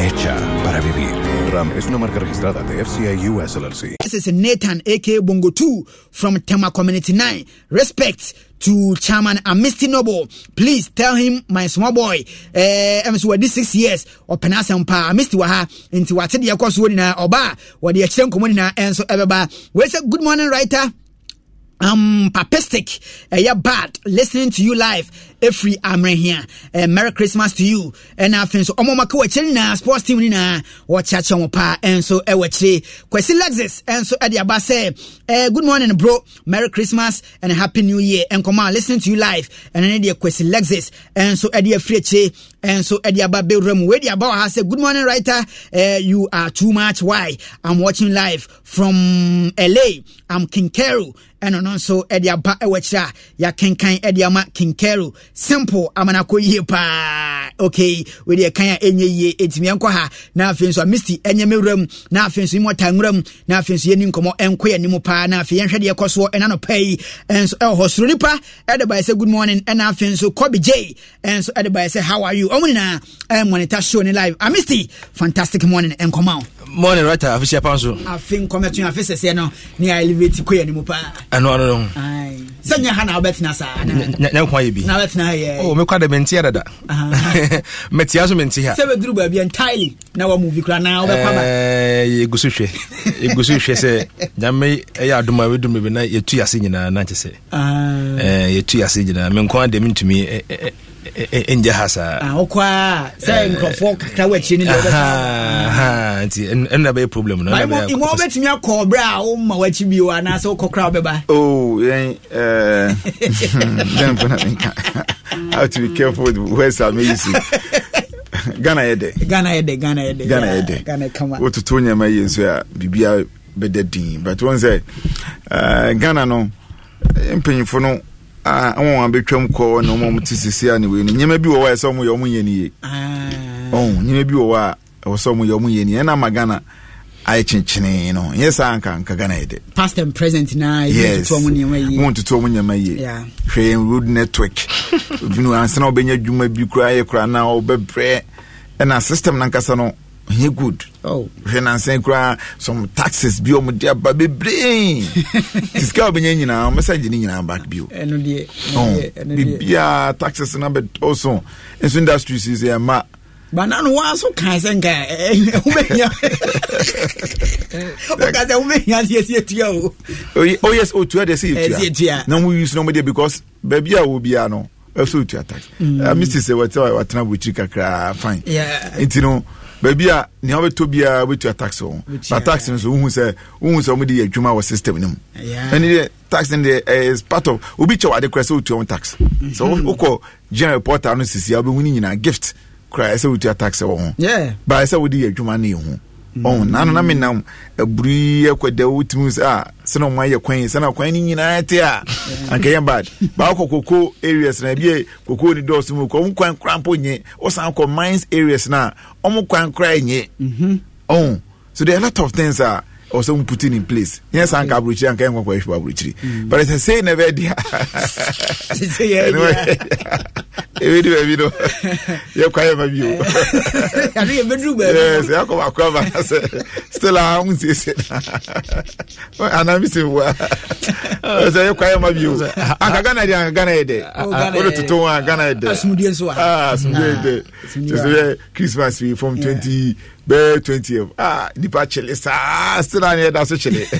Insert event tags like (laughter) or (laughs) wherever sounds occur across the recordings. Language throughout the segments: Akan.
hecha para vivir. Ram es una marca registrada de FCI US LLC. This is Nathan, A.K. Bongo 2, from Tema Community 9. Respect to Chairman Amnesty Noble. Please tell him, my small boy, eh, I'm this six years, and penasa Amnesty waha, into what the Akos Wodina, Oba, what the Echem Communina, and so ever. Where's a good morning, writer? I'm papistic. Uh, yeah, bad. Listening to you live every I'm right here. Uh, Merry Christmas to you. Eh, and I think so. Omo mako watching na sports team ni na watch at pa. And so e watch Kwesi Lexus. And so Eddie good morning, bro. Merry Christmas and Happy New Year. And come on, listening to you live. And then Eddie question Lexus. And so Eddie Freche. And so Eddie Abba Belrem. Eddie good morning, writer. Uh, you are too much. Why? I'm watching live from LA. I'm Keru. ɛno no nso ɛde aba ɛwɔ akyirɛ a yɛakenkan ɛde ama kinkero simple amanakɔ yie paa okay wɔde ɛkan a ɛnyɛ yie ɛtumi ɛnkɔ ha na afei nso a misti ɛnyɛ mewura mu na afei nso yɛmɔ tanwura mu na afei nso yɛni nkɔmmɔ ɛnkɔ yɛ anim paa na afei yɛnhwɛ deɛ ɛkɔ soɔ ɛna no pɛ yi ɛnso ɛwɔ hɔ soro nipa ɛde baɛ sɛ good morning ɛna afei nso kɔbi gye ɛnso ɛde baɛ sɛ how are you ɔmo nyinaa ɛyɛ mɔnita show ne live a ah, misti fantastic morning ɛnkɔma o morning writer. afei hyɛ pan so afei nkɔmɛtun afei sɛsɛ no ne yɛ elevate kɔ yɛ anim paa ɛno ano no sɛ nyɛ ha na wobɛtena saa nyɛnkwa yɛ bi na wobɛtena ha yɛ oh, mekɔ da menteɛ dada (laughs) metia so mente ha sɛ bɛduru baabi entirely na wamovi kora na wobɛkwa ɛgu eh, so hwɛ ɛgu so hwɛ sɛ nyame ɛyɛ eh, adom a wɛdum bi na yɛtu yɛase nyinaa na nkyɛ sɛ ah. eh, yɛtu yɛase nyinaa menko a mentumi ɛnyɛ ha saawokɔa ah, sɛ eh, nkurɔfoɔ kakra wakyire no nti ɛnna bɛyɛ problem no ma wobɛtumi akɔ berɛ a woma wakyi bio anaasɛ wokɔkora wobɛba oh, yɛn how eh, (laughs) (laughs) to be careful with words I'm using (laughs) ghana yɛ ghana yɛ ghana yɛ ghana yɛ ghana kama wototo nneɛma yɛ nso a biribia bɛda din but wɔn sɛ eh, ghana no mpanyimfo no Ah, wọn wọn mu kọ na wọn wọn ti sisi a ne wei no nneɛma bi wɔ hɔ a ɛsɛ wɔn yɛ wɔn yɛ nie ah. ɔn nneɛma bi wɔ hɔ a ɛwɔ sɛ wɔn yɛ wɔn yɛ nie ɛna ama ghana ayɛ kyenkyenee no nyɛ saa nka nka ghana yɛ dɛ. past and present na yɛ tutu wɔn nneɛma yie mu ntutu wɔn nneɛma yie hwɛ road network (laughs) obinu ansana ɔbɛnya dwuma bi kura ayɛ kura na ɔbɛbrɛ ɛna system nankasa no. ɛnyɛ good hwɛ oh. nansan koraa some taxes bi ɔmo de aba bebree (laughs) sika a ɔbɛnya nyinaa ɔmo sɛ gye ne nyinaa back bio oh, biribiaa taxes no abɛtɔ so nso industry si sɛ ɛma banana wa so kan sɛ nka wobɛhia woka sɛ wobɛhia sɛ yɛsi atua o oh, oh yes ɔtua deɛ sɛ yɛtua eh, na mo use no mo deɛ because baabi a wɔ biaa no ɛsɛ ɔtua tax misi sɛ wɔtena wɔkyiri kakraa fine nti no baabi a nea wobɛtɔ biara wobɛtua tax ho na tax no so wohu sɛ wohu sɛ wɔmde yɛ adwuma wɔ system no mu ɛne deɛ tax no deɛ eh, is part of obi kyɛ wade koraa sɛ wotua wo tax sɛ mm-hmm. wokɔ general reporter no sisia wobɛhu no nyinaa gift koraa ɛsɛ wotua tax wɔ ho baɛ sɛ wode yɛ adwuma no yɛ hu ɔn nanu mm-hmm. na nam aburi akɔda wotumi sɛ a ah, sɛnɛ ɔmo ayɛ kwan sɛnɛ kwan ne nyinaa te a mm-hmm. anka bad baakɔ koko areas na ebi yɛ koko ni dɔɔso mu kɔ ɔmo kwan kora mpo nye ɔsan kɔ mines areas na ɔmo kwan kora nye mm-hmm. ɔn so there are a lot of things a. Uh, or put in place. Yes, okay. Anka Abuchi, Anka Enwa Kwaishu Abuchi. But it's a say never dia. It's a say (laughs) never dia. (laughs) ebedi baabi no yɛkwa yɛ ma bio sɛ yɛakɔ bakoa ma na sɛ still a wo nsiesie na anaa me sɛ wa sɛ yɛkwa yɛ ma bio anka ghana deɛ anka ghana yɛ dɛ wode toto ho a ghana yɛ dɛasomdwe dɛ kyɛ sɛ yɛ christmas wi from 20 bɛɛ 20 ah nipa kyele saa ah, still a ne yɛda so kyele (laughs)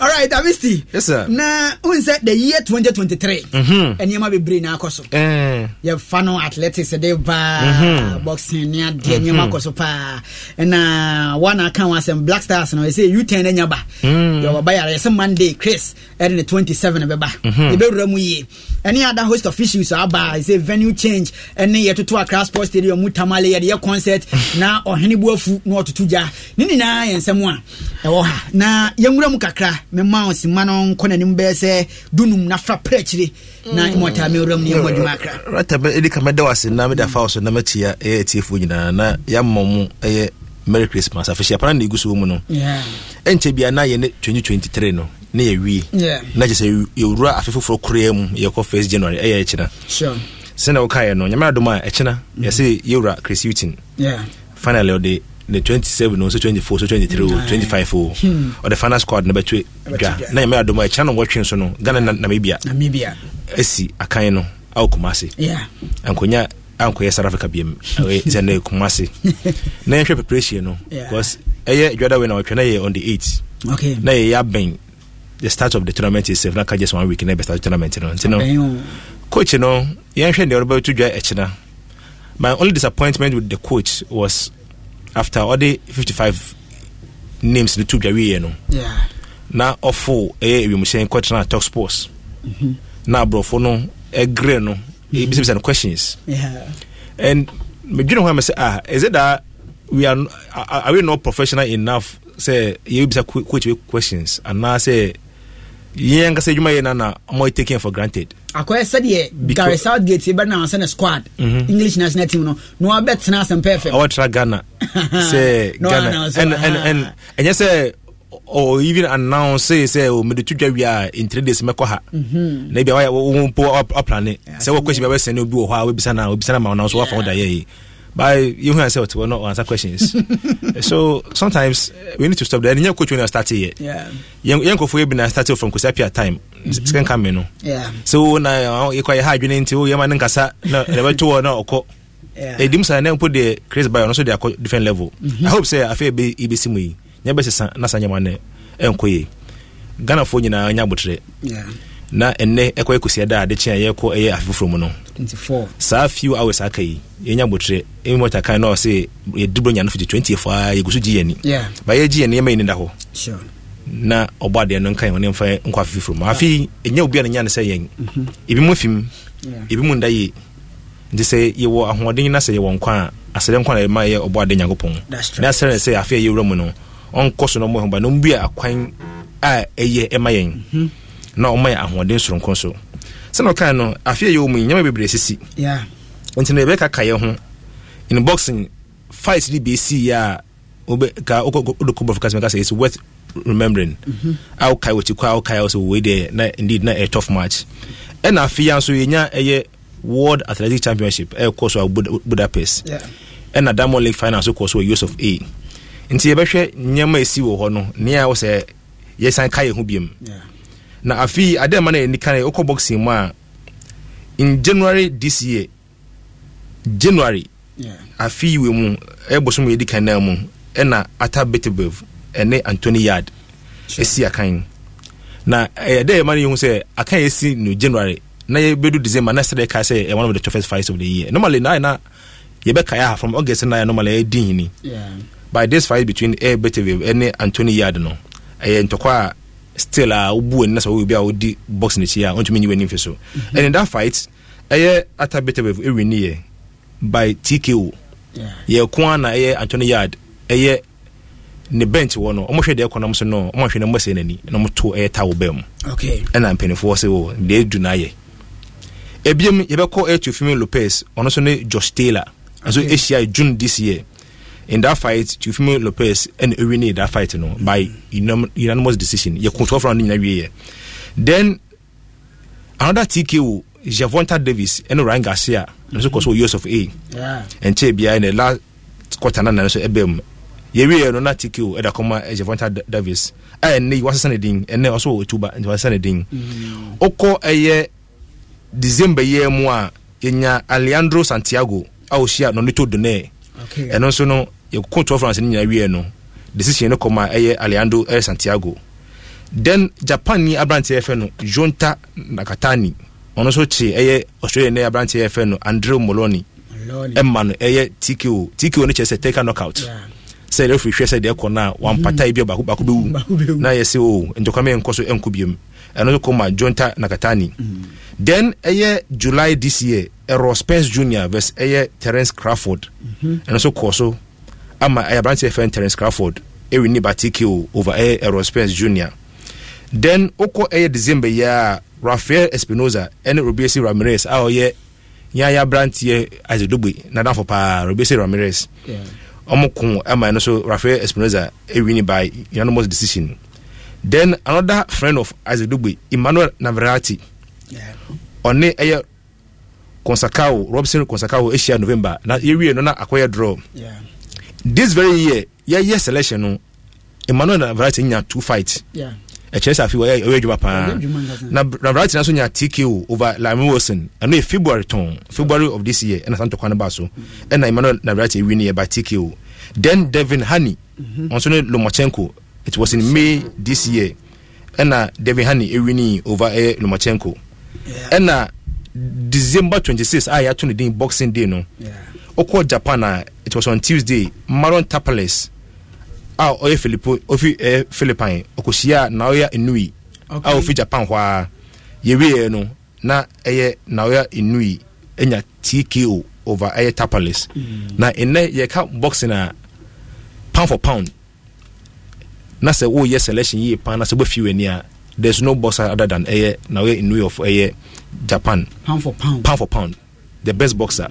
alright amisti yes, sir. na wohu sɛ the year 2023 ɛnneɛma bebree na akɔ so so eh. yɛfa no athletics de baa mhm. boxing ne adeɛ mhm. nneɛma kɔ so paa ɛna wana aka ho asɛm black stars no ɛsɛ u10 anya ba mhm. yɛwɔba yare yɛsɛ monday chris ɛde ne 27 bɛba yɛbɛwura mu yie ɛne ada host of issues aba ɛsɛ venue change ɛne yɛtoto akra sport stadium mu tamale yɛde yɛ concert na ɔhene bu afu na ɔtoto gya ne nyinaa yɛ nsɛm a ɛwɔ ha na yɛnwura mu kakra mema ɔsima no nkɔ n'anim bɛɛ sɛ dunum na fra prɛ na mmɔta me wuram mm. ne ɛmmɔ adwuma akra rata ɛdi ka mɛda wase na mede afa so na matia ɛyɛ atiefoɔ nyinaa na yɛamma mu ɛyɛ merry christmas afehyɛ apana na ɛgu so wɔ mu no ɛnkyɛ bia na twenty three no na yɛwie na kyɛ sɛ yɛwura afe foforɔ koraa mu yɛkɔ first january ɛyɛ ɛkyena sɛna wokaeɛ no nyame adom a ɛkyena yɛsɛ mm. yɛwura chris utin finally ɔde ne 27 no so twenty four so twenty 23 o five o ɔde hmm. final squad na bɛtwe dwa na nyame adom a ɛkyena no wɔtwe so no ghana namibia asi akan no awɔ kumase ankonya ankɔyɛ south africa biam sɛ (laughs) na kumase na yɛhwɛ preparation no because ɛyɛ adwada wei na wɔtwɛ na yɛ on the eight na yɛyɛ abɛn the start of the tournament itself na ka just one week na ɛbɛstart tournament no nti no coach no yɛnhwɛ deɛ ɔrebɛto dwa ɛkyena e my only disappointment with the coach was after ɔde 55 names no to dwa wieɛ no na ɔfo ɛyɛ ewimuhyɛn eh, kɔtena talk sports mm -hmm. na aborɔfo no ɛgrɛ no mhm. ebisabisa no questions yeah. and medwene ho a mɛ sɛ ah is it that we are are we not professional enough sɛ yɛbisa coach we questions anaa sɛ yɛn nkasa adwuma yɛ no na ɔma taken for granted akɔyɛ sɛdeɛ gary southgate bɛna sɛ ne squad mm -hmm. english national team no na wabɛtena asɛmpɛ fɛ ɔwɔtra ghana (laughs) sɛ ghana ɛnyɛ sɛ or even announce say say o oh, mede to dwa wi in three days mekɔ ha na bia wo mpo aplane sɛ wo question bia sɛ no bi wɔ hɔ oh, a wobisa na wobisa na ma na so wafa wo da yɛ by you hear yourself to not answer questions (laughs) so sometimes eh, we need to stop there nyɛ coach when you start here yeah yɛn kɔfo we bi na start from kosapia time sika nka me no so na yɛkɔ yɛ ha adwene nti wo yɛma ne nkasa na ɛbɛto wɔ na ɔkɔ ɛdim saa na mpo deɛ chris bio no so de are different level mm-hmm. i hope sɛ afei ɛbɛsi mu yi nyɛ bɛsesa na saa nyɛma no ɛnkɔ yie ghanafoɔ nyinaa nyɛ abotrɛ na ɛnɛ ɛkɔ e ɛkɔsi ɛda ade kyɛn a e yɛkɔ ɛyɛ afe foforɔ mu no saa few hours aka yi yɛnya abotrɛ ɛmu mɔta kan na ɔsɛ yɛdibro e nya fiti 20 fa yɛgu so gye yɛni ba yɛgye yɛni yɛma yɛni da hɔ na ɔbɔ adeɛ no nka yɛn wɔne mfa nkɔ afe foforɔ mu afei ɛnyɛ obi a ne nya ne sɛ yɛn ebi mu fim ebi mu nda yie nti sɛ yɛwɔ ahoɔden na sɛ yɛwɔ nkwa a asɛdɛ nkwa na yɛma yɛ ɔbɔ adeɛ nyankopɔn na asɛrɛ sɛ afei yɛwura mu no ɔnkɔ so na ɔmo ɛho ba na ɔmo bia akwan a ɛyɛ ɛma yɛn mhm. na ɔmo yɛ ahoɔden soronko so sɛnɛ ɔkan no afei yɛ ɔmo nyɛma bebree sisi nti na yɛbɛka ka yɛn ho in boxing fight bi bi esi yɛ a obe ka okɔ okɔ bɔ fukasi mi ka it's worth remembering a ɔkae wɔ ti kɔ a ɔkae a ɔsɛ wɔ deɛ na indeed na ɛyɛ tough match ɛna afei yɛ nso yɛ nya ɛyɛ world athletic championship ɛyɛ kɔ so a budapest ɛna diamond league finals kɔ so wɔ us of a nti yɛbɛhwɛ nneɛma ɛsi wɔ hɔ no nea wɔ sɛ yɛsan ka yɛ ho biam na afei adeɛ ma no yɛni ka no wokɔ boxing mu a in january this year january yeah. afei wɔ mu ɛbosom yɛdi kan naa mu ɛna ata betebev ɛne antony yard ɛsi akan na ɛyɛ eh, dɛ yɛma no yɛhu sɛ akan yɛsi no january na yɛbɛdu december na sɛdɛ ka sɛ ɛyɛ one of the toughest fights of the year normally na ɛna yɛbɛkae a from august na yɛ normally ɛdi hini yeah by this fight between air betev ne anthony yard no ɛyɛ ntɔkwa uh, a still a wobu ani na sɛ woyɛ bi a wodi box no akyi a ɔntumi nyi w'ani mfi so ɛne mhm. that fight ɛyɛ ata betev ɛwiniɛ by tko yɛko a na ɛyɛ anthony yard ɛyɛ ne bench wɔ no ɔmohwɛ deɛ ɛkɔnam so no ɔmohwɛ no mmɔsɛ n'ani na ɔmoto ɛyɛ ta wo bɛn mu ɛna mpanimfoɔ sɛ wɔ deɛ ɛdu no ayɛ ebiom yɛbɛkɔ ɛyɛ tofimi lopez ɔno so ne josh taylor ɛnso ɛhyia june this year in that fight Teofimo Lopez ɛna ɛwinee that fight no by unanimous decision yɛ kotɔfo round no nyinaa wieɛ then another TKO Javonta Davis ɛne Ryan Garcia ɛno nso kɔ so wɔ US of A ɛnkyɛn biara ɛna last quarter nana so ɛbɛn mu yɛwieɛ no na TKO ɛda kɔma Javonta Davis a ah, ɛnɛ yi wasesa ne din ɛnɛ ɔso wɔ Otuba nti wasesa ne din ɔkɔ mm. ɛyɛ eh, December yɛn mu a yɛnya Alejandro Santiago a ɔhyia Nonito Donaire ɛno nso no yɛko tour france no nyinaa wie no decision no kɔma ɛyɛ aleando ɛyɛ santiago then japan ni aberanteɛ yɛfɛ no jonta nakatani ɔno nso kye ɛyɛ australia ne aberanteɛ yɛfɛ no andrew moloni ɛma no ɛyɛ tko tko no kyerɛ sɛ take a knockout yeah. sɛ ɛrɛ firi hwɛ sɛ deɛ kɔ no a wampata bi a baako baako bɛwu na yɛ sɛ o ntɔkwa mɛ nkɔ so ɛnkɔ biam ɛno nso kɔma jonta nakatani mm then ɛyɛ july this year ɛrɔ spence junior vs ɛyɛ terence crawford ɛno mhm. nso kɔɔ so ama ɛyɛ aberanteɛ fɛn terence crawford ɛwi ne batiki o over ɛyɛ ɛrɔ spence junior then okɔ ɛyɛ december yɛ a rafael espinosa ɛne robiesi ramirez a ɔyɛ yaya aberanteɛ azedogbe nadanfo paa robiesi ramirez ɔmo ko ama ɛno so rafael espinosa ɛwi ne by unanimous decision then another friend of azedogbe emmanuel navarrete ɔne ɛyɛ eh, konsakao robson konsakao ahyia november na yɛwie no na akɔyɛ draw this very year yɛyɛ selection no emmanuel na variety nya two fight ɛkyerɛ sɛ afei wɔyɛ ɔyɛ adwuma paa na variety na so nya tko over lime wilson ɛno yɛ february tɔn february of this year ɛna santokwa no baa so ɛna mm-hmm. emmanuel na variety wi no yɛ by tko then devin honey mm-hmm. ɔnso ne lomachenko it was in may this year ɛna devin honey ewini over ɛyɛ eh, lomachenko ɛna december 26 a yɛato no din boxing day no wokɔ japan a it was on tuesday maron tapales a ɔyɛ filipo ofi eh, philippine ɔkɔhyia naoya inui okay. a ofi japan hɔ a yɛwieɛ no na ɛyɛ naoya inui anya tko over ɛyɛ tapales mm. na ɛnɛ yɛka boxing a pound for pound na sɛ woyɛ selection yie paa na sɛ wobɛfi w'ani a there's no boxer other than ɛyɛ now in inu of ɛyɛ japan pound for pound pound for pound the best boxer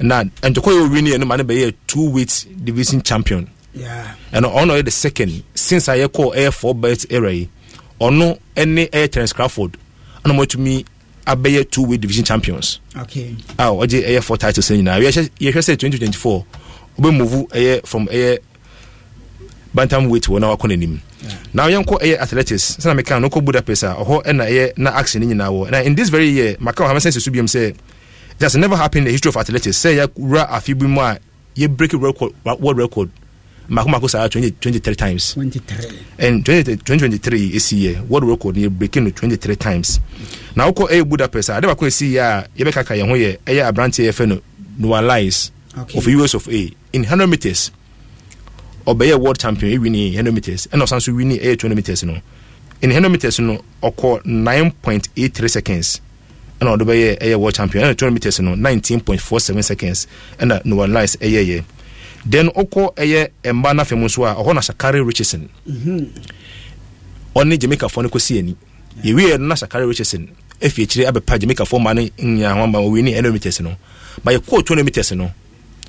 now and na ntɔkwa yɛ owin yɛ no man be bɛyɛ two weight division champion yeah and on the second since ayɛ call ɛyɛ four belt era or no any ɛyɛ terence crawford ɛna mo atumi abɛyɛ two weight division champions okay. oh ɔgye ɛyɛ four titles saying now sɛ twenty twenty four ɔbɛ move from ɛyɛ bantam weight wɔ na wakɔ n'anim now yɛnkɔ ɛyɛ eh, athletics sɛna meka no wokɔ budapest a ah, ɔhɔ ɛna eh, ɛyɛ eh, na action no nyinaa wɔ na in this very year maka ɔhama sɛ sɛ so biom sɛ just never happened in the history of athletics sɛ yɛwura afe bi mu a yɛbreak world record makomako saa 23 times 23. and 2023 ɛsi yɛ world record no yɛbreaking no 23 times na wokɔ ɛyɛ budapest a ade baako ɛsi yɛ a yɛbɛkaka yɛn ho yɛ ɛyɛ aberanteɛ yɛfɛ no noalize okay. of us of a in 100 meters ɔbɛyɛ world champion ɛwini 100 meters ɛna ɔsan so wini ɛyɛ 200 meters no in 100 meters no ɔkɔ 9.83 seconds ɛna ɔde bɛyɛ ɛyɛ world champion ɛna 200 meters no 19.47 seconds ɛna noah lyles ɛyɛyɛ then ɔkɔ ɛyɛ mmaa no afɛmu nso a ɔhɔ na sakari richardson ɔne jamaica foɔ no kɔsi ani yɛwieɛ no na sakari richardson ɛfi akyire abɛpa jamaica foɔ ma no nyahoama ɔwini 100 meters no ma yɛkɔɔ 200 meters no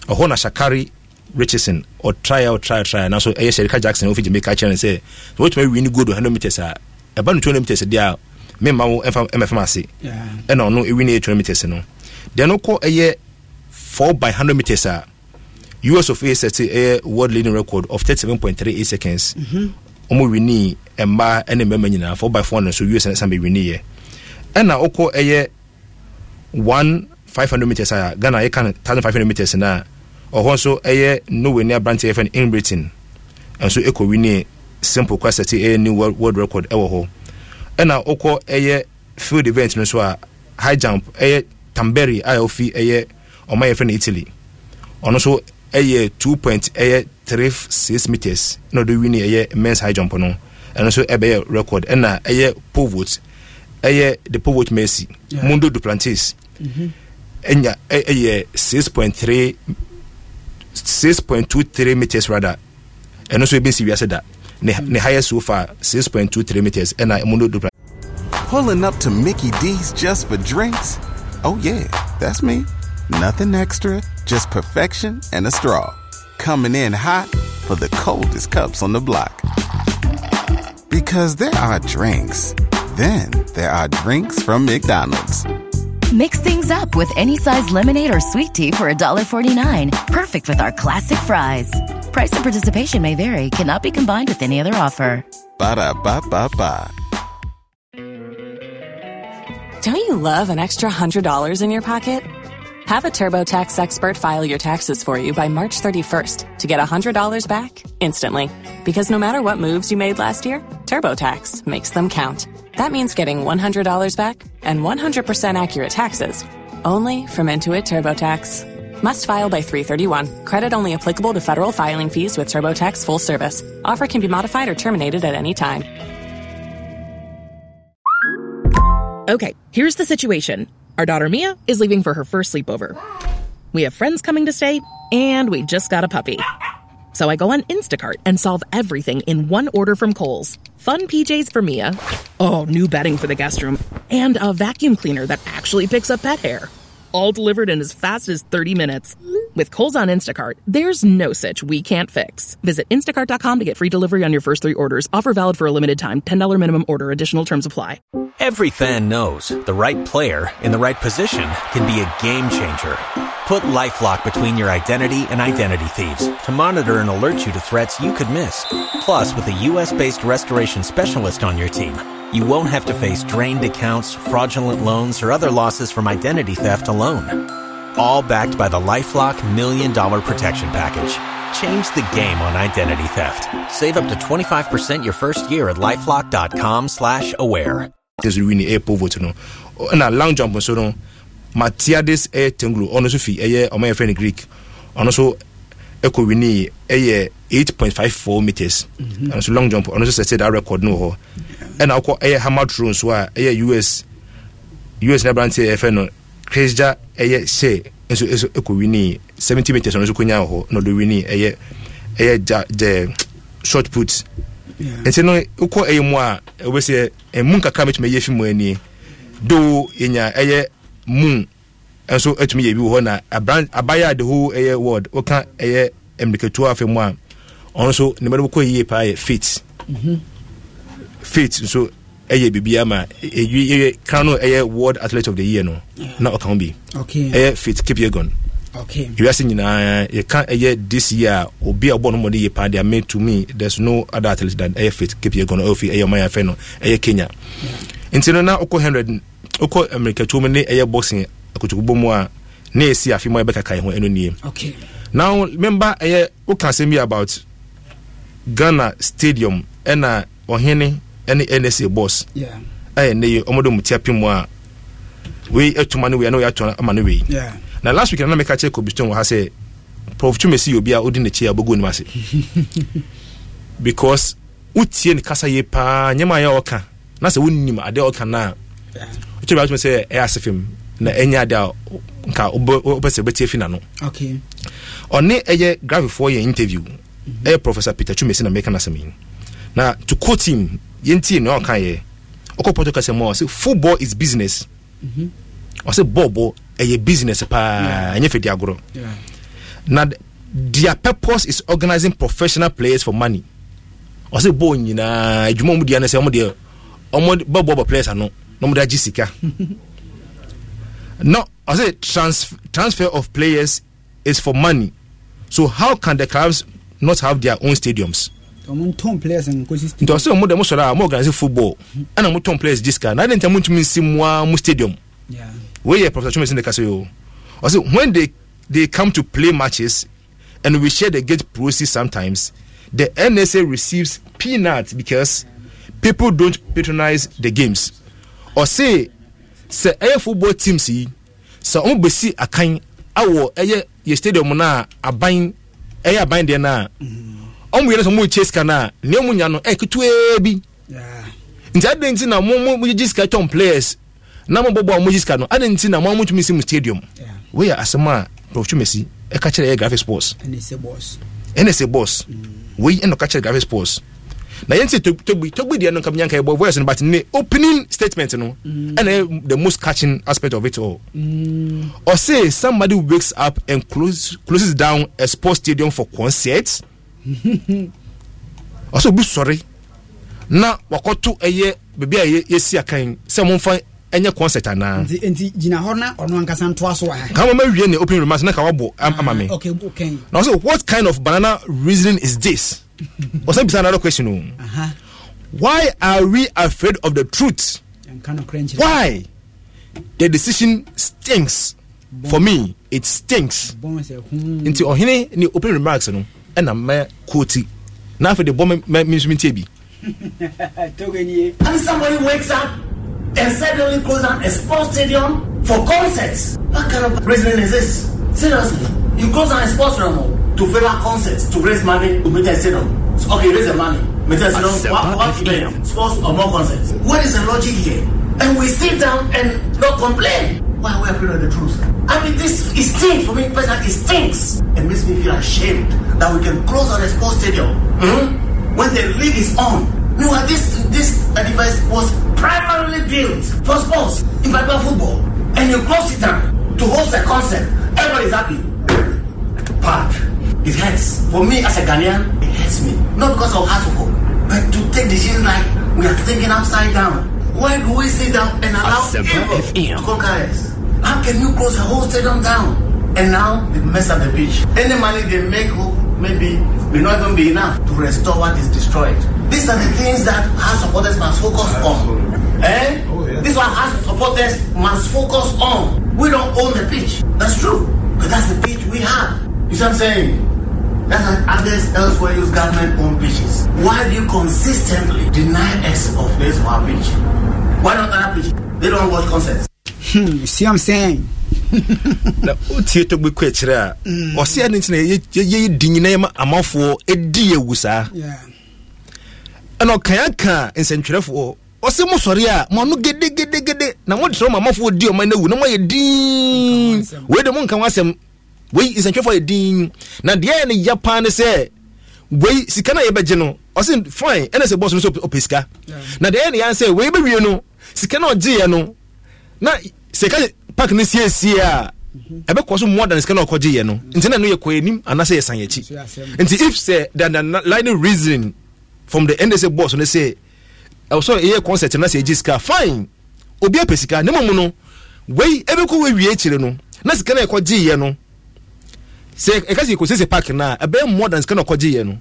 ɔhɔ na sakari richardson ɔtrae a ɔtrae ɔtrae nanso ɛyɛ sherika jackson ofi jamaica kyerɛ no sɛ wɔtumi win gold 100 meters a ɛba no 200 meters deɛ a memma wo ɛmɛfam ase ɛna ɔno ɛwin yɛ 200 meters no deɛ no kɔ ɛyɛ 4 by 100 meters a us of a set ɛyɛ world leading record of 37.38 seconds ɔmo mm-hmm. wini mmaa ɛne mmarima nyinaa 4 by 400 so us san bɛwini yɛ ɛna ɔkɔ ɛyɛ 1 500 meters a ghana yɛka 1500 meters no a ɔhɔ nso ɛyɛ norway ne aberanteɛ yɛfɛ no inbritain nso ɛkɔ e winie simple kwasɛte ɛyɛ new world, world record ɛwɔ e hɔ ɛna wokɔ ɛyɛ field event no so a high jump ɛyɛ tamberi a ɔfi ɛyɛ e, ɔma yɛfɛ no italy ɔno nso ɛyɛ two point ɛyɛ three six meters na ɔde winie ɛyɛ men's high jump no ɛno nso ɛbɛyɛ record ɛna ɛyɛ pole vault ɛyɛ the pole vault mercy yeah. mundo duplantis ɛnya mm-hmm. ɛyɛ six point three 6.23 meters rather and also been nsi wiase da highest so far 6.23 meters and i pulling up to mickey d's just for drinks oh yeah that's me nothing extra just perfection and a straw coming in hot for the coldest cups on the block because there are drinks then there are drinks from mcdonald's. Mix things up with any size lemonade or sweet tea for $1.49. Perfect with our classic fries. Price and participation may vary, cannot be combined with any other offer. Ba da ba ba ba. Don't you love an extra $100 in your pocket? Have a TurboTax expert file your taxes for you by March 31st to get $100 back instantly. Because no matter what moves you made last year, TurboTax makes them count. That means getting $100 back and 100% accurate taxes only from Intuit TurboTax. Must file by 331. Credit only applicable to federal filing fees with TurboTax full service. Offer can be modified or terminated at any time. Okay, here's the situation. Our daughter Mia is leaving for her first sleepover. We have friends coming to stay, and we just got a puppy. So I go on Instacart and solve everything in one order from Kohl's. Fun PJs for Mia. Oh, new bedding for the guest room. And a vacuum cleaner that actually picks up pet hair all delivered in as fast as 30 minutes. With Kohl's on Instacart, there's no such we can't fix. Visit instacart.com to get free delivery on your first three orders. Offer valid for a limited time. $10 minimum order. Additional terms apply. Every fan knows the right player in the right position can be a game changer. Put LifeLock between your identity and identity thieves to monitor and alert you to threats you could miss. Plus, with a U.S.-based restoration specialist on your team, you won't have to face drained accounts, fraudulent loans, or other losses from identity theft alone. All backed by the LifeLock Million Dollar Protection Package. Change the game on identity theft. Save up to 25% your first year at LifeLock.com slash aware. This is really a long jump, so no. E. Tenglu, friend Greek. ɛkɔ wini ɛyɛ eight point five four meters mhm. ɛno nso long jump ɔno nso sɛ sɛ record no wɔ hɔ ɛna ɔkɔ ɛyɛ hammer throw nso a ɛyɛ us us ne aberanteɛ yɛfɛ no krisgya ɛyɛ hyɛ nso nso ɛkɔ wini seventy meters ɔno nso kɔnya wɔ hɔ na ɔde wini ɛyɛ ɛyɛ gya gya short put nti no wokɔ ɛyɛ mu a ɛwɔ sɛ ɛmu nkakra tuma ɛyɛ fi mu ani do yɛnya ɛyɛ moon nso atumi yɛ bi wɔ hɔ na abayɛ a de ho ɛyɛ word woka ɛyɛ mmirikatuo afa mu a ɔno nso nnema no wokɔ yie paa yɛ faith mhm. faith nso ɛyɛ biribi ama ɛyɛ e-, e-, e-, kan no ɛyɛ world athlete of the year no na ɔka ho bi ɛyɛ fit, keep your gun Okay. wiase nyinaa yɛka ɛyɛ this year a obi a ɔbɔ no mmɔde yie paa de ama to me There is no other athlete than ɛyɛ faith keep your gun ɔfi ɛyɛ ɔman yɛn afɛ no ɛyɛ kenya nti no na wokɔ hundred wokɔ mmirikatuo mu ne ɛyɛ boxing akotokubo mu a na ɛsi afe mu a yɛbɛkaka yɛ ɛno nie now memba ɛyɛ woka asɛm bi about ghana stadium ɛna ɔhene ɛne nsa boss ɛyɛ nnɛ yi ɔmɔde mu tiapi mu a wei atuma e no wei ɛna wei ato ama no wei na last week na meka kyerɛ kobi stone wɔ ha sɛ prof tumasi obi a odi n'akyi a ɔbɛgu ne ase because wotie ne kasa yie paa nyɛma a yɛ ɔka na sɛ wonim adeɛ ɔka no a wokyerɛ bi atumi sɛ ɛyɛ ase na ɛnyɛ ade a nka wopɛ sɛ wobɛtie fi nano ɔne ɛyɛ grafifoɔ yɛ interview ɛyɛ professor peter chumesi na meka nasɛm yi na to quote him yɛntie nea ɔka yɛ ɔkɔ pɔtɔ kasɛ mu a ɔsɛ football is business mhm. ɔsɛ bɔɔbɔ ɛyɛ business paa ɛnyɛ fɛ agorɔ na their purpose is organizing professional players for money ɔsɛ bɔɔl nyinaa adwuma mu deɛ no sɛ ɔmo deɛ ɔmo bɛbɔɔbɔ players ano na ɔmo de agye sika (laughs) No, I say trans- transfer of players is for money. So how can the clubs not have their own stadiums? ɔmotɔn players nkosi stadium. ntɔsɛ ɔmo dɛm sɔrɔ a ɔmo football mhm. ɛna ɔmo tɔn players disc a n'ade ntɛ mo ntumi nsi mo a mo stadium. wei yɛ professor twemesi de kasa yi o ɔsɛ when they they come to play matches and we share the gate proceeds sometimes the nsa receives peanuts because people don't patronize the games ɔsɛ. sɛ ɛyɛ football teams yi sɛ ɔmo bɛsi akan awɔ ɛyɛ yɛ stadium naa aban ɛyɛ aban deɛ na mm. ɔmo yɛ no sɛ ɔmo kyɛ sika na nea ɔmo nya no ɛyɛ ketewa bi nti adi nti na mo mo mo gye sika tɔn players na mo bɔbɔ a mo gye sika no adi nti na mo a mo tumi si mo stadium wɔyɛ asɛm a prɔfitwuma si ɛka kyerɛ ɛyɛ graphic sports ɛna ɛsɛ boss mm. wei ɛna ɔka kyerɛ graphic sports. na yɛn ti togbi togbi deɛ no nkabinyanka yɛ bɔ voice no but ne opening statement no mm. ɛna the most catching aspect of it all mm. or say somebody wakes up and close, closes down a sports stadium for concert (laughs) ɔsɛ obi sɔre na wakɔto ɛyɛ baabi a yɛsi akan sɛ momfa ɛnyɛ concert anaa nti nti gyina hɔ na ɔno ankasa ntoa so wɔ ha kan mama wie ne opening remarks na ka wabɔ ama ah, me okay, okay. na ɔsɛ what kind of banana reasoning is this ɔsan bisa another question o oh? uh-huh. why are we afraid of the truth why the decision stinks bon. for me it stinks nti ɔhene ne opening remarks no ɛna mɛ kooti na afei de bɔ mɛ mi nso tie bi. and (laughs) somebody wakes up and suddenly close down a sports stadium for concerts what kind of reasoning is this. Seriously, you close and sports them to fill our concerts to raise money to meet a stadium. So, okay, raise the money. Meet a stadium. What, what event? Sports or more concerts? What is the logic here? And we sit down and not complain. Why are we afraid of the truth? I mean, this is stinks for me personally. It stinks. It makes me feel ashamed that we can close on a sports stadium mm-hmm. when the league is on. Meanwhile, this this device was primarily built for sports, in particular football, and you close it down to host a concert. Everybody's happy. But it hurts. For me as a Ghanaian, it hurts me. Not because of hassle, but to take decisions like we are thinking upside down. Why do we sit down and allow evil to conquer us? How can you close a whole stadium down? And now they mess up the beach. Any money they make oh, maybe may not even be enough to restore what is destroyed. These are the things that our supporters must focus on. Eh? This one has supporters must focus on. We don't own the pitch. That's true. But that's the pitch we have. You see what I'm saying? That's like others elsewhere use government owned pitches. Why do you consistently deny us of this one pitch? Why not that pitch? They don't watch concerts. Hmm, see what I'm saying? (laughs) na wotie tɔ gbɛkɔ akyirɛ a ɔsea no nti na yɛyɛ di nyina yɛma amanfoɔ ɛdi yɛwu saa ɛna ɔkan nsɛntwerɛfoɔ ɔsɛ mo sɔre a mo ano gedegedegede na mo de sɔrɔ mo amafo di ɔman n'awu na mo ayɛ diin wei de mo nka ho asɛm wei nsɛntwɛfo ayɛ diin na deɛ yɛ ne ya paa ne sɛ wei sika na yɛbɛgye no ɔsɛ fine ɛna sɛ bɔs no ɔpɛ sika na deɛ yɛ ne yan sɛ wei bɛwie no sika na ɔgye yɛ no na sika park ne siesie a ɛbɛkɔ so more than sika na ɔkɔgye yɛ no nti na no yɛ kɔ anim anaasɛ yɛ san yɛ akyi nti if sɛ the lining reason from the end sɛ bɔs no sɛ ɛwɔ sɔrɔ ɛyɛ concert na sɛ ɛgye sika fine obi apɛ sika ne mu no wei ɛbɛkɔ wɔ wie akyire no na sika na ɛkɔ gye yɛ no sɛ ɛka sɛ ɛkɔsɛ sɛ park na ɛbɛyɛ more than sika na ɛkɔ gye yɛ no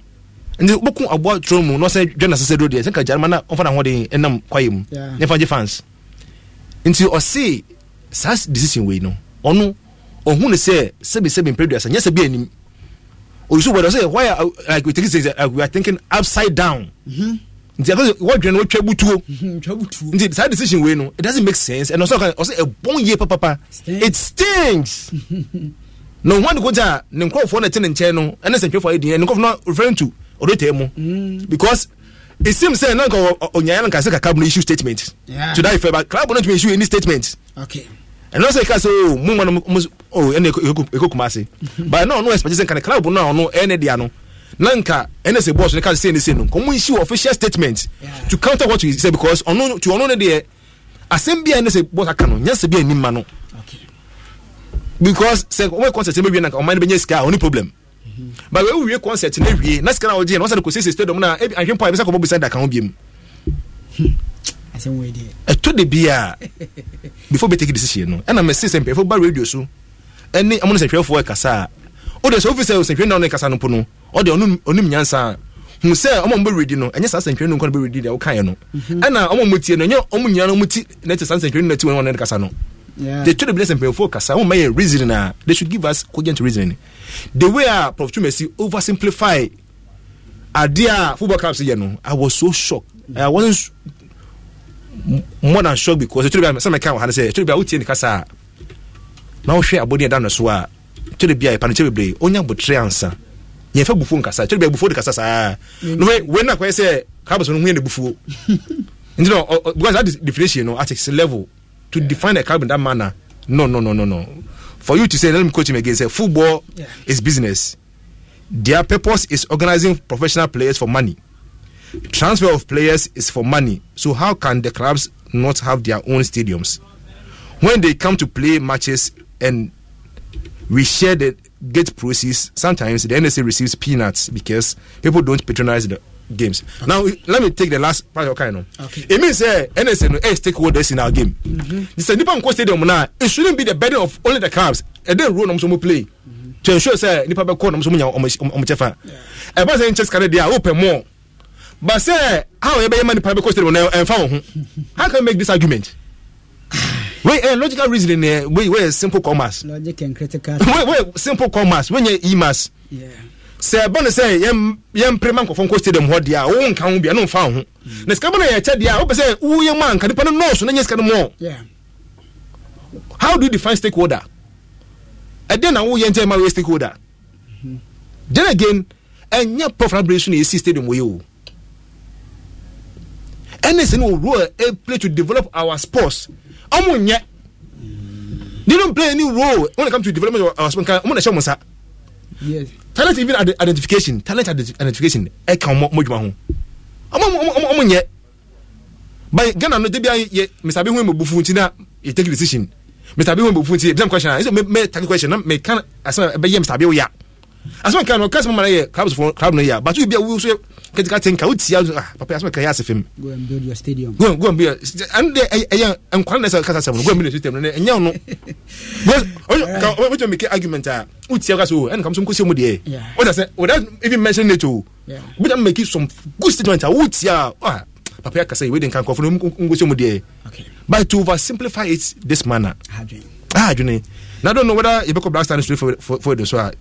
nti wobɛko aboa twerɛ mu na ɔsɛ dwa na sɛsɛ do deɛ sɛ nka gyarema na ɔmfa na hoɔden ɛnam kwaeɛ mu nefa gye fans nti ɔse saa decision wei no ɔno ɔhu ne sɛ sɛbisɛbi mpɛ duasa nyɛ sɛ bi anim ɔyusu wɛdɛ sɛ why are, like, we, think, we are thinking upside down mm -hmm nti ɛkɔ wɔdwene no wɔtwa butuo (laughs) nti saa decision wei no it doesn't make sense ɛnna ɔsɛ ɔsɛ ɛbɔn yie papapa it stings (laughs) na ohun adi ko ti a ne nkurɔfoɔ na ti ne nkyɛn no ɛna sɛ ntwɛfoɔ ayi diɛ ne nkurɔfoɔ na referring to odotɛ mu mm. because it seems say nanka ɔnyanya nanka sɛ kaka bu no issue statement yeah. to that effect but club no tumi issue any statement okay. ɛno sɛ ɛka sɛ o oh, mu ma no ɛna ɛkɔ kuma ase but ɛna ɔno expect sɛ nka ne club no a ɔno ɛna ɛdi ano na nka ɛna sɛ bɔs no ka sɛ ne sɛ no nkɔmɔ nsi wɔ official statement yeah. to counter what you say because ɔno to ɔno ne deɛ asɛm bi a ɛna sɛ bɔs aka no nyɛ sɛ bi a ɛni ma no because sɛ wɔn yɛ concert ɛmɛ wie na ɔman no bɛ nyɛ sika a ɔni problem mm -hmm. but wɔn ewie concert na ewie na sika na ɔgye na ɔsan de kɔ sese stadium na ebi ahwɛ mpɔ a ebi sɛ kɔ bɔ bisa da kan ho biem hmm. ɛtɔ de bi (laughs) a before bɛ take decision no ɛna mɛ sisi sɛ mpɛfo ba radio so ɛne ɔmo ne sɛ hwɛfoɔ ɛkasa a o de sɛ ofi sɛ nsɛntwerɛ na ɔne kasa no po no ɔde ɔnum nyansa hu sɛ ɔmo mo bɛredi no ɛnyɛ saa nsɛntwerɛ no nkɔ no bɛredi deɛ wokaeɛ no mhm. ɛna ɔmo mo tie no ɛnyɛ ɔmo nyinaa no mo ti na ɛte saa nsɛntwerɛ no na ti wɔn ɔne kasa no they try to bless mpanyinfoɔ kasa wɔn mɛyɛ reason na they should give us cogent reasoning. the way a prof tumasi oversimplify adeɛ a football clubs yɛ no i was so shocked i was more than shocked because ɛtwerɛ bi a sɛ mɛka wɔ ha no sɛ ɛtwerɛ bi a wotie ne kasa a na wohwɛ abɔdeɛ da no so a kyɛde bia yɛpanokyɛ bebree ɔnya botere ansa yɛmfa bufuo nkasa kyɛde bia bufuo de kasa saa wei no akɔyɛ sɛ kabas no huyɛ ne bufuo (laughs) nti no because that definition no at its level to define a club in that manner no no no no no for you to say let me coach him again say football yeah. is business their purpose is organizing professional players for money transfer of players is for money so how can the clubs not have their own stadiums when they come to play matches and we share the gate proceeds. Sometimes the NSA receives peanuts because people don't patronize the games. Okay. Now, let me take the last part of no. Okay. It means uh, eh, NSA no, eh, hey, stakeholders in our game. Mm-hmm. The Nippon Stadium now, it shouldn't be the burden of only the clubs, And then, rule no play. Mm-hmm. To ensure, sir, Nippon Bako no Somunya Omachefa. A bus and chess carrier open more. But, sir, how are you money? Pabako eh, (laughs) can I make this argument? wey eh, logical reasoning eh, wey wey simple commerce logic and critical wey (laughs) wey simple commerce wey nye emas sɛ ɛbɔ ne sɛ yɛmpere ma nkɔfɔ nkɔ stadium hɔ oh, deɛ mm. a wo nka ho bia ne mfa ho na sika bɔ no yɛkyɛ deɛ a wopɛ sɛ woyɛ mu a nka nipa no nɔɔso na nyɛ sika no mɔɔ how do you define stakeholder ɛdeɛ na woyɛ nkyɛ ma woyɛ stakeholder mm-hmm. then again ɛnyɛ pɔfra bere so na yɛsi stadium wɔ yɛ o ɛne sɛ ne wɔ role a play to develop our sports ɔmo nyɛ mm. they don't play any role when it comes to development of our sponsor ɔmo na ɛhyɛ ɔmo nsa talent even ad identification talent identification ɛka e ɔmo ɔmo dwuma ho ɔmo ɔmo ɔmo nyɛ by ghana no de bi ayɛ yɛ mr abihu emu bufu nti na yɛ take decision mr abihu emu bufu nti yɛ question na yɛ sɛ mɛ mɛ take question na mɛ kan asan ɛbɛyɛ mr abihu ya. asoma kan no kan mama no yɛ club fo club no yɛ but wobi a wo so ketika tenka wotia ah papa asoma kan yɛ ase fam go and build your stadium go go and build eh, eh, and de ɛyɛ nkwan na sɛ kasa sɛ no go and build your stadium no ɛnyɛ no go what you make argument a wotia ka so ɛn kam so nkosi mu de what I say without even mention mentioning it o oh. but I'm making some good statement ah, a wotia ah, ah papa kasa yi we den kan kɔfo no nkosi mu de okay but to simplify it this manner ah adwene ah, na don't know whether you yɛbɛkɔ black star for for de so a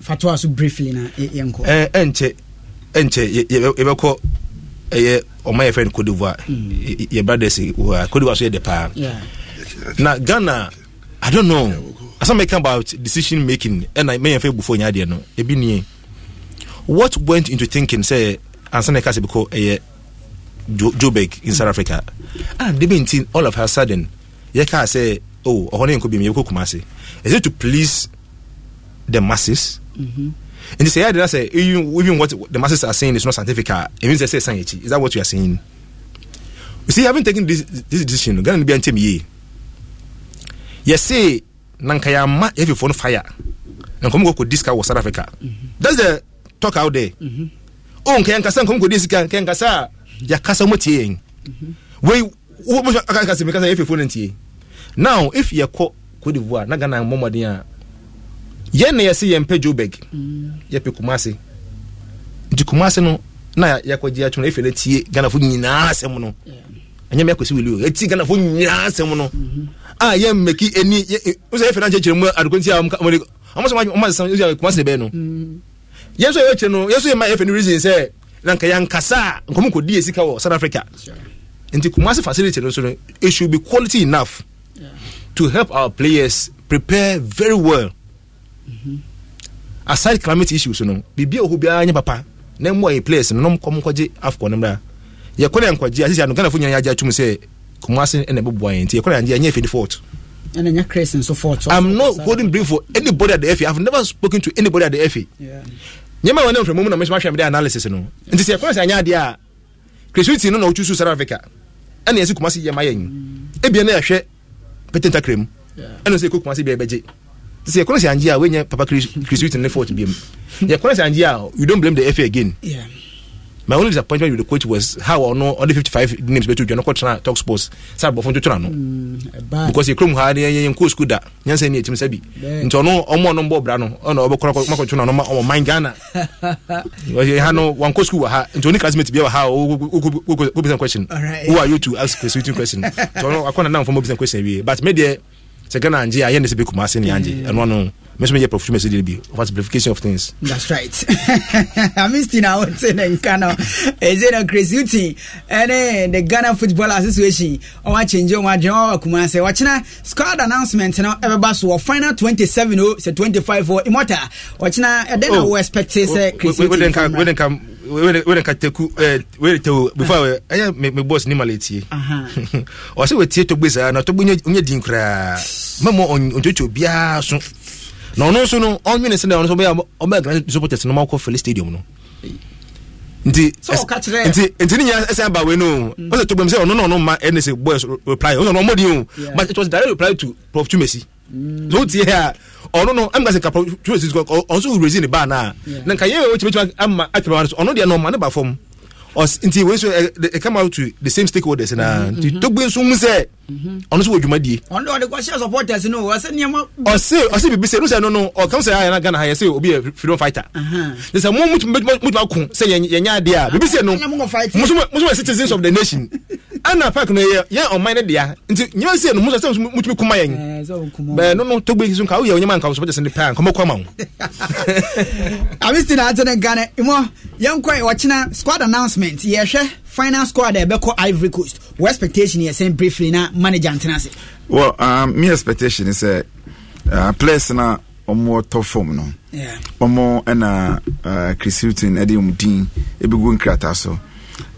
fatoa so briefly na yɛnkɔ ɛnkyɛ ɛnkyɛ yɛbɛkɔ ɛyɛ ɔma yɛfrɛ no cote divoire hmm. yɛ brothers wɔ a uh, cote divoire so yɛ de paa na ghana i don't know asam ɛka about decision making ɛna mɛyɛmfɛ bufo nyɛ adeɛ no ebi nie what went into thinking sɛ ansa na ɛka sɛ bɛkɔ ɛyɛ joburg in south africa ah de bi nti all of a sudden yɛkaa sɛ oh ɔhɔ ne yɛnkɔ bi mu yɛbɛkɔ kuma ase is it to please the masses mm-hmm. and sɛ yɛadena sɛ even, even what the masses are saying is not scientific a ɛmi sɛ sɛ ɛsan yɛkyi is that what you are saying you see having taken this, this decision no ghana no bi antɛm yie yɛse na nka yɛama yɛfifoɔ no fire na nkɔm kɔkɔ disca wɔ south africa mm mm-hmm. that's the talk out there mm-hmm. oh nka yɛnkasa nkɔm kɔdi sika nka yɛnkasa a yɛakasa mɔtie yɛn mm-hmm. wei wɔ mɔhwɛ akakasɛ mekasa yɛfifoɔ no ntie now if yɛkɔ cote divoire na ghana mmɔmmɔden a yɛn na yɛsi yɛn pɛ joburg mm. yɛpɛ kumase nti kumase no na yɛkɔgye atwene efi na tie ghanafo nyinaa asɛm no ɛnyɛ mɛ akɔsi wili o eti ghanafo nyinaa asɛm no mm-hmm. a yɛn mmeki eni yɛ nsɛ efi na nkyɛnkyɛn mu adukonti a ɔmo ɔmo ɔmo asɛm yɛ kumase bɛyɛ no yɛn nso mm-hmm. yɛ kyerɛ no yɛn nso yɛ mma efi no reason sɛ na nka yɛn nkasa a nkɔmɔ kɔ di esika wɔ south africa nti kumase facility no nso no it should be quality enough to help our players prepare very well. Mm-hmm. aside climate issues you know, Bibi ɔhɔ Biya, nyɛ papa na mu ayɛ players no nom kɔm nkɔgye afcon no mmra yɛkɔ ne nkɔgye asisi ano ghanafoɔ nyinaa yɛagye atum sɛ kumase ɛna ɛbɛboa yɛn nti yɛkɔ ne angye ɛnyɛ fɛdi fault ɛna nya I'm not holding blame for anybody at the FA I've never spoken to anybody at the FA nyɛma wɔn mfrɛ mu na mɛsɛm ahwɛ mɛ de analysis no nti sɛ yɛkɔ ne sɛ anyɛ adeɛ a Chris Wilton no na ɔtu su South Africa ɛna yɛsi kumase yɛ ma yɛn mm. ebien na yɛhwɛ pɛtɛ ntakra mu ɛna sɛ ɛkɔ kuma sɛ bia ɛbɛgye sɛ yɛkɔno sɛ angye a wonya papa Chris kristo ne fault biam yɛkɔno sɛ angye a ah, you don't blame the fa again yeah. my only disappointment with the coach was how no ɔde 55 names bɛtu dwa no kɔtena talk sports sɛ abɔfo ntotona no because you yɛkurom ha ne yɛyɛ nkɔɔ sukuu da nyansa ne yɛtim sɛ bi nti ɔno ɔmɔ no mbɔ bra no ɔna ɔbɛkɔmakɔtona no ma ɔmɔ man ghana ha no wankɔ sukuu wɔ ha nti ɔne classmate bia wɔ ha wobisa question who are you to ask a sweeting question nti ɔno akɔna namfo mɔbisa question awie but medeɛ sɛ ghana angye a yɛne sɛ bɛkum ase ne and one no mẹsàn mi yẹ profession mẹsàn de bi over simplification of things. that's right ami (laughs) still na wọn ti na nka na eze na Chris Uti ɛne the Ghana Football Association ɔwɔ akyɛnjɛ wɔn adwene wɔn akuma sɛ wɔkyena squad announcement no ɛbɛba so wɔ final twenty seven o sɛ twenty five wɔ Imota wɔkyena ɛdɛ na wɔ expect sɛ Chris Uti kamra. wɛrɛ ka teku ɛɛ wɛrɛ tewu before ɛyɛ mɛ mɛ bɔs ni ma le tie ɔsɛ wɛ tie tɔgbe saa na tɔgbe nye din koraa (sighs) mɛ mɔ ɔnjɔjɔ biara sun na ɔno nso no ɔnwene sɛ ɔno nso bɛyɛ ɔbɛyɛ grand supporters no ma kɔ feli stadium no nti nti nti ne nyinaa ɛsɛ aba no mm. ɔsɛ to bɛm sɛ ɔno na ɔno ma ɛne sɛ boys reply ɔno na ɔmo di o but it was direct reply to prof tumasi mm. so tie a ɔno no ɛmu ka sɛ ka prof tumasi ɔno nso raise ne ba na na nka yɛn wɔ kyimɛkyimɛ ama atwere ɔno ɔno deɛ na ɔma ne ba fam nti wei so ɛ ɛ come out to the same stakeholders na mm-hmm. nti togbe nso mu sɛ ɔno nso wɔ dwumadie. ɔno de ɔde supporters no ɔsɛ nneɛma. ɔse ɔse bibi sɛ no no ɔkàn sɛ ayɛ na ghana ha yɛ sɛ obi yɛ freedom fighter. de sɛ mo mutuma kun sɛ yɛn yɛn adeɛ a bibi sɛ no musu musu citizens of the nation ɛna park no yɛ yɛn ɔman ne dea nti nyɛ sɛ no musu sɛ mutumi kuma yɛn bɛɛ no no togbe sun ka woyɛ onyama nka supporters ne paa nkɔmɔ kɔma wo. amistina atene ghana emu yɛn kɔ yɛ wɔkyena squad announcement yɛhwɛ final score de ɛbɛkɔ ivory coast wɔ expectation yɛ sɛn briefly na manager ntena se well um, me expectation is sɛ uh, players na ɔmo tɔ fam no ɔmo ɛna uh, chris hilton ɛde ɔmo din ɛbɛgu nkrataa so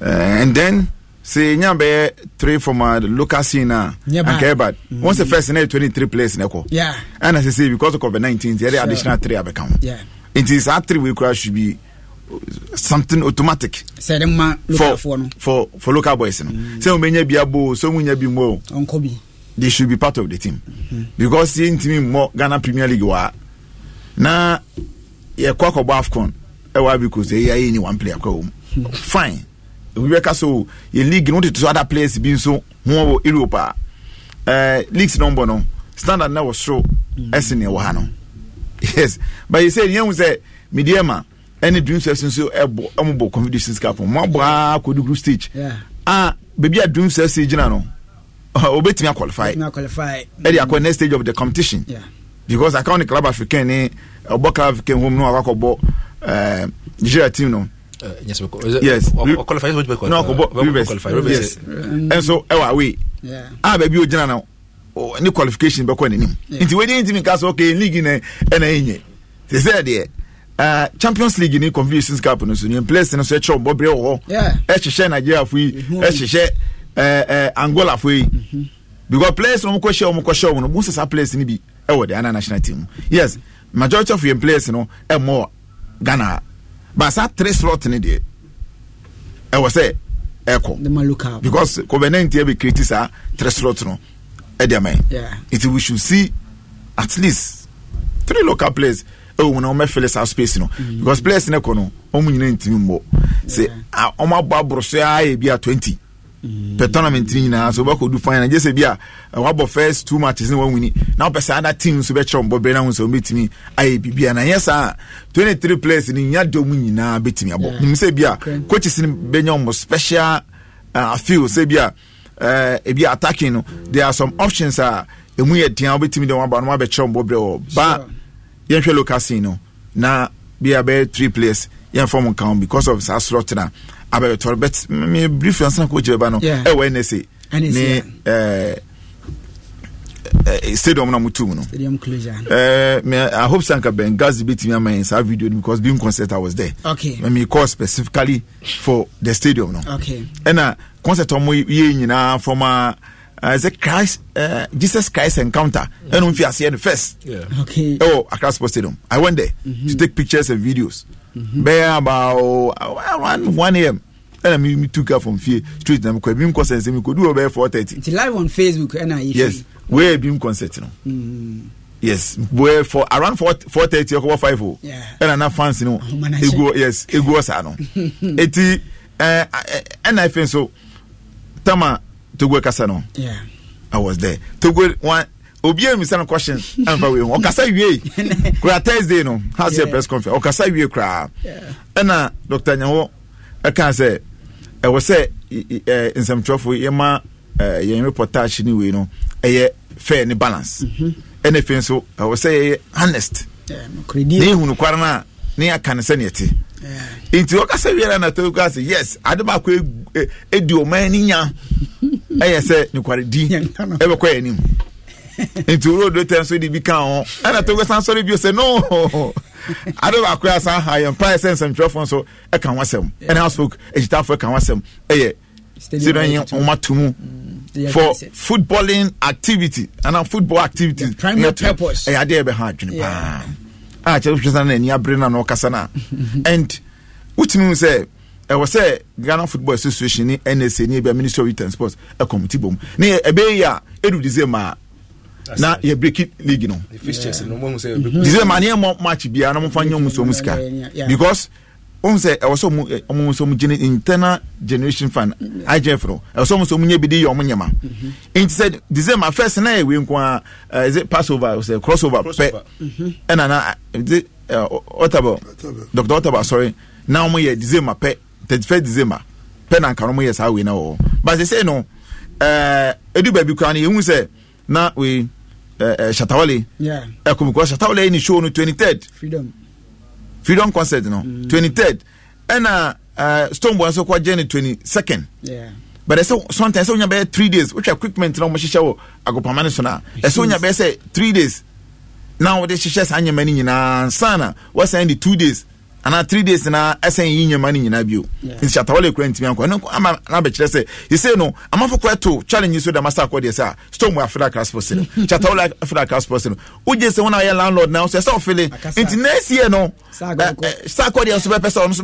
uh, and then sɛ nya bɛyɛ three from a local scene a anka ɛba wɔn sɛ first na twenty three players na ɛkɔ ɛna sɛ sɛ because of covid nineteen yɛde additional three abɛka ho nti saa three wei koraa should be something automatic. sɛ ɛdɛ ma no. for for local boys no. Mm. sɛ wɔn bɛ nya bi abo sɛ wɔn nya bi mu ɔnkɔ bi. they should be part of the team. Mm-hmm. because yɛn ntumi mmɔ ghana premier league wa na yɛ kɔ akɔbɔ afcon ɛwɔ abiriko sɛ eya yɛ ni one player kɔ wɔm. Hmm. fine obi bɛ ka so yɛ league no tete to other players bi nso ho wɔ europe a ɛɛ eh, leagues number no standard na wɔ soro hmm. ɛsɛn ni ɛwɔ ha no yes but yɛ sɛ yɛn ho sɛ media ma ɛne dream service so ɛbɔ ɔmo bɔ competition sika pɔn mo abɔ aa kodu group stage a beebi a dream service gyina no obetumi akwalify ɛde akɔ next stage of the competition yeah. because account club african ni eh? ɔbɔ club african home no akɔkɔ bɔ eh, nigeria team no. Uh, yes, yes. no akɔbɔ rivers yes ɛnso ɛwɔ away a beebi o gyina no ne qualification bɛkɔ n'anim nti wei de ntumi nka so okay league na ɛna enye sɛ sɛ deɛ. Eh, champions league ni convictions cup no so ni players mhm. eh, eh, mhm. no so ɛkyerɛ ɔbɔbere wɔ hɔ ɛhyehyɛ nigeriafo yi ɛhyehyɛ angolafo yi because players no mokɔhyɛ wɔn mokɔhyɛ wɔn no mo sasa players ni bi ɛwɔ the ghana national team yes majority of yɛn players no ɛmɔ e ghana baasa three slot ni deɛ ɛwɔ sɛ ɛkɔ because covid nineteen bi create saa three slot no ɛdi e ɛmɛ it we should see at least three local players ɛwɔ na ɔmɛfɛlɛ saa space no mm. because players ne kɔ no ɔmo nyinaa ntumi mbɔ sɛ ɔmo abɔ aborɔso ayɛ bi a twenty pɛ mm. tournament ni nyinaa so wobɛkɔ du final gye sɛ bi a wabɔ uh, first two matches ne wawini na wopɛ sɛ ada team so bɛkyerɛ mbɔ berɛ no ho sɛ wobɛtumi ayɛ biribia na ɛnyɛ saa 23 players no nya dɔ mu nyinaa bɛtumi abɔ nim sɛ bi a coaches no bɛnya mmɔ special uh, feel sɛ bi a uh, ebi attacking no there are some options a ɛmu yɛ dea wobɛtumi dɛ waba no wabɛkyerɛ mbɔ berɛ wɔ ba sure yɛnhwɛ locasin no na bi a bɛyɛ three players yɛmfa mo nka because of saa sorɔ tena abɛbɛtɔre but me brief ansana coach bɛba no ɛwɔ nsa ne ɛɛ stadium na mutu mu no i hope sanka bengazi betumi ama yɛn saa video no because during concert i was there okay me call specifically for the stadium no okay ɛna e concert ɔmo yie nyinaa from a uh, sɛ Christ uh, Jesus Christ encounter ɛna n fi aseɛ no first ɛwɔ okay. oh, Accra Sports Stadium I went there mm-hmm. to take pictures and videos mm-hmm. about uh, around one a.m. ɛna mi mi tu car from fie straight na mi kɔ ebi mi kɔ sɛnsɛn mi kɔ du wɔ four thirty. It's live on Facebook ɛna ayi fi. yes where ebi mi concert no. Mm-hmm. yes where for around four four thirty ɔkɔ bɔ five o ɛna na fans no egu yes egu ɔsa no eti ɛɛ ɛna efe nso tama togo kasa no i was there togo one obi emi send questions ɛnfa (laughs) wei ho ɔkasa wie (laughs) kura thursday no house yeah. press conference ɔkasa wie koraa ɛna dr nyawo ɛka sɛ ɛwɔ sɛ ɛɛ nsɛmtwerɛfo yɛ ma ɛɛ eh, yɛn reportage ni wei no ɛyɛ eh, fair ne balance ɛna afei nso ɛwɔ sɛ yɛyɛ honest ne ehunu kwara na ne aka ne sɛ ne yɛ te nti ɔkasa wie na natɔ kura sɛ yes ade baako e, edi ɔman ani nya ɛyɛ sɛ nokwaredi ɛbɛkɔ yɛ anim nti wuro tɛ nso de bi kan ho ɛna tɔ kasa nsɔre bi sɛ no ade baako asan ha yɛn mpaeɛ sɛ nsɛmtwerɛfoɔ nso ɛka ho asɛm ɛna asok agyitafoɔ ɛka ho asɛm ɛyɛ sidan yɛ ɔma to mu for footballing activity ana football activities ɛyɛ adeɛ yɛ bɛ ha adwene paa a ah, kyerɛ wohwɛ sa no ani abere no na ɔkasa no a and wotumi hu sɛ ɛwɔ sɛ ghana football association ne nsa ne bia ministry of youth and sports ɛkɔmiti bom ne ɛbɛyɛ yi a ɛdu december na yɛ breki league no mhm. december ne ɛmɔ match biara na momfa nyɛ mu so mu sika because ohun sɛ ɛwɔ sɛ ɔmo ɔmo nso gyina internal generation fan, igf no ɛwɔ sɛ ɔmo nso ɔmo nyɛ bi de yɛ ɔmo nyɛma mhm. nti sɛ december first na yɛ wei nko a ɛɛ is it passover sɛ crossover pɛ mhm. ɛna na ɛdi ɛɛ ɔtabɔ dr ɔtabɔ asɔre na ɔmo yɛ december pɛ thirty first december pɛ na nka ɔmo yɛ saa wei na wɔ but sɛ no ɛɛ edu baabi kura no yɛn sɛ na wei ɛɛ ɛɛ shatawale ɛkɔmukura shatawale yɛ ne show no twenty third. freedom freedom concert no mm. twenty third ɛna eh, stone boy nso kɔ gye ne twenty second but ɛsɛ sometimes ɛsɛ wonya bɛyɛ three days wotwa equipment na wɔhyehyɛ wɔ agopama ne so na ɛsɛ wonya bɛyɛ sɛ three days na wɔde hyehyɛ saa nyɛma no nyinaa nsana wɔsan de two days anaa three days na ɛsɛn yi nyɛma no nyinaa bio nti atawale kura ntumi ankɔ ɛno ama n'abɛkyerɛ sɛ yɛsɛ no amafo kura to challenge so dama sa akɔ deɛ sɛ a storm wɔ afra akra sports no (laughs) chatawale afra akra sports no wogye sɛ wɔn a yɛ landlord na sɛ ɛsɛ ɔfele nti next year no sa akɔ deɛ nso bɛpɛ sɛ ɔno nso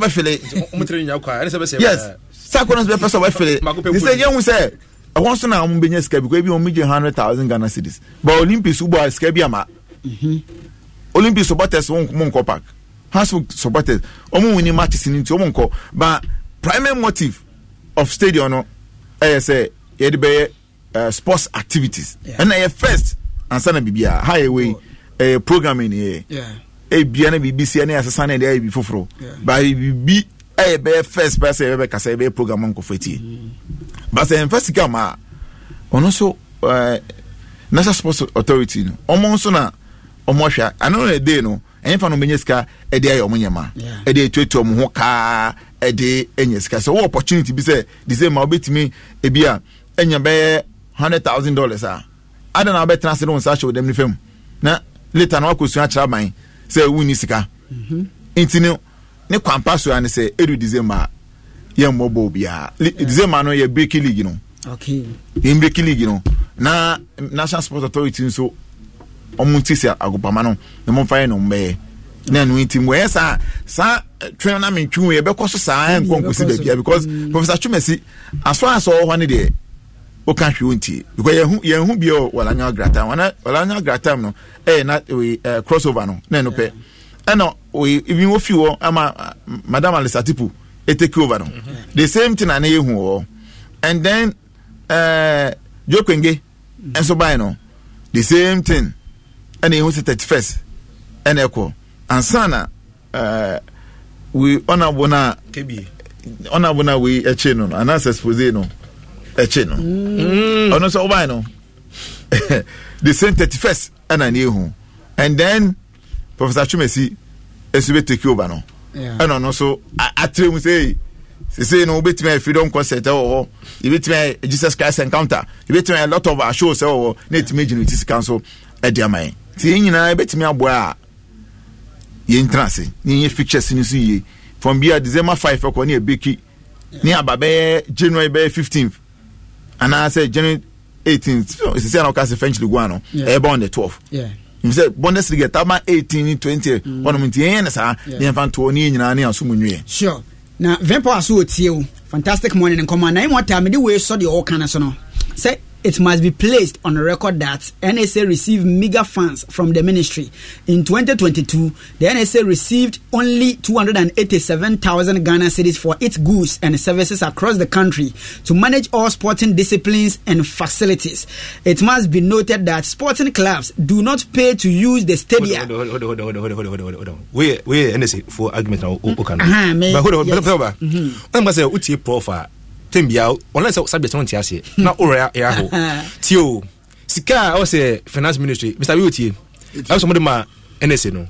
bɛfele yes sa akɔ no nso bɛpɛ sɛ ɔbɛfele nti sɛ yɛhu sɛ ɛhɔ nso na wɔn bɛnya sika bi ko ebi wɔn bɛgye hundred thousand ghana cedis but olympics wobɔ sika bi ama mhm. olympics wobɔ test wɔn mu nkɔ park Hasbrook supporters ọmọ winning matches ni nti ọmọ nkọ but primary motive of stadium no ɛyɛ sɛ yɛde bɛyɛ sports activities ɛna yeah. first ansana na biribi a ha yɛ oh. wei ɛyɛ programming yɛ ebia na biribi si ɛna yɛ asesa na yɛde ayɛ bi foforɔ but biribi ɛyɛ bɛyɛ first pɛ sɛ yɛ bɛ kasa yɛ bɛyɛ program nkɔfɔ etie but sɛ nfa sika ma ɔno nso ɛɛ national sports authority no ɔmo nso na ɔmo ahwɛ ano na ɛde no ɛnyɛmfa no mɛnya sika ɛde ayɛ ɔmo nyɛma ɛde etuatua ɔmo ho kaa ɛde ɛnya sika sɛ wɔwɔ opportunity bi sɛ de sɛ ma wobɛtumi ebi a ɛnya bɛyɛ hundred thousand dollars a ada na wabɛtena ase ne wɔn nsa ahyɛ ɔdɛm ne na later na wakɔ sua akyerɛ aban sɛ wunni sika mhm. nti no ne kwan pa so ano sɛ edu december ma, yɛn mmɔ bɔ obiara december no yɛ breaking league no yɛn breaking league no na national sports authority nso ɔmo ti sɛ agopama no na mo fa yɛ no mbɛyɛ na ɛnu nti mo ɛyɛ saa saa eh, twɛn na mi twi yɛ bɛkɔ so saa nkɔ nkosi baabi because mm. professor twemasi aso aso ɔwɔ hɔ ne deɛ oka hwɛ onti because yɛn ho yɛn ho bi wɔ wɔlanya gratam wɔna wɔlanya gratam no ɛyɛ na oye eh, ɛɛ crossover no na ɛnu pɛ ɛna oye ibi wɔ fi wɔ ama eh, madam alisa tipu eteke over no mm-hmm. the same thing na ne yɛ hu wɔ and then ɛɛ jokwenge ɛnso mm. baa yi no the same thing ɛna ehu sɛ thirty first ɛna ɛkɔ ansana ɛɛ we ɔnabo na ɔnabo na we ɛkyi no anaasɛ expose no ɛkyi no mm. ɔno nso ɔban no (laughs) the same thirty first ɛna ne ehu and then professor Chumesi esu bɛ take over no ɛna ɔno nso atire mu sɛ sese no wobɛtumi ayɛ freedom concert ɛwɔ hɔ yɛbɛtumi ayɛ jesus christ encounter yɛbɛtumi ayɛ lot of shows, ɛwɔ hɔ na ɛtumi agyina ti sika nso ɛde ama yɛn nti yɛn nyinaa yɛbɛtumi aboa a yɛntena ase na yɛnyɛ fixtures no so yie from bia december five ɛkɔ ne ɛbɛki ne aba bɛyɛ january bɛyɛ fifteenth anaasɛ january eighteenth sisi anaka sɛ french league one no ɛyɛ bɔ on the twelve sɛ bundesliga taba eighteen twenty mm. ɔnom nti yɛnyɛ ne saa ne yɛmfa ntoɔ ne yɛ nyinaa ne asom nwie. sure na vempo aso otie o fantastic morning nkɔmɔ na emu ata mi de wei sɔ deɛ ɔwɔ kan so no sɛ it must be placed on record that NSA received mega funds from the ministry. In 2022, the NSA received only 287,000 Ghana cedis for its goods and services across the country to manage all sporting disciplines and facilities. It must be noted that sporting clubs do not pay to use the stadium. Hold on, hold on, hold on, hold on, hold on, hold on, hold on. NSA for argument now. Mm-hmm. but hold on, yes. but, but, mm-hmm. I'm going to say, what's your profile? tem bia ɔnɛ sɛ subject no nte aseɛ na worɛ yɛ aho tio sika a ɔsɛ finance ministry mr bi otie ɛwɔ sɛ mode ma nsa no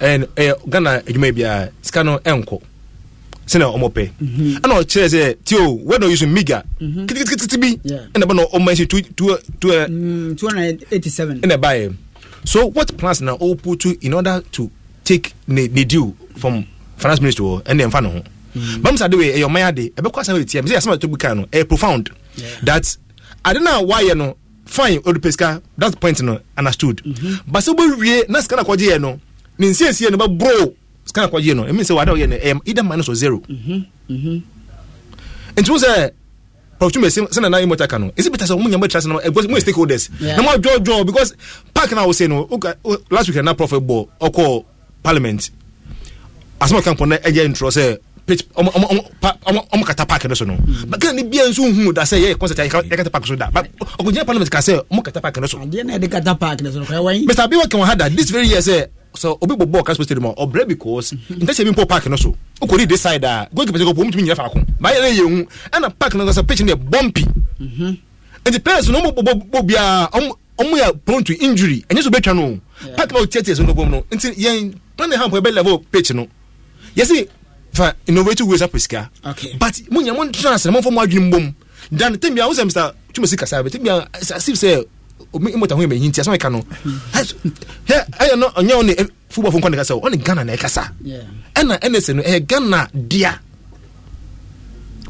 ɛn ɛyɛ ghana adwuma biara sika no ɛnkɔ sɛnɛ ɔmɔ pɛ ɛna ɔkyerɛ sɛ tio wɛn na ɔyusu miga kitikitikiti bi ɛna ɛbɛn na ɔmɔ ɛsi tu tu tu ɛ. two hundred eighty seven. ɛna ɛba yɛ so what plans na o put to in order to take ne ne deal from finance ministry wɔ ɛna ɛnfa ne ho bam sa de wei ɛyɛ ɔman ade ɛbɛkɔ asɛm ɛde tia mi sɛ asɛm to bi kan no ɛyɛ profound that ade na wayɛ no fine ɔde pesika that's the point no understood basa bɛ wie na sika na kɔgye yɛ no ne nsiesie no bɛ bro sika na kɔgye yɛ no ɛmi sɛ wade ɔyɛ no ɛyɛ either minus or zero nti mo sɛ prɔfitun bɛ sɛ nana yi mɔta kan no esi bita sɛ mo nyamɛ tirasi na ɛgbɛ mo ye stakeholders na mo jɔ jɔ because park na o se no last week na prɔfɛ eh, bɔ ɔkɔ parliament asoma kan pɔn na ɛyɛ ntorɔ sɛ pitch ɔmo ɔmo ɔmo pa ɔmo ɔmo kata paaki ne so no hmm. but ghana ni bia nso hu da sɛ yɛ concert yɛ yɛ kata paaki so da but ɔkunjɛ parliament ka sɛ ɔmo kata paaki ne so. adeɛ na yɛ de kata paaki ne so no kɔɛ wɔnyi. mr abiy wakan wa ha da this very year sɛ sɛ obi bɔ bɔɔl kasper stadium ɔbrɛ because hmm. ntɛsɛ bi mpɔ paaki ne so okori de side a goal keeper sɛ ɔpɔ omutumi nyina faako maa yɛrɛ yɛ hu ɛna paaki ne so pitch ne bɔmpi mhm. nti players no ɔmo bɔ bɔ biara ɔmo ɔmo yɛ prone to injury ɛnyɛ so bɛtwa no paaki ma o tiɛtiɛ so no bɔ mu no nti yɛn plan ne level pitch no yɛsi fa innovate ways apɛ sika but monya mo ntrans na momfa mo adwene mbom dan tem bia wo sɛ mr twuma si kasa bɛtem bia asif sɛ mota ho yɛmahi nti asɛ meka no ɛyɛ no ɔnyɛ wo ne football fo nkɔ ne kasa wo ɔne ghana na ɛkasa ɛna ɛnɛ sɛ no ɛyɛ ghana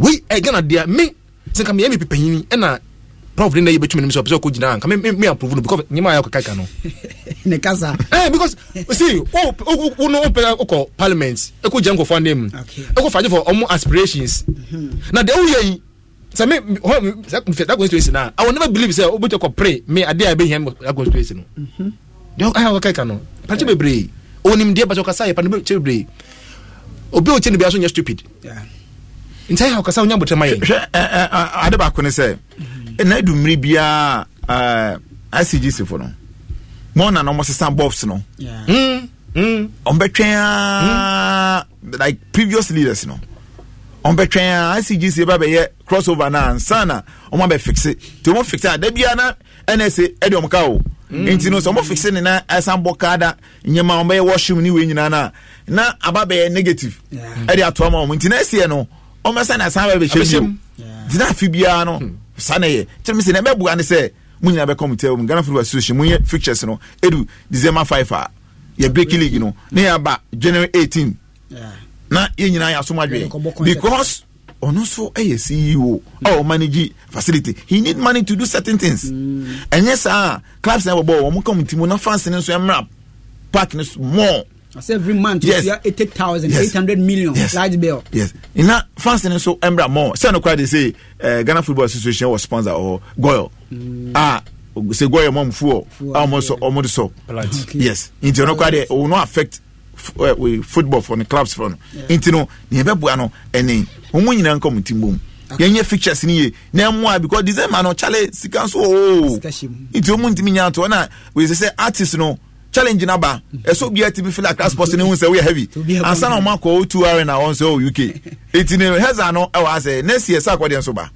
wei ɛyɛ ghana sɛ nka ɛna prof ne yɛ bɛtumi nim sɛ ɔpɛ sɛ ɔkɔ anka me approve no because nyɛma ayɛ ɔkakaika no (laughs) ne kasa eh, because see wo no ɔpɛ ɔkɔ parliament ɛkɔ gya nkɔfoɔ anim ɛkɔ fagye for ɔmo aspirations mm-hmm. na deɛ woyɛ yi sɛ me hɔ that constituency na i will never believe sɛ wobɛtumi kɔ pray me adeɛ a ɛbɛhia that constituency no mm-hmm. deɛ ayɛ ɔkakaika no pakyɛ bebree ɔnim deɛ bɛsɛ ɔkasa yɛ pa bɛkyɛ bebree obi a ɔkyɛ no bia so nyɛ stupid nti ayɛ ɔkasa wonya bɔtɛma yɛ ade baako ne sɛ ɛna adu mmiri biara uh, ICGC fo no mɔn na na sisan bobs no wɔn bɛ twɛn like previous leaders no wɔn bɛ twɛn ICGC bɛ bɛ yɛ crossover na ansa na wɔn fixe te wɔn fixe a da biara na NSA ɛdi wɔn ka o. Hmm. nti no sɛ ɔmo fixe ne na ɛsan bɔ kaada nyɛma ɔmo bɛyɛ washroom ne wei nyinaa na na aba bɛyɛ negative ɛde ato ama ɔmo nti na esie no ɔmo ɛsan na ɛsan bɛ bɛ hyɛ mu nti na afi biara no. Hmm saa na ɛyɛ kyerɛ mi sɛ na ɛbɛboa ne sɛ mo nyinaa bɛkɔ mo tɛ mo Ghana Football Association mo yɛ fixtures no edu December five a ah. yɛ break league no ne yɛ aba January eighteen na yɛ nyinaa yɛ asom adwene because ɔno nso e yɛ CEO a mm. ɔ oh, manage facility he need money to do certain things ɛnyɛ mm. saa ah, clubs na ɛbɛbɔ wɔn kɔn mu ti mu na fans ne nso ɛmra park ne so more. So every month, yes. you are 80,000, yes. 800 million, yes. large bill. Yes. In that, France, and so Embra more. Say, no, they say uh, Ghana Football Association was sponsor or Goyle. Mm. Ah, say Goyle, mom, fool. Ah, almost, almost so. Yes. In the no, it will not affect uh, football from the clubs. For no. In the no, the Ebebuano, and the Omunyan come with Timbum. yɛnyɛ fictures ni ye na ɛmoa because december no kyale oh. sika so. oo nti ɔmu ntumi nya ato na wɔyɛ artist no challenge naba ɛsɛ mm-hmm. obiara ti bi feel like transport ne ho sɛ we heavy ansa na ɔmo akɔ o two hour na ɔn sɛ o uk eti ne heza no ɛwɔ eh, asɛ next year sɛ akɔdeɛ nso ba.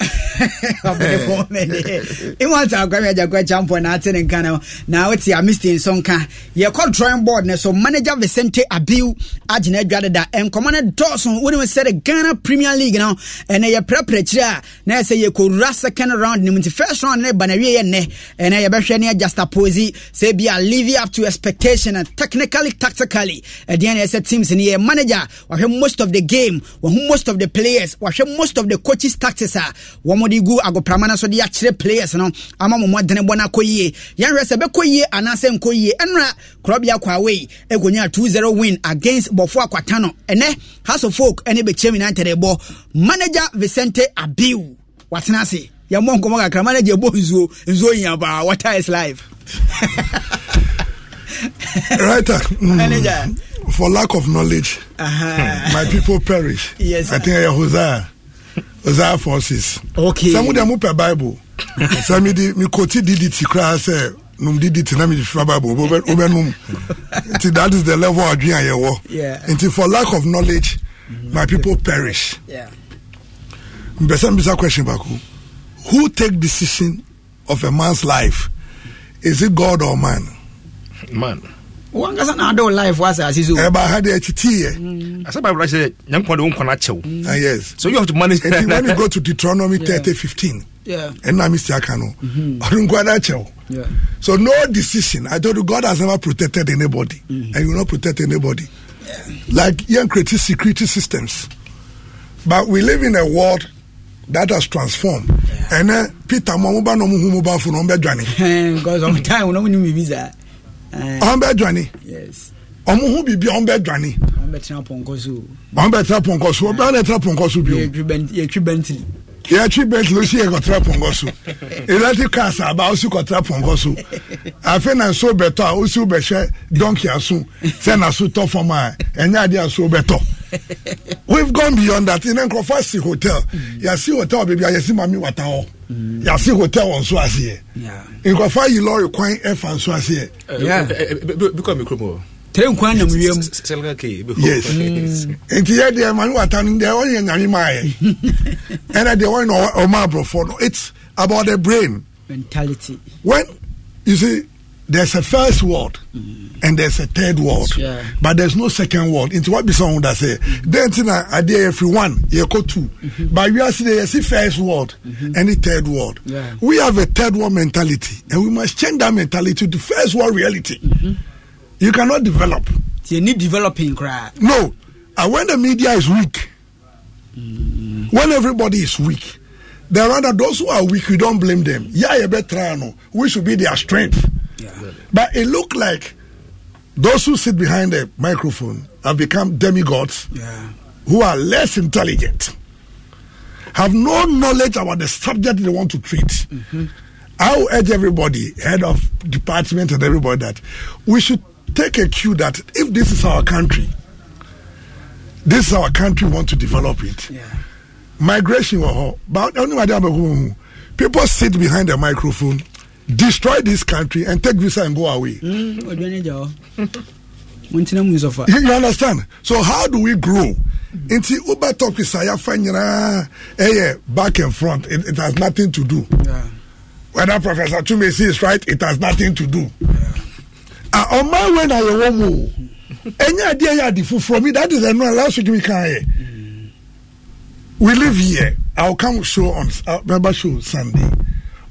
imu (laughs) ati akwami ajakwa champo na ati ne nkan na na oti amisti nso nka yɛkɔ drawing board ne so manager vicente abiu agyina adwa e deda e nkɔmɔ ne dɔɔso wɔn mu sɛ de ghana premier league na ɛnna e yɛ pɛrɛpɛrɛ kyerɛ a na yɛ sɛ yɛ kowura second round ni mu nti first round ne banawie yɛ nnɛ ɛnna yɛbɛhwɛ ne adjasta posi sɛ bi a live up to expect. expectation and technically, tactically, at the NSA teams in here, manager, or most of the game, or most of the players, or most of the coaches' tactics are. Ah. One more go, I go pramana so the actual players, no, I'm a more than a bona koye. Yan Resabe koye, and I send koye, and ra, Krobia Kwawe, Egonia 2 0 win against Bofua Quatano, and eh, House of Folk, and Ebe Chairman Anterebo, manager Vicente Abiu. What's Nasi? Yamon Komaka, manager Bo Nzo, Nzo what is live? (laughs) (laughs) Writer. Mm, Manager. Mm, for lack of knowledge, uh-huh. my people perish. Yes. I think I Hosea. Hosea forces. Okay. Some of them open Bible. (laughs) Some of them, me quote DDT class. num didi tena mi fa bible wobɛnum nti that is the level of adwene a Yeah. Until for lack of knowledge mm-hmm. my people perish Yeah. mpɛsɛ mbisa question baako oh. who take decision of a man's life is it god or man man wankasa na adɔ life wasa asi so. ɛba ha de ɛtiti yɛ. asa baabu ahyɛ nyankun de o nkɔla kyɛw. ah yes. so you have to manage. eti when you go to deuteronomy thirty fifteen. ɛnna mi si aka no ɔdun kwan na kyɛw. so no decision i told you god has never protected anybody mm-hmm. and you not protect anybody yeah. like yen create security systems but we live in a world that has transformed. Yeah. and then eh, peter mo mo ba na mo hu mo ba funu mo bɛ dwani. (laughs) because sometimes wọn mo ni mi visa ɔn bɛ dwani ɔmo ho biribi ɔn bɛ dwani ɔn bɛ tena pɔnkɔ so ɔn bɛ tena pɔnkɔ so ɔbɛn na tena pɔnkɔ so bi o yɛtwi bɛntili yɛtwi bɛntili o si yɛ kɔtena pɔnkɔ so electric cars aba o si kɔtena pɔnkɔ so afei na nso bɛ tɔ a o si bɛ hyɛ dɔnki aso sɛ na so tɔ fam a ɛnyɛ adi aso bɛ tɔ we've gone beyond that ɛnɛ nkorɔfo asi hotel mm. yasi hotel beebi a yasi maami wata hɔ. Mm. yàsí hotel wọn nso aseɛ nkɔfa yi lɔri kwan ɛfa nso aseɛ. Eh, eh, eh, bíkọ mi kurom o. tẹ nkwa nam wiem. sẹlẹka kee ebi hó. yes mm. nti yẹ deɛ mani wata no deɛ wɔn yɛ nyame maa yɛ (laughs) ɛna deɛ wɔn na ɔmo aborɔfo no it's about the brain. mentality. when you see there's a first world mm. and there's a third world yeah. but there's no second world nti what be someone that say then tina I dare everyone. You go kɔ mm-hmm. but we are see yɛ first world mm-hmm. and the third world yeah. we have a third world mentality and we must change that mentality to the first world reality mm-hmm. you cannot develop. you e need developing cry. no and ah, when the media is weak mm. when everybody is weak then rather those who are weak we don't blame them yeah you better no we should be their strength. Yeah. But it looked like those who sit behind the microphone have become demigods yeah. who are less intelligent, have no knowledge about the subject they want to treat. Mm-hmm. I will urge everybody, head of department and everybody, that we should take a cue that if this is our country, this is our country we want to develop it. Yeah. Migration, oh, oh, but people sit behind the microphone destroy this country and take visa and go away. Mm, you understand? So how do we grow? nti uber talk is ayafa nyinaa eh, back and front it, it has nothing to do yeah. whether professor tumesi is right it has nothing to do ah, On my way, na yɛ wɔn mu o ɛnyɛ adeɛ yɛ from me? that is ɛnu last week we kan yɛ eh. we live here I'll come show on uh, member show sunday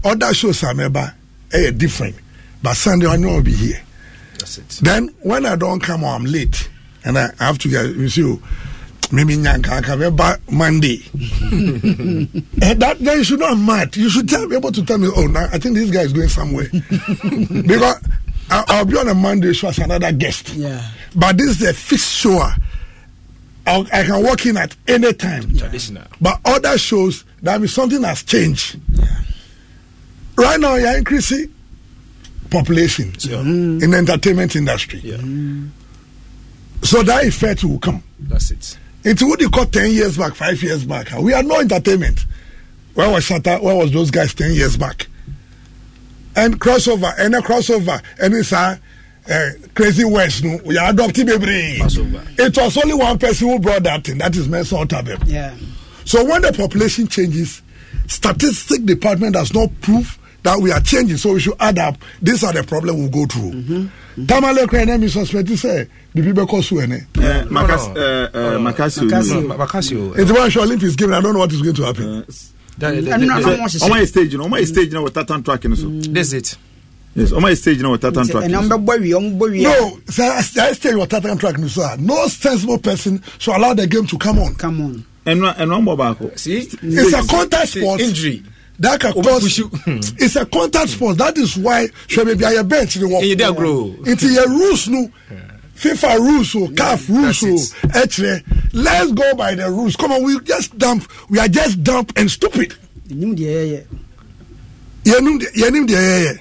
other shows ameba Hey, eh, different. But Sunday, I know I'll be here. That's it. Then when I don't come, I'm late, and I have to get you see. Oh, maybe Nyanka can back Monday. and (laughs) eh, that then you should not mad. You should tell be able to tell me, oh now I think this guy is going somewhere. (laughs) because I, will be on a Monday show as another guest. Yeah. But this is a fixed show. i i can walk in at any time. Traditional. Yeah. But other shows, that means something has changed. Yeah. right now you're increasing population yeah. Mm. in entertainment industry. Yeah. Mm. So that effect will come. That's it. It would you call 10 years back, five years back. We had no entertainment. Where was Shatta? Where was those guys 10 years back? And crossover, and a crossover, and it's a uh, crazy words. No? We are adopting baby. It was only one person who brought that thing. That is Mensa Otabem. Yeah. So when the population changes, statistic department does not prove that we are changing. So we should adapt. These are the problem we we'll go through. Mm-hmm. Mm-hmm. Tamale kura ne mi suspect say the people cause who ene. Makasio. Makasio. It's one sure Olympics game. I don't know what is going to happen. Ọmọ yẹ stage na ọmọ yẹ stage na wọ tatan track ni so. Mm. That's it. Yes, ọmọ yẹ stage na wọ tatan track ni so. Ẹnna ọmọ bọ wi ọmọ bọ wi. No, I stage wọ tatan track ni so no sensible person should allow the game to come on. Come on. Ẹnu ẹnu ọmọ baako. See, it's a contact sport. Injury that can cause hmm. it's a contact sport that is why sẹmi bi ayẹ bench ni wọn kọ nti yẹ rules no. fifa rules o caf rules o ẹkyẹrẹ e. let's go by the rules come on we just dump we are just dumb and stupid. yẹnum deɛ yɛyɛ. yẹnum deɛ yẹnum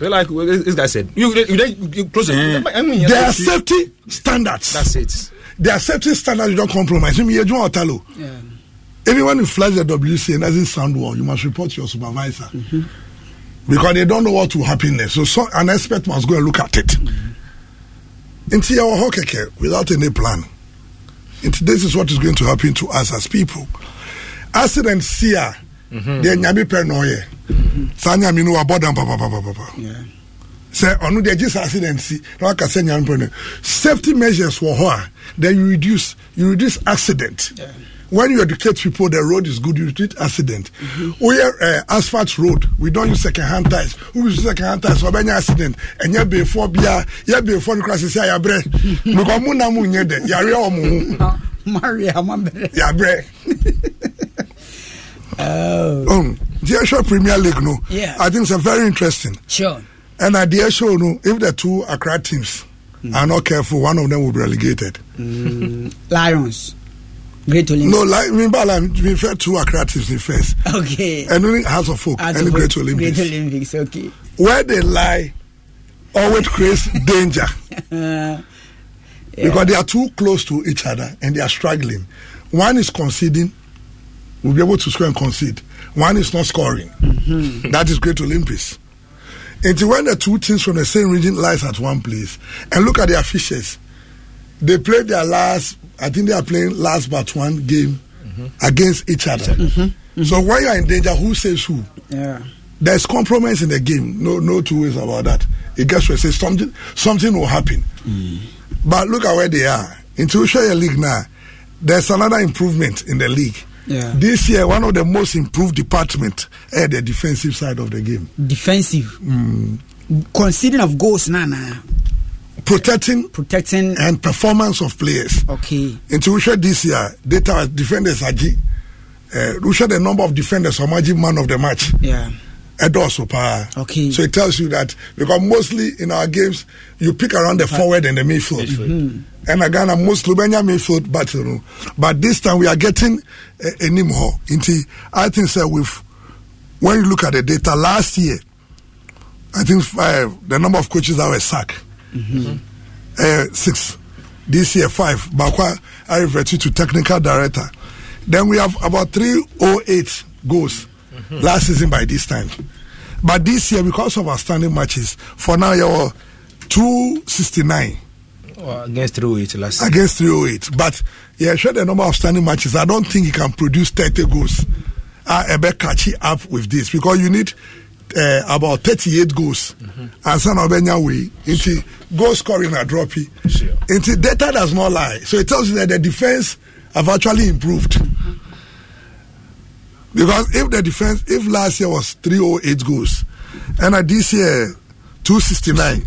Well, like well, this guy said, you, you, you, you close it. I mean, There are safety standards. That's it. There are safety standards you don't compromise. Yeah anyone who flags the WC and doesn't sound well, you must report to your supervisor mm-hmm. because they don't know what will happen next. So, so an expert must go and look at it. Mm-hmm. Into our hockey without any plan. Into this is what is going to happen to us as people. Accident here, mm-hmm. they nyami paranoia. Sanya minu abodam papa papa papa. sɛ onu deɛ gye accident si na waka sɛ nyame pɛ safety measures wɔ hɔ then you reduce you reduce accident yeah when you educate people the road is good, you treat accident. Mm-hmm. We are uh, asphalt road. We don't use second hand tires. Who use second hand tires for any accident. And yet before beer, yet before the crisis, I abre. Because muna mu nye de yare omu. Maria mambre. Yabre. (laughs) Oh. Um, the Asia Premier League, no. Yeah. I think it's a very interesting. Sure. And I the show, no, if the two Accra teams mm. are not careful, one of them will be relegated. Mm. Lions. Great Olympic. No, like me, but I refer to Accra Tiffany first. Okay. And only House of Folk House and of Great Olympics. Great Olympics, okay. Where they lie always creates (laughs) danger. Uh, yeah. Because they are too close to each other and they are struggling. One is conceding, will be able to score and concede. One is not scoring. Mm-hmm. That is Great Olympics. And when the two teams from the same region lies at one place and look at their fishes, They played their last I think they are playing last but one game mm-hmm. against each other. Mm-hmm. mm-hmm. So when you are in danger, who says who? Yeah. There's compromise in the game. No, no two ways about that. It gets to say something, something will happen. Mm. But look at where they are. In Tushaya League now, there's another improvement in the league. Yeah. This year, one of the most improved department at the defensive side of the game. Defensive. Mm. Considering of goals, now, Nana protecting protecting and performance of players. Okay. Into Russia this year, data defenders aji. Uh, eh, Russia the number of defenders or Maji, man of the match. Yeah. Edoso pa. Okay. So it tells you that because mostly in our games you pick around the forward and the midfield. Mm-hmm. And again, I'm most Slovenia midfield battle. No? But this time we are getting uh, a Nimho. I think so with when you look at the data last year, I think five the number of coaches that were sacked uh, six. This year five. Bakwa I refer to, technical director. Then we have about three oh eight goals mm-hmm. last season by this time. But this year, because of our standing matches, for now you're two sixty nine. Well, oh, against 308 last season. Against 308. But yeah, sure the number of standing matches. I don't think he can produce 30 goals. I Ebe catch up with this because you need uh, about 38 goals mm-hmm. and some of Benya way into goal scoring are droppy sure. into data does not lie so it tells you that the defense have actually improved because if the defense if last year was 308 goals and at this year 269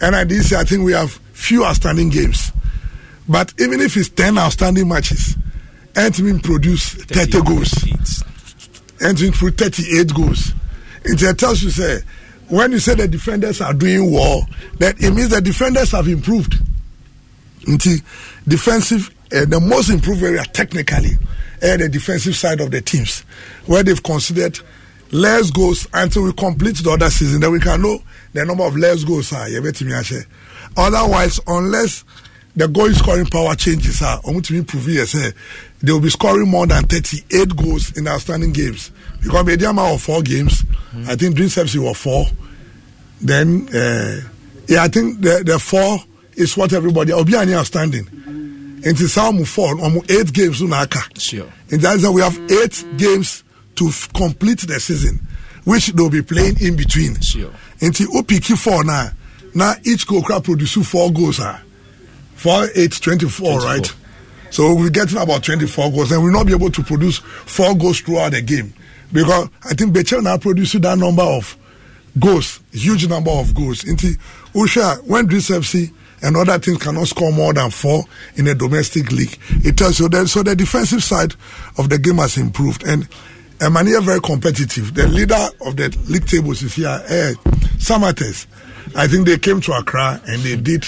and at this year I think we have few outstanding games but even if it's 10 outstanding matches and produce 30 goals and produce 38 goals it tells you say when you say the defenders are doing well that it means the defenders have improved nti defensive uh, the most improved area technically uh, the defensive side of the teams where they've considered less goals until we complete the other season then we can know the number of less goals are yɛbɛtumi otherwise unless the goal scoring power changes are ah, ɔmo tumi prove yɛ they will be scoring more than 38 goals in outstanding games. because Mediama of four games. mm I think Dream FC were four. Then, uh, yeah, I think the, the four is what everybody, are outstanding. And it's almost four, almost eight games soon. Sure. And that's that we have eight games to f- complete the season, which they'll be playing in between. Sure. And the OPK four now, now each Kokra produce four goals. Uh, four, eight, 24, 24. right? So we're getting about 24 goals, and we'll not be able to produce four goals throughout the game because I think Bechel now produced that number of goals, huge number of goals. Inti Usha, when Greece FC and other teams cannot score more than four in a domestic league, it tells you that so the defensive side of the game has improved and Emmanuel very competitive. The leader of the league tables is here, eh, Samates. I think they came to Accra and they did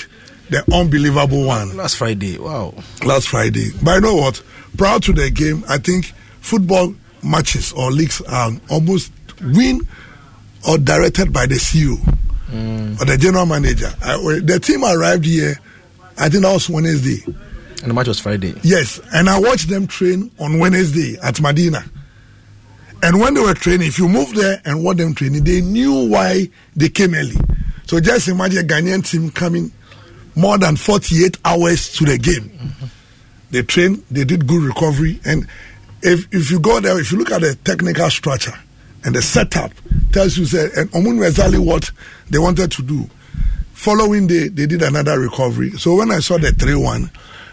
the unbelievable one. Last Friday, wow. Last Friday. But you know what? Proud to the game. I think football matches or leagues are almost win or directed by the CEO mm. or the general manager. I, the team arrived here, I think that was Wednesday. And the match was Friday. Yes, and I watched them train on Wednesday at Medina. And when they were training, if you move there and watch them training, they knew why they came early. So just imagine a Ghanaian team coming more than 48 hours to the game. Mm-hmm. They trained, they did good recovery, and if if you go there, if you look at the technical structure and the setup, tells you say, and Omun exactly what they wanted to do. Following day, they did another recovery. So when I saw the three one,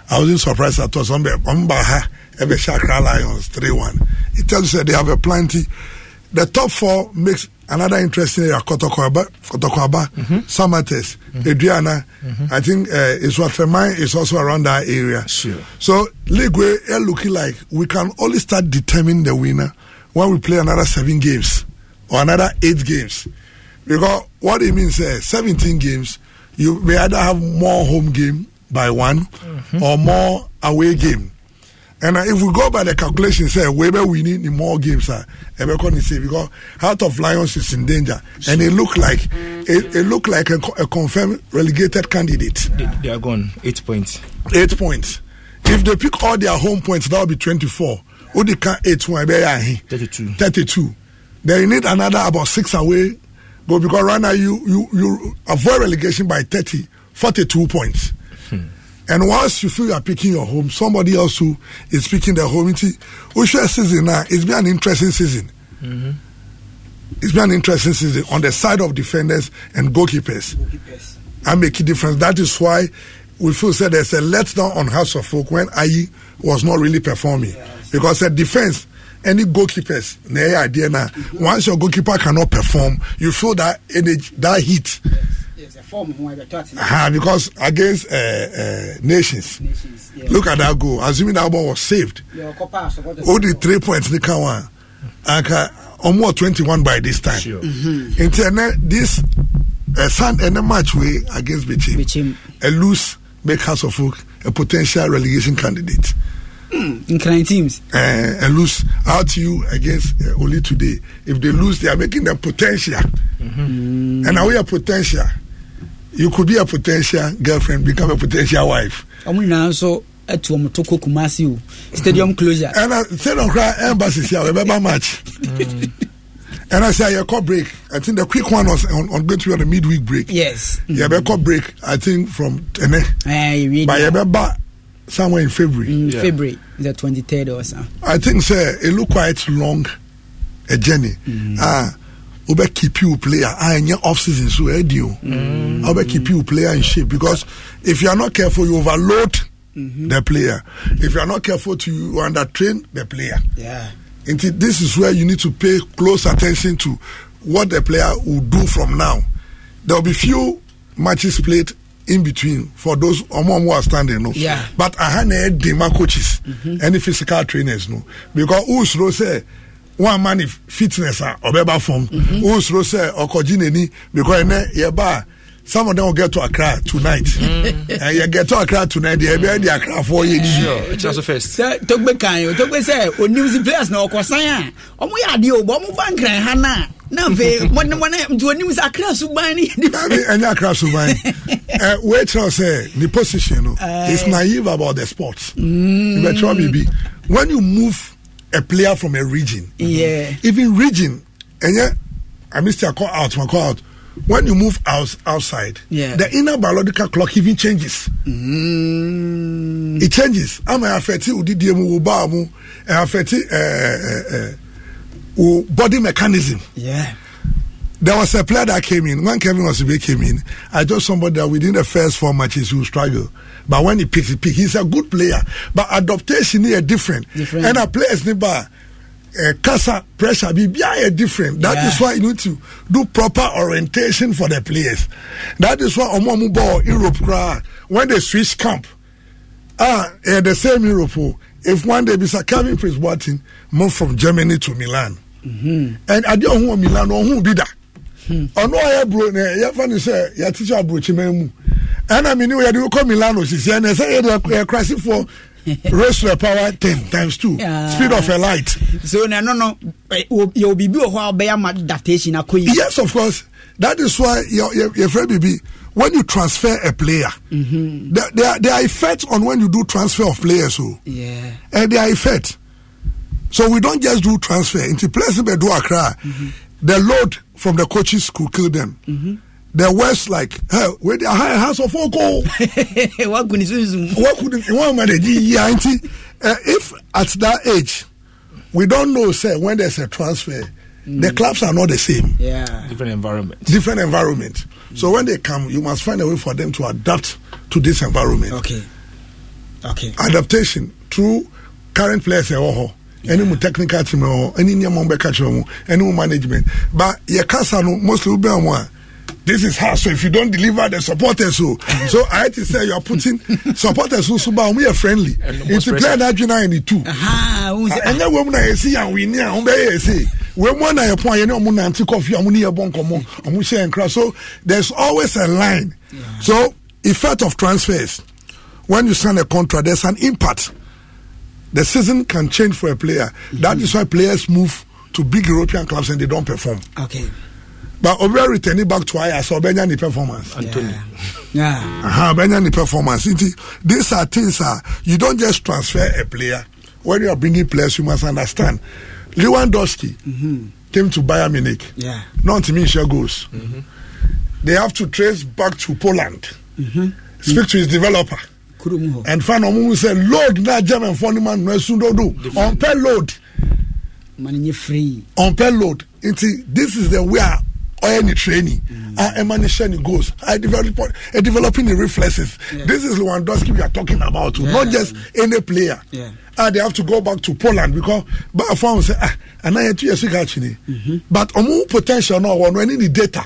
I wasn't surprised at all. Some Ombaha, Ebe Chakra Lions three one. It tells you that they have a plenty. The top four makes another interesting area Kotokoaba, Kotokoaba, mm-hmm. Samates, mm-hmm. Adriana. Mm-hmm. I think uh, Iswafemai is also around that area. Sure. So league we are looking like we can only start determining the winner when we play another seven games or another eight games, because what it means uh, seventeen games, you may either have more home game by one mm-hmm. or more away game And uh, if we go by the calculation, say Weber we need more games, uh, Ebekon is safe because Heart of Lions is in danger, and it look like it, it look like a, a confirmed relegated candidate. They, they, are gone eight points. Eight points. If they pick all their home points, that'll be twenty-four. Udika eight one thirty-two. Thirty-two. Then you need another about six away, but because right now you you you avoid relegation by 30, 42 points. And once you feel you are picking your home, somebody else who is picking their home, which season now, it's been an interesting season. Mm-hmm. It's been an interesting season on the side of defenders and goalkeepers. goalkeepers. I make a difference. That is why we feel said there's a letdown on House of Folk when IE was not really performing. Yes. Because the defense, any goalkeepers, idea now, once your goalkeeper cannot perform, you feel that energy, that heat. Yes form ho ɛbɛtɔ ati. ah because against uh, uh, nations, nations yeah. look at that goal assuming that ball was saved o di three points ni kan wa anka ɔmo twenty one uh, by this time sure. mm-hmm. nti ɛnɛ this uh, eh, san ɛnɛ match wey against Bichim a lose make house of folk a potential relegation candidate. Mm, in crime teams. Uh, and lose out you against uh, only today. If they lose, they are making them potential. Mm-hmm. And now we are potential you could be a potential girlfriend become a potential wife. ọmọ nyinaa nso ẹtu ọmọ tó kó kumasi o stadium closure. ẹnna stadium kura embassy si àwọn ẹbẹ bá match ẹnna sẹ yẹ kọ break i think the quick one was on going to be on the midweek break. yes. yẹ bẹ kọ break i think from ẹnẹ. ẹ yẹ ba yẹ bẹ ba somewhere in february. Mm, yeah. february the twenty-third or so. i think sẹ it look quite long a journey. Mm. Uh, wobɛ keep you player a ah, ɛnyɛ off season so ɛdi o wobɛ keep you player in shape because if you are not careful you overload mm-hmm. the player if you are not careful to you under train the player yeah. until this is where you need to pay close attention to what the player will do from now there will be few matches played in between for those ọmọ ọmọ are standing no yeah. but aha na ẹ di ma coaches mm-hmm. any physical trainers no because who slow say one man fitness a ɔbɛba fam wosoro sɛ ɔkɔgye n'ani because ɛnɛ yɛba a some of them will get to Accra tonight. Mm. uh, get to Accra tonight. They be the Accra for you. Sure, just first. Talk back on you. Talk back say o news players na okosan. Omo ya di o, omo ban kran ha na. Na ve mo ne mo ne o news Accra suban ni. Any Accra suban. Eh we try say the position no. It's naive about the sports. Mm. You better be. When you move a player from a region. Yeah. Mhm. Even region, and yeah, I missed your call out, my call out. When you move out outside, yeah. the inner biological clock even changes. Mm. It changes. I'm affected with DDM, Ubamu, affected eh, eh, eh, body mechanism. Yeah. There was a player that came in. When Kevin Osibe came in, I told somebody that within the first four matches, he will struggle. But when he picks, he picks. He's a good player. But adaptation is different. different. And a player's never. Uh, eh, casa pressure be different That yeah. is why you need to do proper orientation for the players that is why omo ball europe cry when they switch camp ah uh, the same europe oh, if one day bisa Kevin Prince Boateng move from Germany to Milan mm-hmm. and ade ohun Milan who be that ɔno a yɛ buro na yɛfa no sɛ yɛte sɛ aburokyiman mu ɛna mene yɛde wokɔ milano sisiɛ na ɛsɛ yɛde yɛkrasefoɔ race to the power ten times two yeah. speed of a light. so na no no yɛ obibi wɔ hɔ a ɔbɛyɛ ama adaptation akɔ yi. yes of course that is why yɛ fɛ bibi when you transfer a player. Mm-hmm. there there there are effects on when you do transfer of players o. Oh. So. Yeah. and eh, there are effects so we don't just do transfer nti players bɛ do akra. Mm-hmm. the load from the coaches could kill them. Mm-hmm. The worst, like, hey, where they high house of Oko. (laughs) what could it What could one man If at that age, we don't know, say, when there's a transfer, mm. the clubs are not the same. Yeah. Different environment. Different environment. Mm. So when they come, you must find a way for them to adapt to this environment. Okay. Okay. Adaptation through current players. Eh, oh, oh ɛne mu technical team wɔ ɛne nneɛma wɔn bɛka kyerɛ wɔn ɛne mu management but yɛ kasa no mostly wobɛn wɔn a this is hard so if you don't deliver the supporters o so, i hate to say you are putting supporters who suba omu yɛ friendly it's a player that dwina and two. too ɛnyɛ wɔn mu na yɛ si yan wini a wɔn bɛ yɛ si wɔn mu na yɛ pɔn yɛ ne wɔn nante kɔfi wɔn ni yɛ bɔ nkɔmɔ wɔn hyɛ nkira so there's always a line so effect of transfers when you sign a contract there's an impact the season can change for a player. Mm-hmm. That is why players move to big European clubs and they don't perform. Okay. But Obia returning back to I saw Benyani performance. Anthony. Yeah. uh-huh, Benyani performance. See, these are things uh, you don't just transfer a player. When you are bringing players, you must understand. Lewandowski mm-hmm. came to Bayern Munich. Yeah. Not to Michel goes. Mm-hmm. They have to trace back to Poland. Mm-hmm. Speak mm-hmm. to his developer kurom hɔ ɛnfa na ɔmo sɛ load na germanfoɔ no ma no esu dodo ɔmpɛ load ɔmpɛ load nti this is the way a ɔyɛ ne training a ɛma ne hyɛ ne goals a develop a developing the reflexes yeah. this is one lewandowski we are talking about yeah. not just any player yeah. ah they have to go back to poland because baafan say, ah anan yɛ tu yɛ sika akyini but ɔmo um, potential na ɔwɔ no ɛne ne data. Yeah.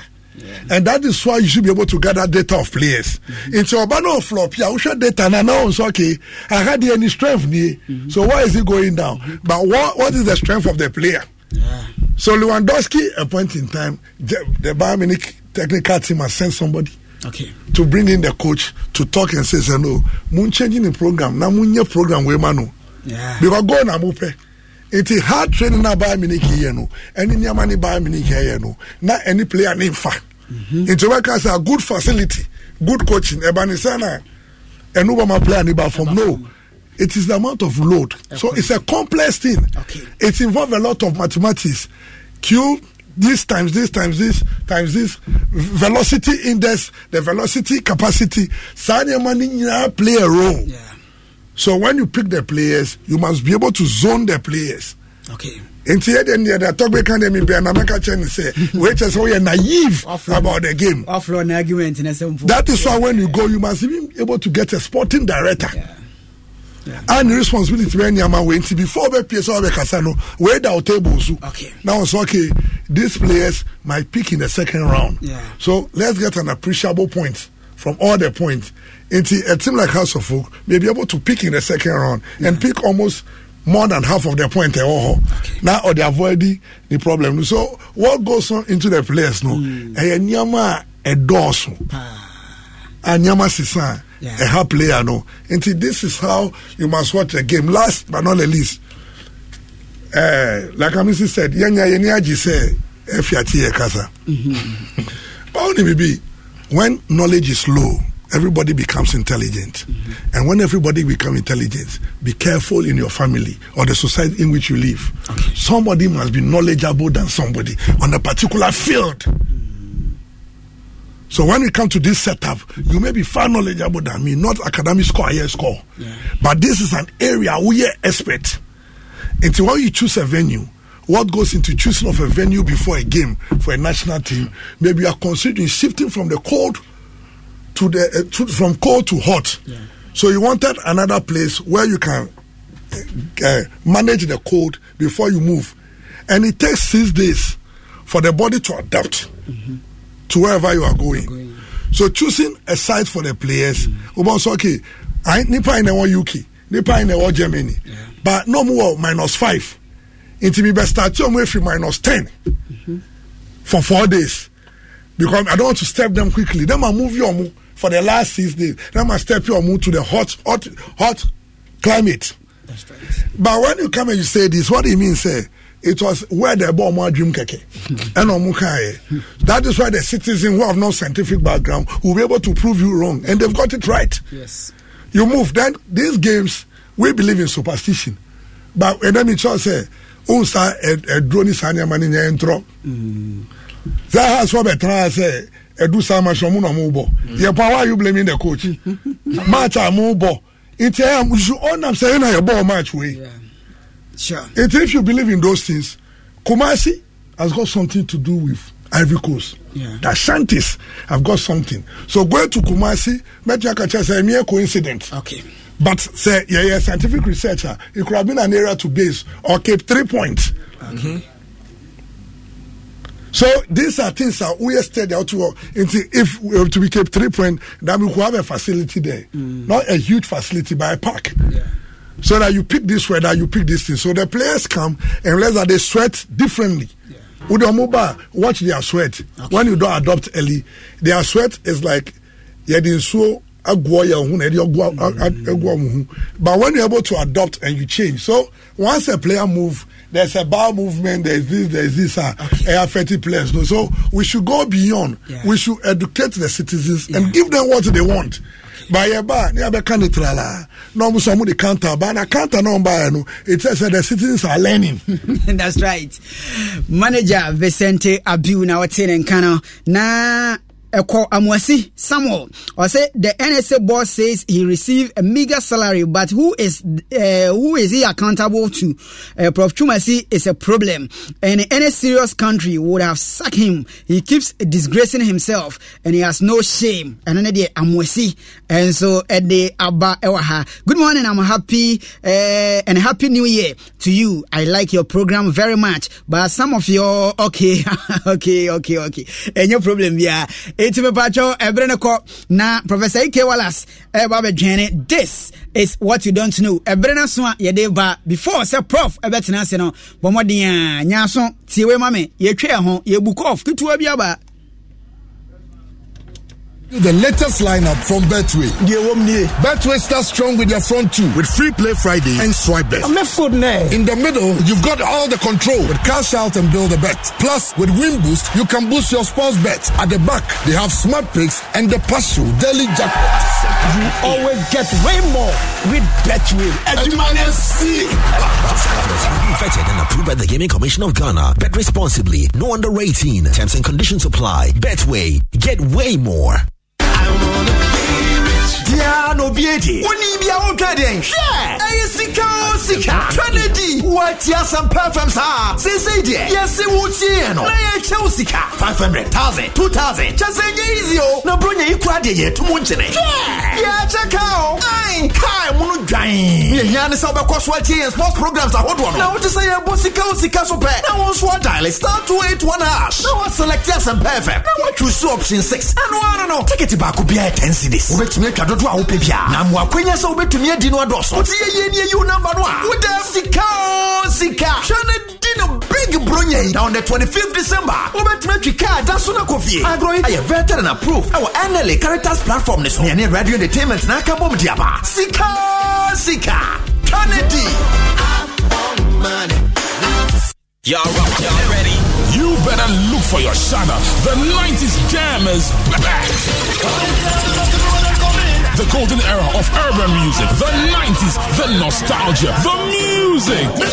And that is why you should be able to gather data of players. Into mm-hmm. flop, yeah, we should data and announce, okay, I had any strength, nee. mm mm-hmm. so why is it going down? Mm-hmm. But what, what is the strength of the player? So Lewandowski, a point in time, the, the Bayern Munich technical team has sent somebody okay. to bring in the coach to talk and say, no, moon changing the program. Now, moon your program, we manu. Yeah. Because go na mupe nti hard training na bayern munich yɛ no ɛne nneɛma ne bayern munich yɛ no na ɛne player ne nfa mhm. nti wɔbɛka sɛ good facility good coaching ɛba ne sɛ na ɛno bama player ne ba fam no it is the amount of load so it's a complex thing okay. it involve a lot of mathematics q this times this times this times this velocity index the velocity capacity saa nneɛma ne nyinaa play a role. Yeah. So when you pick the players, you must be able to zone the players. Okay. nti yɛ deɛ neɛ deɛ tɔgbe kan deɛ mebia na mɛka kyɛ ne sɛ (laughs) woɛkyɛ sɛ woyɛ naive about the game argument that is why when you go you must even be able to get a sporting director and responsibility bɛ nneɛma wei nti before wobɛpie sɛ wobɛkasa no wei da wo table so okay. now it's okay these players might pick in the second round yeah. so let's get an appreciable point from all the points. Into a team like House of Folk may be able to pick in the second round mm and pick almost more than half of their point. Eh, oh, oh, okay. now or they avoid the problem. So what goes on into the players? No, mm. a eh, nyama a dorsal, a nyama sisan, a eh, half player. No, into this is how you must watch the game. Last but not the least, uh, like Amisi said, yenya yenya jise efiati casa. Mm-hmm. But only maybe when knowledge is low, everybody becomes intelligent. Mm-hmm. And when everybody becomes intelligent, be careful in your family or the society in which you live. Okay. Somebody must be knowledgeable than somebody on a particular field. So when we come to this setup, you may be far knowledgeable than me, not academic score, higher score. Yeah. But this is an area where you're expert. Until when you choose a venue, what goes into choosing of a venue before a game for a national team. Maybe you are considering shifting from the cold to the uh, to, from cold to hot. Yeah. So you wanted another place where you can uh, manage the cold before you move, and it takes six days for the body to adapt mm-hmm. to wherever you are going. going. So choosing a site for the players, mm-hmm. okay, I nipa in the UK, nipa in the Germany, yeah. but no more minus five nti mi bɛ start ɔmo efiri minus ten for four days because i don't want to step them quickly then ma move your ɔmo for the last six days then ma step your ɔmo to the hot hot hot climate but when you come and you say this what do you mean say it was where they the bomb dream keke (laughs) and omukaye that is why the citizen who have no scientific background will be able to prove you wrong and they've got it right yes you move then these games we believe in superstition but enemy church say o sa ɛduro ni saa nneɛma ni nyɛ ntorɔ saa ha sɔ bɛ tena sɛ ɛdu saa ma sɔn mu na ɔmo bɔ yɛ pa why you blaming the coach (laughs) match a mo bɔ nti ɛyà musu ɔnam sɛ ɛna yɛ bɔ match wei nti if you believe in those things Kumasi has got something to do with Ivory Coast. Yeah. The Shantis have got something. So going to Kumasi, Metia Kacha said, mere coincidence. Okay. but say yeah, yeah, scientific researcher, ah, it could have been an area to base or keep three points. Okay. So these are things that we study out to if have uh, to be kept three point, that we could have a facility there. Mm. Not a huge facility by a park. Yeah. So that you pick this weather, you pick this thing. So the players come and realize that they sweat differently. Yeah. Udomoba, watch their sweat. Okay. When you don't adopt early, their sweat is like yeah, so agoa yɛ ho na ɛde agoa mo ho but when you able to adopt and you change so once a player move there's a ball movement there's this there's this ah uh, okay. affected players no so we should go beyond yeah. we should educate the citizens yeah. and give them what they want. bayɛba ne yɛbɛka ne trala na ɔmo sɛ ɔmo de counter but na counter na ɔmbaeɛ no it says that the citizens are learning (laughs) that's right manager vicente abiu na ɔte ne nka na ɛkɔ amuasi samuel ɔsɛ the nsa boss says he received a meager salary but who is uh, who is he accountable to uh, prof chumasi is a problem and any serious country would have sacked him he keeps disgracing himself and he has no shame ɛno ne deɛ amuasi and so ɛde aba ɛwɔ ha good morning i'm happy uh, and happy new year to you i like your program very much but some of your okay (laughs) okay okay okay and your problem yeah eti mepacho ebre ne ko na professor Ike Wallace e eh, ba be this is what you don't know ebre na so a ye de ba before say prof e eh, betena se no bomoden a nyaso tie we ma me ye twe ho ye book off bi aba The latest lineup from Betway. Betway starts strong with their front two with free play Friday and swipe bet. I'm left now. In the middle, you've got all the control with cash out and build a bet. Plus, with Win Boost, you can boost your sports bet. At the back, they have smart picks and the partial daily jackpot. You always get way more with Betway. Eduman you Vetted and approved by the Gaming Commission of Ghana. Bet responsibly. No under 18. Terms and conditions apply. Betway. Get way more. I wanna biara na obi edi woni bia wo ntwa den hwɛ ɛyɛ sika o sika twenedi wɔati asɛm pɛfɛm saa seesei deɛ yɛse wo tie no na yɛhyɛ wo sika 500000 2000 kyɛ sɛ nyɛ easy o na bronya yi kora deɛ yɛto mo nkyene yɛakyɛ ka o ai kae mu no dwan yɛhia ne sɛ wobɛkɔ so atie yɛn sports programs ahodoɔ no na wote sɛ yɛbɔ sika o sika so pɛ na wo nso adaale star 281 ash na waselect asɛm pɛfɛm na watwusu option 6 ɛno ara no ticket baako biara 10 cities wobɛtumi atwa do dodo a wopɛ bia na mmoakwanya sɛ wobɛtumi adi no adɔso wote yɛyɛ ne ayiwo namba no a woda sika o sika hwɛ no di no big bronya na on the 25th december wobɛtumi atwi kaa da so no akɔfie agorɔ yi ayɛ vetted and approved ɛwɔ nla characters platform ne so neɛne radio entertainment na aka bɔm diaba sika sika kennedy Y'all up? y'all ready? You better look for your shadow. The 90s jam is back the golden era of urban music, the 90s, the nostalgia, the music. The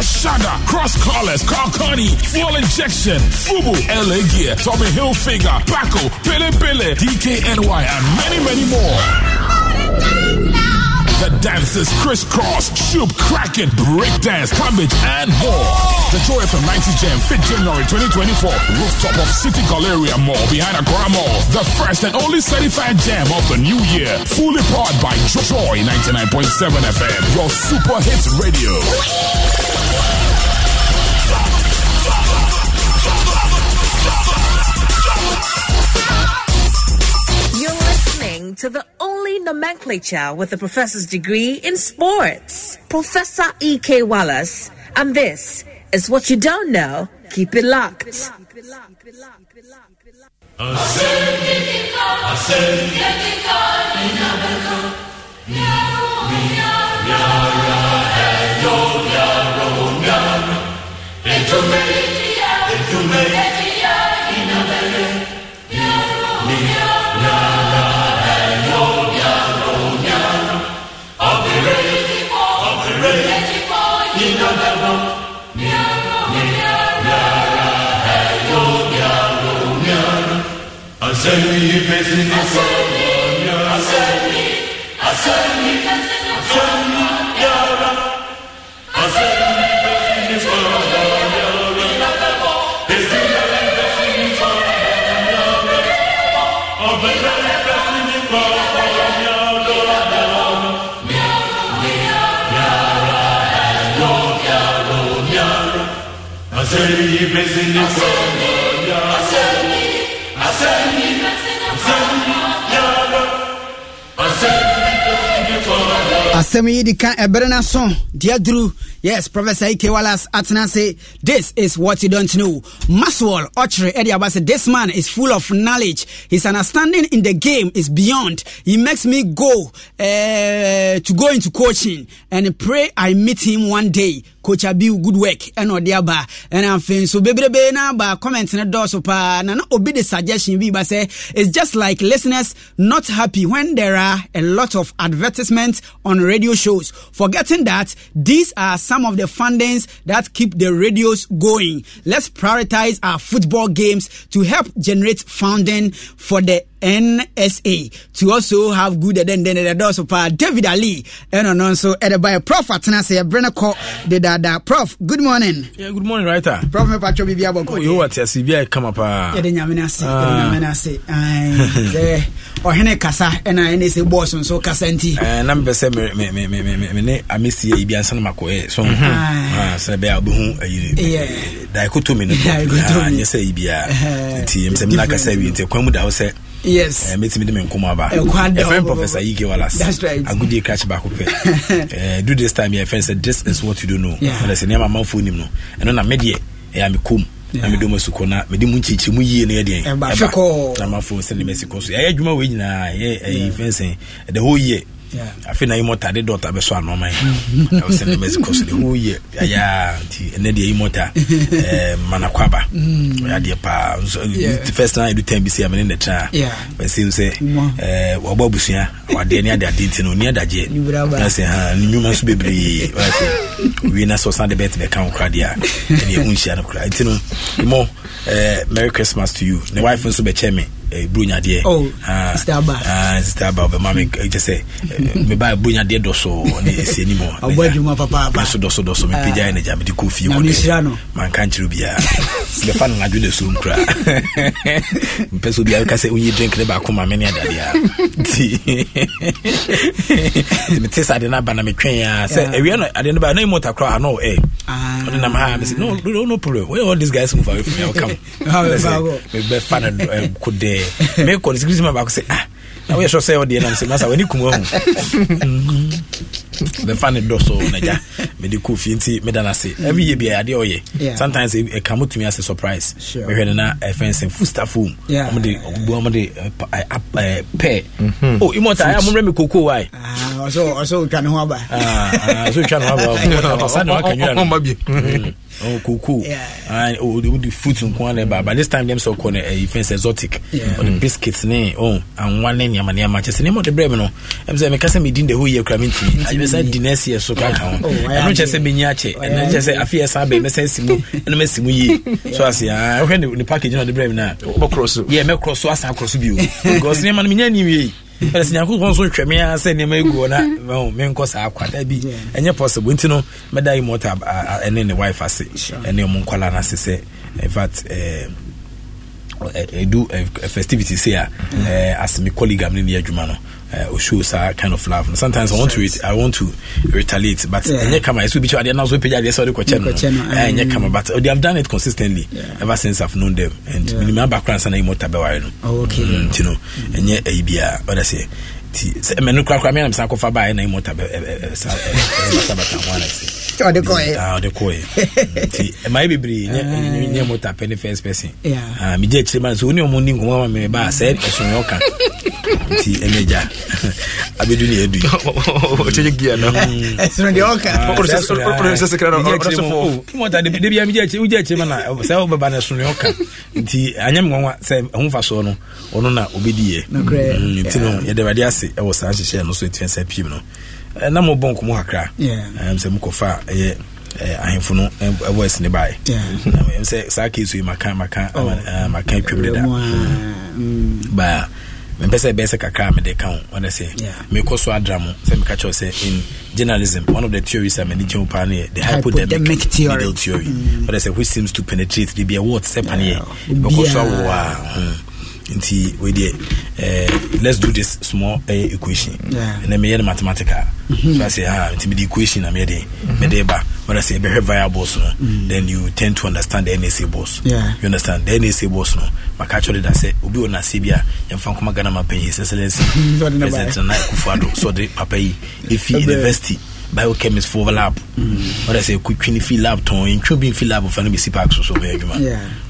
Shada, music. Cross Collars, Carconi, Wall Injection, Fubu, LA Gear, Tommy Hilfiger, Paco, Billy Billy, DKNY, and many, many more. The dances crisscross, shoop cracking, breakdance, cabbage, and more. The Joy FM 90 Jam, 5th January 2024, rooftop of City Galleria Mall behind Accra Mall. The first and only certified jam of the new year, fully powered by Joy 99.7 FM, your super hits radio. belonging to the only nomenclature with a professor's degree in sports, Professor E.K. Wallace. And this is what you don't know. Keep it locked. Hasanli bezini sallan ya Hasanli Hasanli Hasanli ya Rab Hasanli bezini sallan ya Rab Bezini bezini sallan ya Rab Abdullah bezini sallan ya Rab asɛm yi di kan ɛbɛrɛ na so deɛ duru yes professor ike wallace atena this is what you don't know maswell ɔkyerɛ ɛde aba sɛ this man is full of knowledge his understanding in the game is beyond he makes me go uh, to go into coaching and pray i meet him one day Coach Abiu, good work ɛna ɔde aba ɛna afei nso bebrebe na aba comment ne dɔɔso paa na na obi de suggestion bi ba sɛ it's just like listeners not happy when there are a lot of advertisements on radio shows forgetting that these are some of the fundings that keep the radios going let's prioritize our football games to help generate funding for the NSA to also have good and then the so far David Ali and on also at by Prof Atanase Brenako the dada Prof good morning yeah good morning writer Prof me patcho bibia boko oh you what yes bibia come up ah yeah nyame na se nyame na se eh ohene kasa na NSA boss nso kasa nti eh na me se me me me me me ne amesi e bia sana makoe eh, so mhm. ah se be abu hu eh da ikotomi no da ikotomi yes e bia nti me se me na kasa kwamu da yes mɛtumi eh, de me nkɔmmɔ aba ɛfrɛn eh, eh, professor yike walas agudie cratch baako (laughs) pɛ do this time yɛfrɛn sɛ this is what you do know ɛnɛ sɛ nneɛma amanfoɔ nim no ɛno na medeɛ ɛyɛ me kom na mede ma sukɔ na mede mu nkyekyɛ mu yie no yɛdeɛ ɛba na mafoɔ sɛ ne mɛsi kɔ so yɛyɛ adwuma wei nyinaa yɛ ɛyɛ fɛn sɛn the whole year afei na yimɔta de dɔta bɛsɔ anɔma yi ɛwosɛ mm-hmm. ne mexico so de whole (laughs) oh year ayɛ nti ɛnɛ deɛ yimɔta (laughs) eh, manakwaba ɔyɛ mm. adeɛ paa nso first time ɛdu time bi sɛ amene ne tra bɛsɛm sɛ wɔbɔ abusua wadeɛ ne ade ade nti no ɔni adagyeɛ ɛsɛ ha ne nnwuma nso bebree owie na sɛ ɔsan de bɛte bɛka wo kora deɛ a ɛne (laughs) ɛhu nhyia no kora nti no mmɔ eh, merry christmas to you ne wife nso bɛkyɛ me Eh, buronyadeɛ oh, ah, sister aba ah, bɛma me eh, kyɛ sɛ eh, meba buronyadeɛ dɔ so ne ɛsiani (laughs) papa. so dɔ so dɔ so mepagyaɛ no gya mede kɔ fie kɔ manka nkyerɛ biaa (laughs) mɛfa no nadwo ne som kora (laughs) mpɛ sɛ obiaa ka sɛ wonyi drink ne baako ma me ne adadeɛ nti mete sɛ ade no aba na metwɛn a sɛ awia no ade no ba na imota kora ano ɛ ah. ɔne nam ha me sɛ no no problem where all these guys move away from me I will come mebɛfa no kodɛɛ deɛ mekɔ no security ma baako sɛ na woyɛ sɔ sɛ wodeɛ nam sɛ masa w'ani kuma hu bɛfa ne dɔ so nagya mede kɔ fie nti meda no ase adeɛ ɔyɛ sometimes ɛka motumi ase surprise mehwɛ no na ɛfɛn sɛ foodstaffo m ɔmde ɔmde pɛ o momrɛ me kokoo ae ɔsɛ ne ho aba ho aba ɔsane wakanwira oh cool, yeah. and oh the would do fruit and corn eh, but by this time them so corn uh, eh, fence exotic yeah. or the biscuits ne oh and one ne yama ne yama just name of the bread no I'm saying because me din the whole year cramming (laughs) tea I was at dinner here so ka ka oh, ho and no just say me nyache and no just say afia sa be me sense mu and me simu yi so I'm ya ah, when the package no the bread na cross yeah me cross so as cross bi o because ne man me nya ni wi ɛnɛ sɛ nyankopɔn so hwɛ me a sɛ nneɛma ɛguɔ na (laughs) menkɔ saa kwata bi ɛnyɛ possible nti no mɛda yi mɔta ɛne ne wife ase ɛne ɔmo nkɔla no ase sɛ infact ɛdu eh, eh, eh, festivities a mm. asemi colleague am ne ne adwuma no uh, show that kind of love. And sometimes I want right. to I want to retaliate, but yeah. and come it will be sure I didn't also page I saw the question. And you come but oh, they have done it consistently yeah. ever since I've known them. And yeah. my background and more tabawa. Oh okay. Mm, you know, and yeah, ABR, what I say. mɛno korakora menam sa kɔfa eh, eh, eh, baɛ na mɔtabɛsabatamɔde kɔɛ nti ɛmaɛ bebree nyɛ mɔtapɛ ne first person megye akyirɛ ah, ma sɛ wone ɔmo ni nkɔmmɔ ma mebaa sɛ ɛsomeɛ ɔka nti ɛnɛ gya (laughs) abedu ne yɛdu (laughs) ɔkyɛyɛ gia no ɛsono (laughs) deɛ ɔkasɛ sekra nodebia wogya akyirɛ ma na sɛ wobɛba no ɛsono deɛ ɔka nti anyɛ me nwanwa sɛ ɛho fa soɔ no ɔno na obɛdiɛ mm, nti no yɛde awurade ase ɛwɔ saa nhyehyɛ no so ɛtua sɛ pim no na mobɔ nkɔmmɔ kakra sɛ mokɔfa ɛyɛ ahemfo no ɛwɔ ɛsene baɛ sɛ saa ke so yi maka maka oh. maka twam deda mm. baa mepɛ sɛ ɛbɛyɛ sɛ kakra mede ka wo ɔne sɛ mekɔ so adra mo sɛ meka kyɛw sɛ in journalism one of the theories a mani gye wo paa no yɛ the hypodemic needle theory ɔde mm. sɛ which seems to penetrate de bia wot sɛ bɛkɔ so a nti wei deɛ eh, let's do this small ɛyɛ eh, equation ɛnna meyɛ no mathematical mm-hmm. so ase ha ah, nti mi di equation na meyɛ de mɛ de ba wɔn ase ɛbɛhwɛ variables no mm. then you tend to understand the nsa balls you understand the nsa balls no maka akyerɛ da sɛ obi wɔ n'ase bi a yɛmfa nkɔma ghana ma panyin (laughs) sɛsɛlɛnsi president nana akufo ado so ɔde papa yi efi university biochemist for lab wɔde sɛ kutwi ne fi lab tɔn ntwi bi fi lab fa ne bi si park soso bɛyɛ adwuma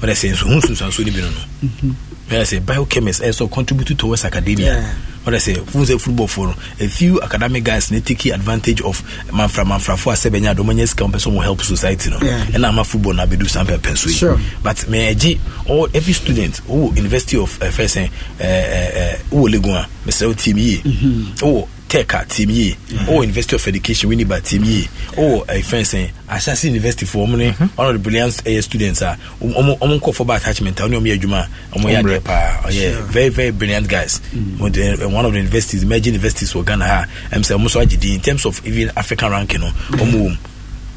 wɔde sɛ nso ho sunsuanso ne bi no no. Mm-hmm. I say biochemists also contribute towards academia. Yeah. What I say, who's a football for a few academic guys need take advantage of man from man from for seven years. Dominions can person will help society. No? Yeah. And I'm a football now, be do something person. Sure. But may I all every student who University of uh, First uh, uh, uh, who Legua, Mr. Team E. Oh, tech team yie mhm. o oh, university of education winneba team yie o ɛfɛn sɛn ahyase university fo ɔmo ne mhm. one of the brilliant ɛyɛ uh, eh, students a ɔmo ɔmo nkɔfo ba attachment a ɔne ɔmo yɛ adwuma ɔmo yɛ adeɛ paa ɔyɛ very very brilliant guys mm. Eh, eh, one of the universities emerging universities wɔ ghana ha ah. ɛm sɛ ɔmo nso agye din in terms of even african ranking no oh. ɔmo wɔ mu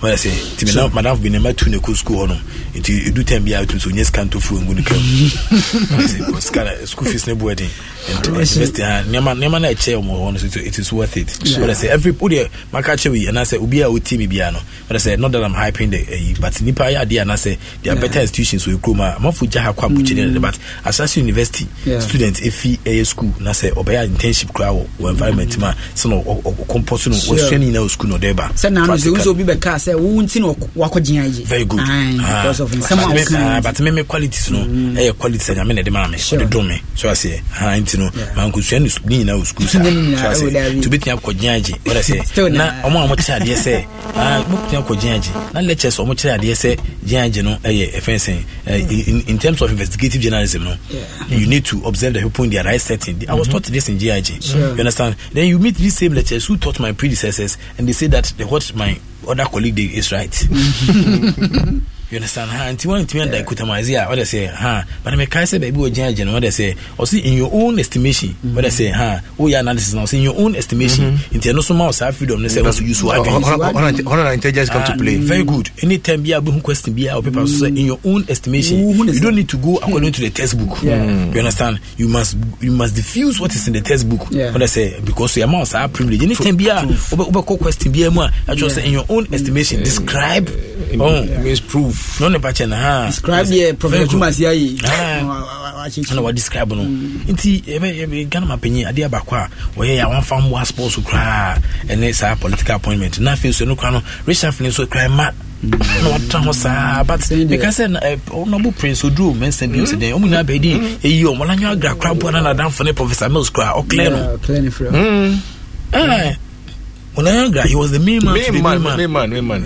wọn yà sẹ tìmí náà madam bi nìyẹn tu ne ko sukuu hɔ no nti edu tẹn bi a etu so nye scan to furu ngu ne kẹm scan school fees ne bu ɛdin and university ha nneɛma nneɛma na ɛkyɛ wɔn hɔ no so it is worth it wọn yà every o deɛ maka kyɛ wi ɛna sɛ obi a o ti mi bi a no wọn yà not that i'm hyping the ɛyi eh, but nipa ayɛ adeɛ ana sɛ they are better institutions wɔ ekurom a amafo gya ha kɔ abukye ne mm. yɛrɛ but asase university student efi ɛyɛ school na sɛ ɔbɛyɛ internship kura wɔ environment ma sɛ na ɔkɔmpɔso no wɔsua ne nyinaa wɔ school na ɔdɛ ba sɛ naanu sɛ sɛ wo nti na wakɔgye agye very good ah, because of nsɛm a woka but me me qualities no ɛyɛ mm-hmm. eh, qualities anyame eh, na ɛde maa me ɔde dom me so aseɛ ah, nti no mankosua ne ne nyinaa wɔ sukuu saa (laughs) so aseɛ nti wobɛtumi akɔgye agye wɔdɛ sɛ na ɔmo a wɔkyerɛ adeɛ sɛ wobɛtumi akɔgye agye na lectures ɔmo kyerɛ adeɛ sɛ gye agye no ɛyɛ ɛfɛn sɛn in terms of investigative journalism no you need to observe the people in their right setting I was mm-hmm. taught this in GIG you understand then you meet these same lecturers who taught my predecessors and they say that they what my other colleague is right. (laughs) you understand ha nti wọn ntumi ɛnda ekutamazi a ɔde sɛ ha but mɛka sɛ baabi wɔ gyina gyina ɔde sɛ ɔsi in your own estimation ɔde mm-hmm. sɛ ha woyɛ oh, analysis na ɔsi in your own estimation mm-hmm. nti ɛno so ma ɔsaa freedom ne sɛ wɔn so use adwene. ɔnana intelligence come to ah, play. very good Any anytime bi a bɛ hu question bi a o paper so sɛ in your own estimation you don't need to go according to the hmm. textbook. you understand you must you must diffuse what is in the textbook. ɔde sɛ because yɛ ma ɔsaa privilege anytime bi a ɔbɛkɔ question bi a mu a ɛtwa sɛ in your own estimation describe. it oh. means prove. no ne bakyɛ no hana wadescribe no nti ghana mapanyi adeɛ baakɔ a wɔyɛ yɛ awamfa mmoa sports koraa ɛne saa political appointment na afei nso no kora no reshafne nso kora ma na wata ho saa but meka sɛ ɔnabo prince oduro mɛnsa bi sɛ dɛn ɔmu nyinaa bɛdi ɛyi ɔ mɔlanyo agra kora boa no nadamfo ne professor mills koraa ɔclɛ no mɔlanyo agra he was the main man main man main man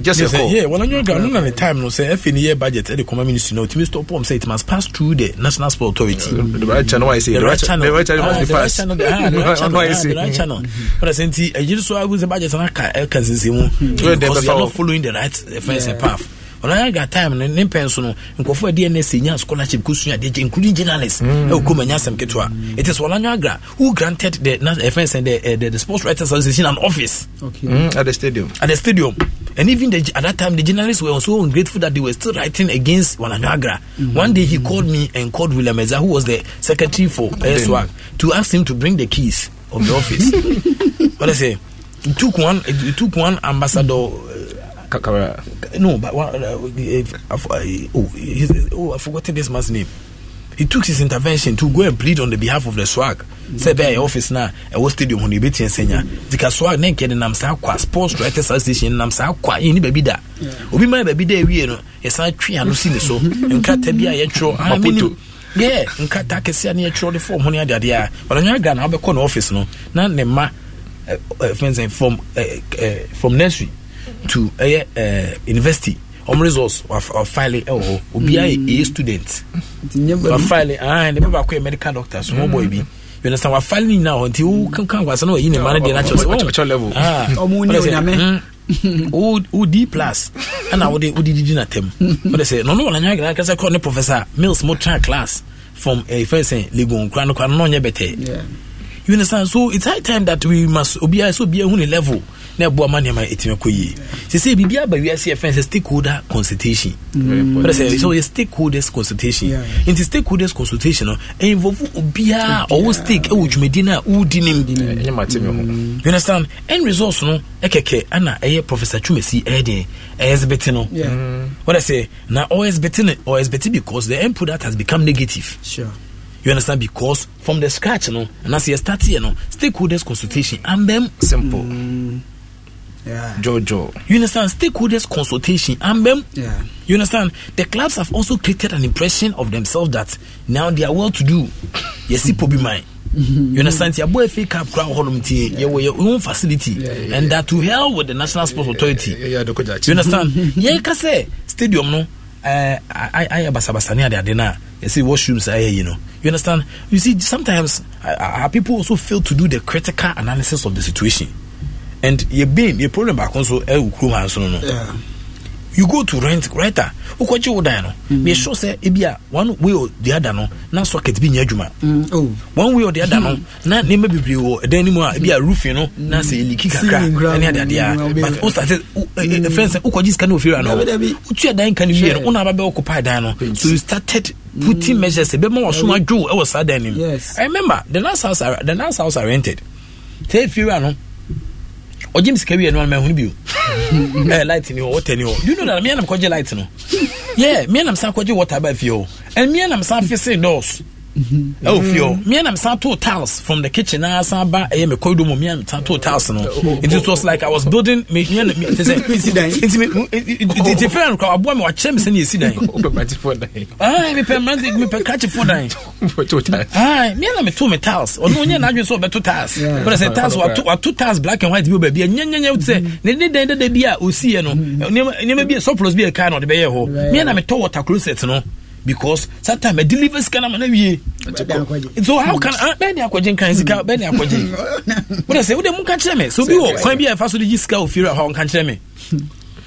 just yes, a call. Yeah, well, on your ground, at the time, no, say, if in year budget, the common ministry, no, it must stop home, say it must pass through the National Sport Authority. mm The right channel, I say, the, right channel, the right channel must ah, be passed. The right channel, ah, the (laughs) right channel, ah, the right channel. But I say, you just saw I was the budget, and I can't see you. Because you not following the right first path. ɔnanaga time no ne mpɛn so no nkɔfoɔ adi ɛnɛ sɛ nya scholarship kɔsua adeɛ including journalist ɛwɔkɔm hmm. anya asɛm ketewa it is ɔlanyo agra who granted the ɛfɛn eh, sɛ eh, the, eh, the, the sports writers association an office okay. mm, at the stadium at the stadium and even the, at that time the journalists were so ungrateful that they were still writing against Wananyo mm-hmm. one day he called me and called William Ezra who was the secretary for PSWAG to ask him to bring the keys of the office what (laughs) I say it took one it, it took one ambassador Kakara. No, but what, uh, I, oh, his, oh, I've forgotten this man's name. He took his intervention to go and plead on the behalf of the swag. sɛ bɛɛ yɛ office na ɛwɔ stadium hɔ no yɛbɛtia sɛnya nti ka soa ne nkɛ nenam saa kɔ a sports writers association nenam saa kɔ a yɛni baby da obi ma baabi da awie no yɛsan twe ano and ne so nkrata bi a yɛtwerɛ amameni ah, yɛ nkrata the form when you are there. But ne adeadeɛ a i ghana wobɛkɔ ne office no na ne ma eh, eh, fɛnsɛn from uh, from nursery to ɛyɛ uh, university ɔm um, resource wafile ɛwɔ hɔ obiaa yɛ a student wafile ne bɛ baakɔ yɛ medical doctor small boy bi you understand wafile ne nyinaa hɔ nti wokanka wasa na wayi ne ma no deɛ nakyɛw o D plus ɛna wode wodedidi natam wode sɛ nɔno wɔnanyɛ kra sɛ kɔ ne professor mills motra class from ɛfɛ sɛ legon kora no kora no na ɔnyɛ bɛtɛɛ you understand so it's high time that we must obiara so obiara hu ne level na ɛboa ma nneɛma ɛtumi kɔ yie sɛ sɛ biribi aba wiase ɛfɛn sɛ stakeholder consultation Very sɛ so yɛ stakeholders consultation nti stakeholders consultation no ɛnvɔvu e obiara ɔwɔ stake ɛwɔ dwumadi no a wodi ne mu you understand end results no ɛkɛkɛ e ɛna e ɛyɛ professor twumasi ɛyɛ den ɛyɛsbɛte no wɛrɛ sɛ na ɔyɛsbɛte no ɔyɛsbɛte because the end product has become negative sure you understand because from the scratch no and as you start here no stakeholders consultation and them simple mm. yeah. jojo you understand stakeholders consultation and them yeah. you understand the clubs have also created an impression of themselves that now they are well to do yes it be mine you understand your boy fake up crowd hall your, own facility yeah, yeah, and that to hell with the national sports authority you understand (laughs) yeah you can say stadium no ayɛ eh, basabasa ne adeade no a yɛsɛ washrooms ayɛ yi no you understand you see sometimes our eh, eh, people also fail to do the critical analysis of the situation and yɛbɛn yɛ problem baako nso ɛwɔ kurom ha nso no no yeah you go to rent renter wokɔgye wo dan no meɛsure mm-hmm. sɛ ebia one way or the other no na socket bi nyɛ adwuma mm, oh. one way or the other no hmm. na nneɛma bebree wɔ ɛdan no mu a ebia hmm. roofing no na sɛ ɛliki hmm. kakra ɛne adeadeɛ a but wosa sɛ fɛn sɛ wokɔgye sika no ofiri ano wotua dan ka no wie no wona aba bɛwɔkɔpa dan no so you started putting measures ɛbɛma wɔsom adwo ɛwɔ saa dan no mu i remember the last house the last house i rented sɛ ɛfiri ano ɔgye me sika wie no ana mahunu bio ɛ light ni hɔ water ni hɔ you know that meɛ nam kɔgye light no yeah meɛ nam san kɔgye water ba fie hɔ and meɛ nam san fese doors Mm-hmm. ofio oh, mm-hmm. me na msan to tiles from the kitchen na ah, san ba ɛyɛ eh, me kɔido mu me na msan tiles no oh, oh, it just was like i was building me me na me sɛ nsi dan nti me nti fɛn no kwa aboa me wakyerɛ (laughs) ah, me sɛ ne yɛsi dan wopɛ mmerante fo dan ai (laughs) mepɛ mmerante mepɛ kakye fo dan to tiles ai ah, me na me to me tiles ɔno onyɛ n'adwene sɛ ɔbɛto tiles wɔde sɛ tiles wato wato tiles black and white bi wɔ baabi a nyanyanya wote sɛ mm-hmm. ne ne dan dada bi a osiiɛ no nneɛma bi a surplus bi a ɛkaa na ɔde bɛyɛ hɔ me na me to water closet no because sometimes I deliver scan am na wie so how can ah bẹ́ẹ̀ ni akɔgye nkan sika bẹ́ẹ̀ ni akɔgye wọ́n dẹ̀ sẹ́ wọ́n dẹ̀ mu nkan kyerɛ mi so bi wɔ kwan bi a ɛfa so de yi sika ofiri ɔhɔ nkan kyerɛ mi hmm.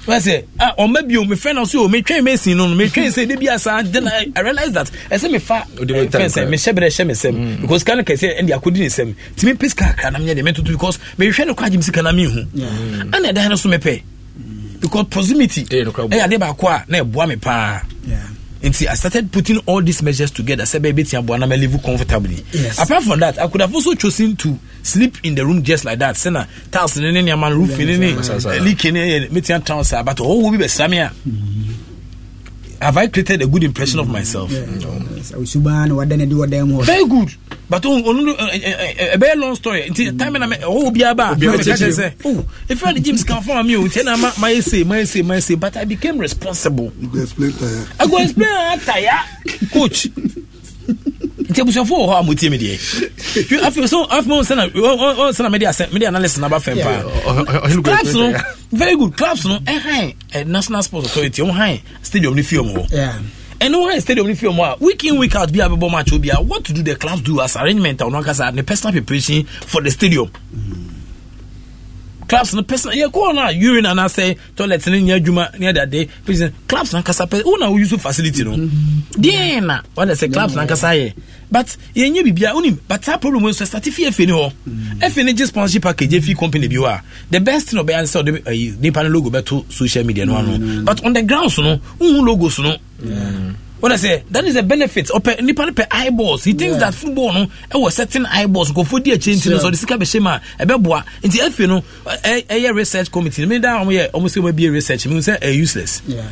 wọ́n sɛ ah ɔmɛ bi o mi fɛn na so o mi twɛn mi sin no mi twɛn sɛ de bi asa then I I realize that ɛsɛ mi fa fɛn sɛ mi hyɛ bɛrɛ hyɛ mi sɛm because sika no kɛse ɛdi akɔdi ne sɛm ti mi pe sika kakra na mi yɛ deɛ mi tutu because mi hwɛ ne kɔ agye mi sika na mi hu ɛna hmm. ɛdan no so mi pɛ because proximity eh, ɛyɛ ade baako a na ɛboa mi paa. Yeah nti i started putting all these measures together sɛ bɛɛ bɛ tia bɔ anam live comfortably yes. apart from that i could have also chosen to sleep in the room just like that sɛna tiles ne ne nneɛma no roof ne ne leaking ne yɛ metia tiles but ɔwɔ wo bi bɛ sami a. Mm-hmm have I created a good impression mm-hmm. of myself? Yeah. Mm. No. Very good. But oh, oh, eh, eh, eh, a very long story. Until mm. time and oh, be about oh, if I James come for me, then I might say, might say, might say, but I became responsible. You go explain, I go explain, Coach nti wɔ hɔ a motie me deɛ afei so afei sɛna sɛna mede asɛ mede analysis naba fɛm paa clubs no very good clubs no ɛhan eh, national sports authority ɔmo han stadium no fie ɔmo hɔ ɛno wɔn stadium no fie ɔmo a week in week out bi a bɛbɔ match obi a what to do the clubs do as arrangement a ɔno akasa ne personal preparation for the stadium. Mm clubs no pɛ sɛ yɛkɔɔ no a urine anaasɛ toilet no nyɛ adwuma ne adade pɛsɛ clubs no ankasa pɛ wona wo use facility no mm-hmm. deɛ na wɔde sɛ clubs no ankasa yɛ but yɛnyɛ biribia wonim but that problem wɔ so starte fie afe ni hɔ afe mm-hmm. ne gye sponsorship package afi company bi hɔ a the best thing ɔbɛyɛ ne sɛ ɔde nipa no logo bɛto social media no ano mm-hmm. but on the grounds no wohu logos no what I say that is the benefit ɔpɛ nipa no pɛ eyeballs he thinks yeah. that football no ɛwɔ e certain eyeballs nkɔfo di e akyire e nti no so ɔde sika bɛhyɛ mu a ɛbɛboa nti afei no ɛyɛ research committee mi da wɔn yɛ wɔn sɛ wɔn abie research mi n sɛ ɛyɛ useless. Yeah.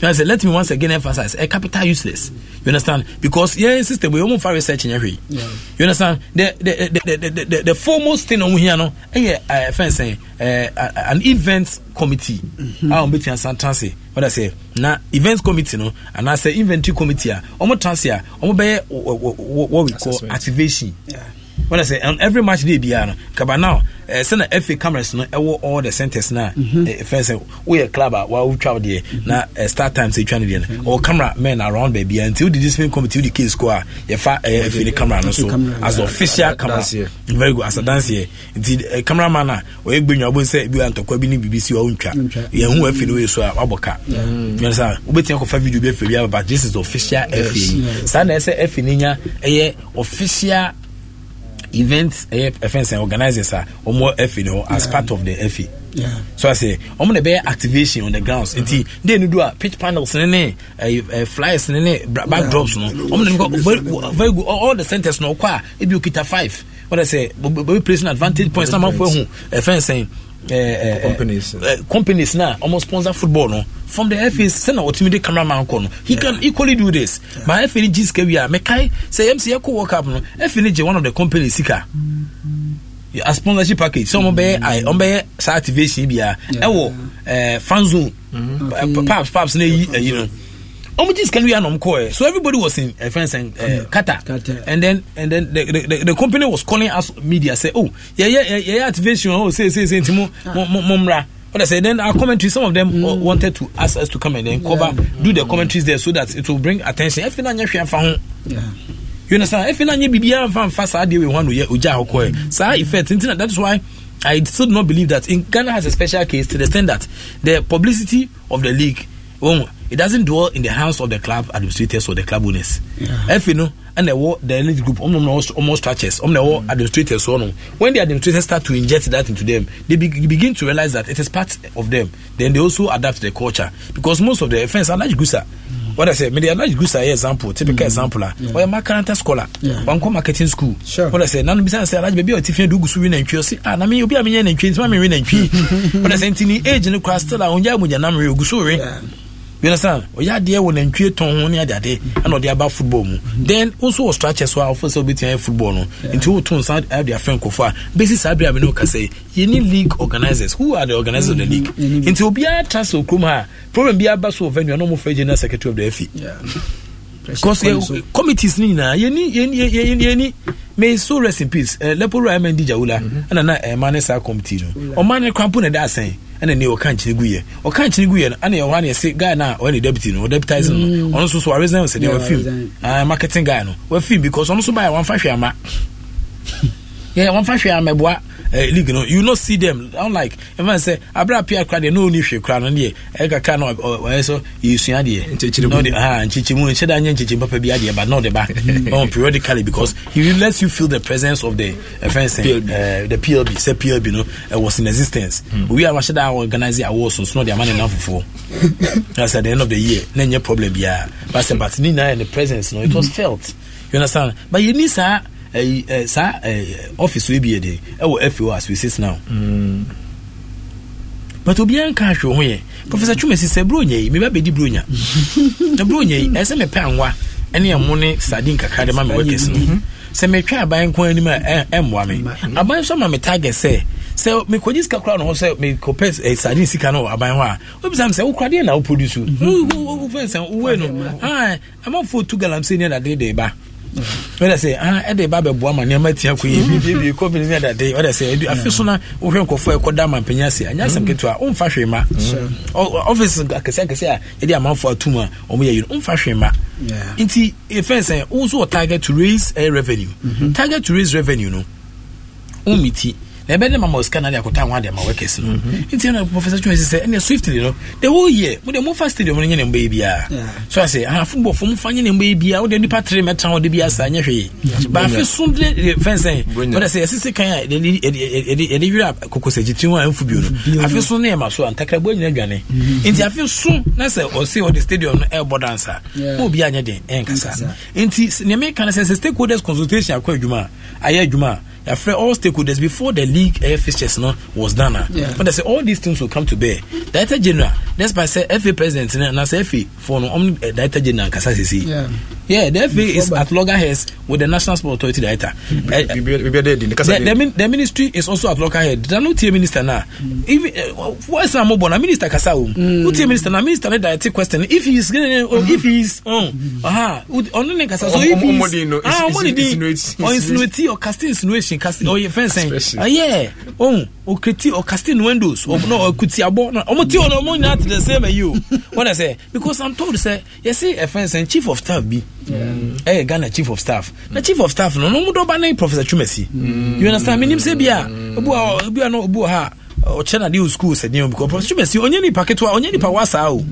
You understand? Let me once again emphasize: a capital useless. You understand? Because yeah, sister, we almost far research in every. Yeah. You understand? The the the the, the, the, the foremost thing on here no, eh, yeah, uh, fence, uh, an event committee. Mm-hmm. Ah, meeting some santansi. What I say? Na events committee no, and I say inventory committee. Ah, Omo transi ya. Ah, Omo be what we call activation. Yeah. What I say? On every match day, be ah, Kaba now. Eh, sɛna fa cameras no ɛwɔ all the centers no a fɛ sɛ woyɛ club a wawotwa deɛ mhm. na eh, start times ɛtwa no deɛ no mhm. ɔwɔ camera men around baabia nti wode discipline committee wode case kɔ a yɛfa ɛyɛ afei no camera no so as official camera very good as a dance mhm. danseɛ nti eh, camera man a ɔyɛ gbenwa wobɛhu sɛ bi antɔkwa bi ne biribi si wɔwontwa yɛhu afi no wei so a wabɔ ka sa wobɛtumi akɔfa video bi afa bi aba but this is official fa saa na ɛsɛ fa no nya official events ɛyɛ ɛfɛn organisers a wɔn ɛfɛ ne hɔ as part of the ɛfɛ yeah. so I say wɔn na bɛyɛ activation on the grounds nti de ni do a pitch panels ne ne ɛɛ eh, eh, flyers ne ne backdrops no wɔn na nipa very very good all the centres na ɔkɔ a ebi okita five wɔn na sɛ bɛbi place an advantage points na ma fɔ ehun ɛfɛn sɛn. Eh, eh, eh. companies uh, companies na ɔmo sponsor football no from the FA sɛ na ɔtumi de cameraman kɔ no he yeah. can equally do this yeah. but FA ni gyi sika wia mɛkae sɛ mc ɛkɔ world cup no FA ni gye one of the companies sika a sponsorship package sɛ ɔmo bɛyɛ ayi mm. ɔmo bɛyɛ saa activation bi a ɛwɔ fan zone mm-hmm. paps paps na eyi eyi no ọmọ jí sikẹni wíyà nà ọmọ kọ ẹ so everybody was in ẹ fẹn sẹn ẹ Qatar and then and then the, the the the company was calling us media say oh yẹ yẹ yẹ yẹ activation oh say say say ti mu mu mu But I say? then our commentary, some of them mm. wanted to ask us to come and then cover, yeah. do the commentaries there so that it will bring attention. If you yeah. You understand? If you know, you fan fast, I deal with one year, Uja Okoye. Mm. So, effect, that's why I still do not believe that in Ghana has a special case to the extent that the publicity of the league ohun it doesn't dwell in the hands of the club administrators or the club owners ɛfi no ɛna ɛwɔ the elite group almost na ɔmo structures ɔmo na mm. administrators wɔn no when the administrators start to inject that into them they, be, begin to realize that it is part of them then they also adapt the culture because most of the offence are large gusa. Mm. what I say, media large goose I example, typical mm. example. Ah. Yeah. Or a macaranta scholar, yeah. one marketing school. Sure. What I say, none besides a large baby or tiffin do goose win and curiosity. And I mean, you'll be a million and change, mammy win and tree. But I say, age in the crust, still, I own Yamuja Namri, goose you understand ɔyɛ adeɛ wɔ nantwie tɔn ho ne adeade ɛna ɔde aba football mu then nso wɔ structure so a ɔfo sɛ obetumi ayɛ football no nti woto nsa ade afɛ nkɔfo a besi saa abiri a mene wokasa yi yɛni league organisers who are the organisers of the mm-hmm. league mm-hmm. nti obiara tra sɛ okurom ha a problem bi aba so wɔ venue a na ɔmofrɛ general secretary of the afi because committees ni nyinaa yeni, yeni, yɛ may so rest in peace ɛɛ eh, lɛpɔrɔ ayɛ jawula ɛna mhm. na ɛɛ eh, maa ne saa committee no ɔmaa ne kwan po na ɛda asɛn ɛna ne ɔka nkyene gu yɛ ɔka nkyene gu yɛ no ɛna ɛhɔ ne yɛse guy no a ɔyɛ ne deputy no ɔdeputize no ɔno mm. nso so waresign sɛ deɛ wafim marketing guy no wafim because ɔno nso baɛ wamfa hwɛ ama yeah wɔn fa hwɛ amɛboa ɛɛ league no you no see them unlike ɛfɛn sɛ abira pia kura deɛ n'oni hwɛ kura no deɛ ɛyɛ kakra na ɔyɛ so yɛsua deɛ nkyekyere mu ha nkyekyere mu nhyɛ da nye nkyekyere papa bi adeɛ ba na ɔde ba ɔn periodically because he lets you feel the presence of the ɛfɛn sɛ ɛɛ the plb sɛ plb no was in existence owi a wahyɛ da organize awards nso na ɔde ama ne nan fufuo that's at the end of the year na problem biara but but ne nyinaa yɛ the presence no it was felt you understand but yɛ ni saa saa ɔfisi yi bi yɛ de ɛwɔ fo as we sit now. but obiara nka ahwɛ ho yɛ professor chumasi sɛ buronya yi meba bɛdi buronya na buronya yi ɛsɛ mepɛ anwa ɛne ɛmo ne sardine kakra de ma me workers no sɛ metwa aban nko anim a ɛmmoa me aban nso ama me target sɛ sɛ mekɔgye sika koraa no hɔ sɛ mekɔpɛ sardine sika no wɔ aban hɔ a wobisa me sɛ wokora deɛ na woproduce wofɛ sɛ wowei no amafoɔ tu galamsɛ ni adade de ba wọ́n dẹ̀ sẹ́ ah ẹ̀dẹ̀ bá bẹ̀ bu ama nìyẹn mẹ́tìyà kò yẹ bíi bíi covid ní ẹ̀dá dẹ́ wọ́n dẹ̀ sẹ́ ẹ̀dẹ̀ afi sọ́nà wọ́hwẹ́ nkọ̀fọ́ ẹ̀kọ́ dá ama mpẹ́nyà sí ẹ̀nyà sẹ́m a ó nfa hwẹ́ ma ọ́fíìsì akẹ́sẹ́ akẹ́sẹ́ a yẹ́dẹ̀ amanfọ́ atum a ọmọ yẹ yìí ó nfa hwẹ́ ma nti fẹ́ǹsẹ̀ wọ́n nso wọ target to raise eh, revenue mm-hmm. target to raise revenue no ó mi ti na ɛbɛde mama osika na de akɔta ho adeɛ ma wɔkɛse no nti ɛna professor twɛn sɛ ɛnɛ swiftly no the whole year mo de mo fa stadium no nyɛ ne mbɔ yi biara so ase ahafo bɔ fom fa nyɛ ne mbɔ yi biara wo de nipa tere mɛta wo de bi asa nyɛ hwee baafe sun de fɛnsɛn wɔn de sɛ ɛsisi kan a yɛde yɛde yɛde kokosɛgye ti ho a ɛnfu bio no afe sun ne ɛma so a ntakra bɔ nyina dwane nti afe sun na sɛ ɔse ɔde stadium no ɛɛbɔ dansa mo obi a nyɛ den ɛnkasa nti nea meka no sɛ sɛ stakeholders consultation akɔ adwuma ayɛ adwuma a after all stakeholders before the league uh, fixtures no was done ah. yeah. but I say all these things will come to bear director general despite say FA president and as FA for no um, director general kasa sisi yeah. yeah the FA is at loggerheads with the national Sports authority director mm-hmm. eh, the, the, min, the ministry is also at loggerheads there no tier minister now mm. even uh, what's a na minister kasa um who tier minister na minister na direct question if he is mm. if he is um aha uh, uh, so if he is ah, insinuate or casting insinuation casting casting. oye oh, ah, yeah. Oh, oh, ohun okiriti casting windows Oh no, ɔmɔ mm. kutiabɔ ɔmɔ ti ɔnà ɔmɔ nyinaa not the same as you. o I say because i'm told say sɛ yɛsi ɛfɛn sɛn chief of staff bi ɛyɛ eh, ghana chief of staff The chief of staff no no, dɔba ne professor twemasi mm. you understand mi nim sɛ bia ebu mm. a be a no, be a ha ɔkyɛn na de school said, you o because professor Chumesi. onye nipa ketewa onye nipa wasa o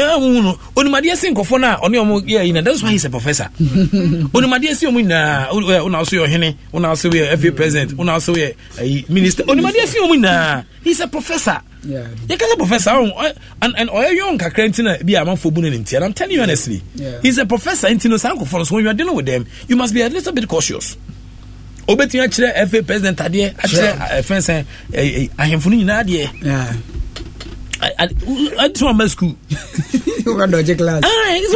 na ɛhu no onimadeɛ si nkɔfoɔ no a ɔne ɔmo yɛ that's why he's a professor (laughs) onimadeɛ si ɔmo nyinaa wona so yɛ ɔhene wona so yɛ fa president wona so yɛ minister onimadeɛ si ɔmo nyinaa he's a professor yɛka sɛ professor ɔn and ɔyɛ yɔn kakra nti na bi a amanfoɔ bu no ne nti and i'm telling you honestly yeah. he's a professor nti no saa nkɔfoɔ no so when you are dealing with them you must be a little bit cautious obetumi akyerɛ fa president adeɛ akyerɛ fɛn sɛn ahemfo no nyinaa adeɛ ɛtisɛ wama skul ɛsɛ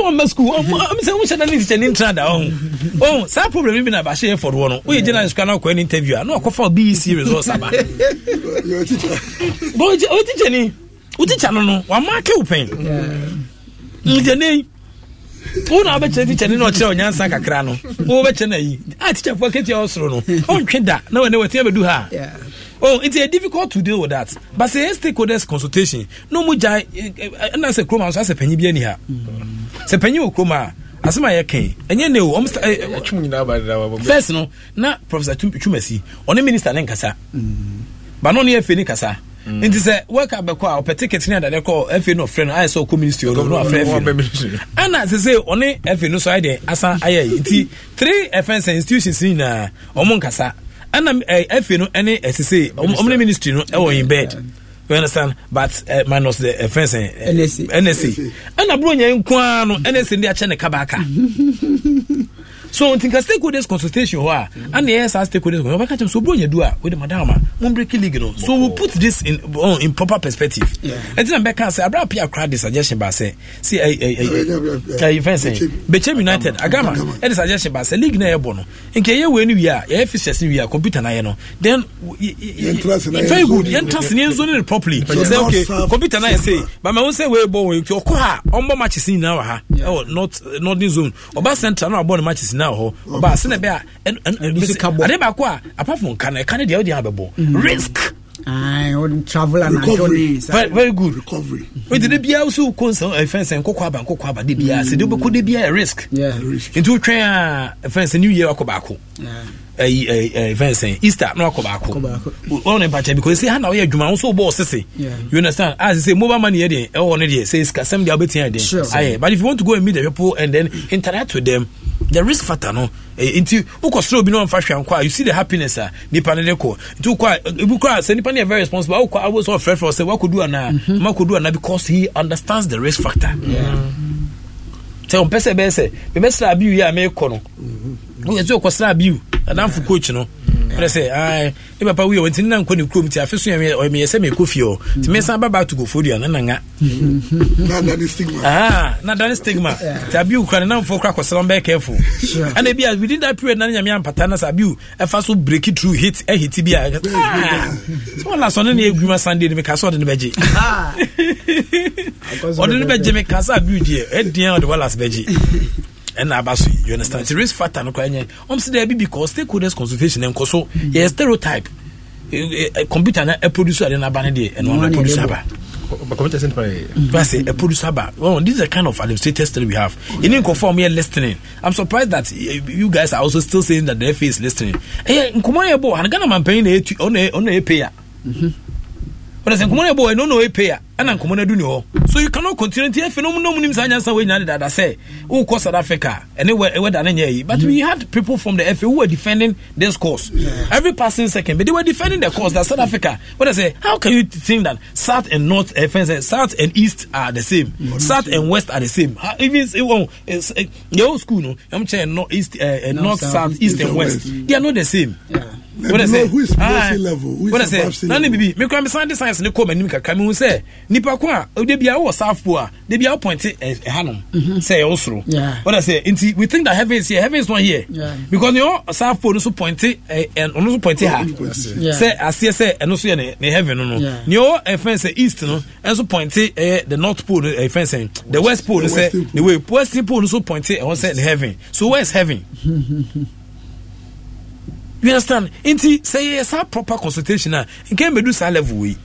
wama skul mesɛ wohyɛ da ne tikyɛ ne ntra da ɔho saa problem bi na bahyɛ yɛ fɔdoɔ no woyɛ gyina sukua na wokɔɛ no interview a na wakɔfa bec results aba wotikyɛni wotikya no no wama ake wo pɛn ntiɛnei wo na wobɛkyerɛ tikya ne na ɔkyerɛ ɔnyansa kakra no wobɛkyerɛ no ayi a ah, tikyafoɔ ketia ɔsoro no ɔntwe da na wɔne wɔtia bɛdu ha Oh, it's a difficult to deal with that. But say stakeholders consultation. No muja eh, eh, eh, na se kroma so asɛ panyi bi ani ha. Mm. Sɛ panyi wɔ kroma a asɛm a yɛka ɛnyɛ ne o ɔm First no na Professor Tumasi ɔne minister ne Mm bano ne afei ni kasa mm. nti sɛ wɔka bɛkɔ a ɔpɛ ticket ne adade kɔ afei no ɔfrɛ no ayɛ sɛ ɔkɔ ministry ɔno no afrɛ afei no ana sɛ sɛ ɔne afei no so ayɛ deɛ asa ayɛ yi nti three fns institutions nyinaa ɔmo nkasa ana afei no ne ɛsese ɔmo ne ministry no ɛwɔ in bed you understand but uh, minus the uh, fence uh, NSA e. NSA e. ɛna buro nyɛ nkoa no NSA e ndi akyɛ ne kabaaka (laughs) so nti nka stakeholders consultation hɔ a mm. ana yɛ saa stakeholders consultation ɔbɛka kyɛm so bro nyɛ a wɔde madam a mo breki league no so we put this in on in proper perspective ɛti na mbɛka sɛ abira pia kora de suggestion ba sɛ si ɛyi ɛyi ɛyi fɛn sɛ bechem united agama ɛde suggestion ba sɛ league na yɛ bɔ no nka yɛ wɛ ni wia yɛ fixtures ni wia computer na yɛ no then very good yɛn trust ni yɛn zone it properly sɛ okay computer na yɛ say bama wɔn sɛ wɛ bɔ wɔn nti ɔkɔ ha ɔn bɔ matches nyinaa wɔ ha ɛwɔ north eh, northern zone ɔba central na ɔbɔ ne matches nyinaa gyina hɔ ɔba ase na ɛbɛ a ade baako a apart from nka no ɛka no deɛ wode abɛbɔ mm. risk traveler na journey very, very good recovery nti de biara so ko nsɛm ɛfɛn sɛ nkokɔ aba nkokɔ aba de biara sɛ de wobɛkɔ de biara risk Yeah, risk. nti wotwɛn uh, a ɛfɛn sɛ new year akɔ baako ɛyi ɛyi ɛyi fɛn sɛn easter na wakɔ baako wɔn ne mpakyɛ bi ko esi ha na ɔyɛ adwuma nso bɔ ɔsese you understand a ah, sise mobile money yɛ deɛ ɛwɔ ne deɛ sɛ sika sɛm deɛ ɔbɛtia deɛ ayɛ but if you want to go and meet the people and then interact with them the risk factor no eh, nti wokɔ soro bi na ɔmfa hwɛ nkɔ a you see the happiness a nipa ne de kɔ nti wokɔ a ebi eh, kɔ a sɛ nipa ne yɛ very responsible awokɔ awo sɛ ɔfrɛfrɛ ɔsɛ wakɔdu anaa makɔdu mm-hmm. anaa because he understands the risk factor. Yeah sɛ ɔmpɛ sɛ bɛyɛ sɛ mebɛsra abiu yi a meekɔ no mhm. woyɛ sɛ ɔkɔsra abiu adamfo coach no ɔne sɛ ne papa woyɛ ɔnti ne nankɔ ne kurom nti afe so meyɛ sɛ mekɔ fie ɔ nti mesa baba atogofo dua na nanga na dane stigma nti abiu kora ne namfoɔ kora kɔsɛlɔ bɛɛ kɛfo ɛna bia within that period na ne nyame ampata na sɛ abiu ɛfa so breaki through hit ahiti eh, bi a ah. sɛ wala sɔne ne ɛdwuma sunday no meka sɛ ɔde no bɛgye (laughs) (laughs) ɔde no bɛgye meka sɛ abiu deɛ ɛdeɛ ɔde walas bɛgye (laughs) ɛna aba so you understand nti risk factor no koraa nyɛ ɔm sɛ dɛbi because stakeholders consultation ɛnkɔ so yɛ stereotype e, e, e, computer na ɛproduce ade n'aba no deɛ ɛna ɔno ɛproduce aba Pase, a producer bar. Mm-hmm. Well, this is the kind of administrative that we have. You need to conform here listening. I'm surprised that you guys are also still saying that the FA is listening. Hey, Nkumari Ebo, I'm going to pay on a payer. Mm-hmm. But I say, Nkumari Ebo, I don't know a payer ɛna nkɔmɔ no adu hɔ so you cannot continue nti afei nomu nomu nim saa nyansa wei nya deda sɛ wokɔ south africa ɛne wɛ da ne nyɛ yi but we had people from the FA who were defending this course. every passing second but they were defending the course that south africa when i say how can you think that south and north uh, south and east are the same south and west are the same how, even uh, uh, your school no i'm saying north east uh, north, south, east, and west, west. they are not the same yeah. Ah, nane bibi mekora mesane de science ne kɔ m'anim kakra mehu sɛ nnipa ko a da bia wowɔ safo a da bia wopɔnte eh, ɛhanom eh, mm-hmm. sɛ ɛwo soro wode sɛ nti we think that heaven is here heaven is not here yeah. because neɛ safo no so pɔnte eh, ɔno so pɔnte ha sɛ aseɛ sɛ ɛno so yɛ ne heaven no no neɛ ɔwɔ ɛfɛn sɛ east no ɛnso pɔnte ɛyɛ the north pole ɛfɛn sɛ the west pole no sɛ the western pole no so pɔnte ɛhɔ sɛ ne heaven so where is heaven (laughs) you understand nti sɛ yɛyɛ saa proper consultation a nkɛn bɛdu saa level wei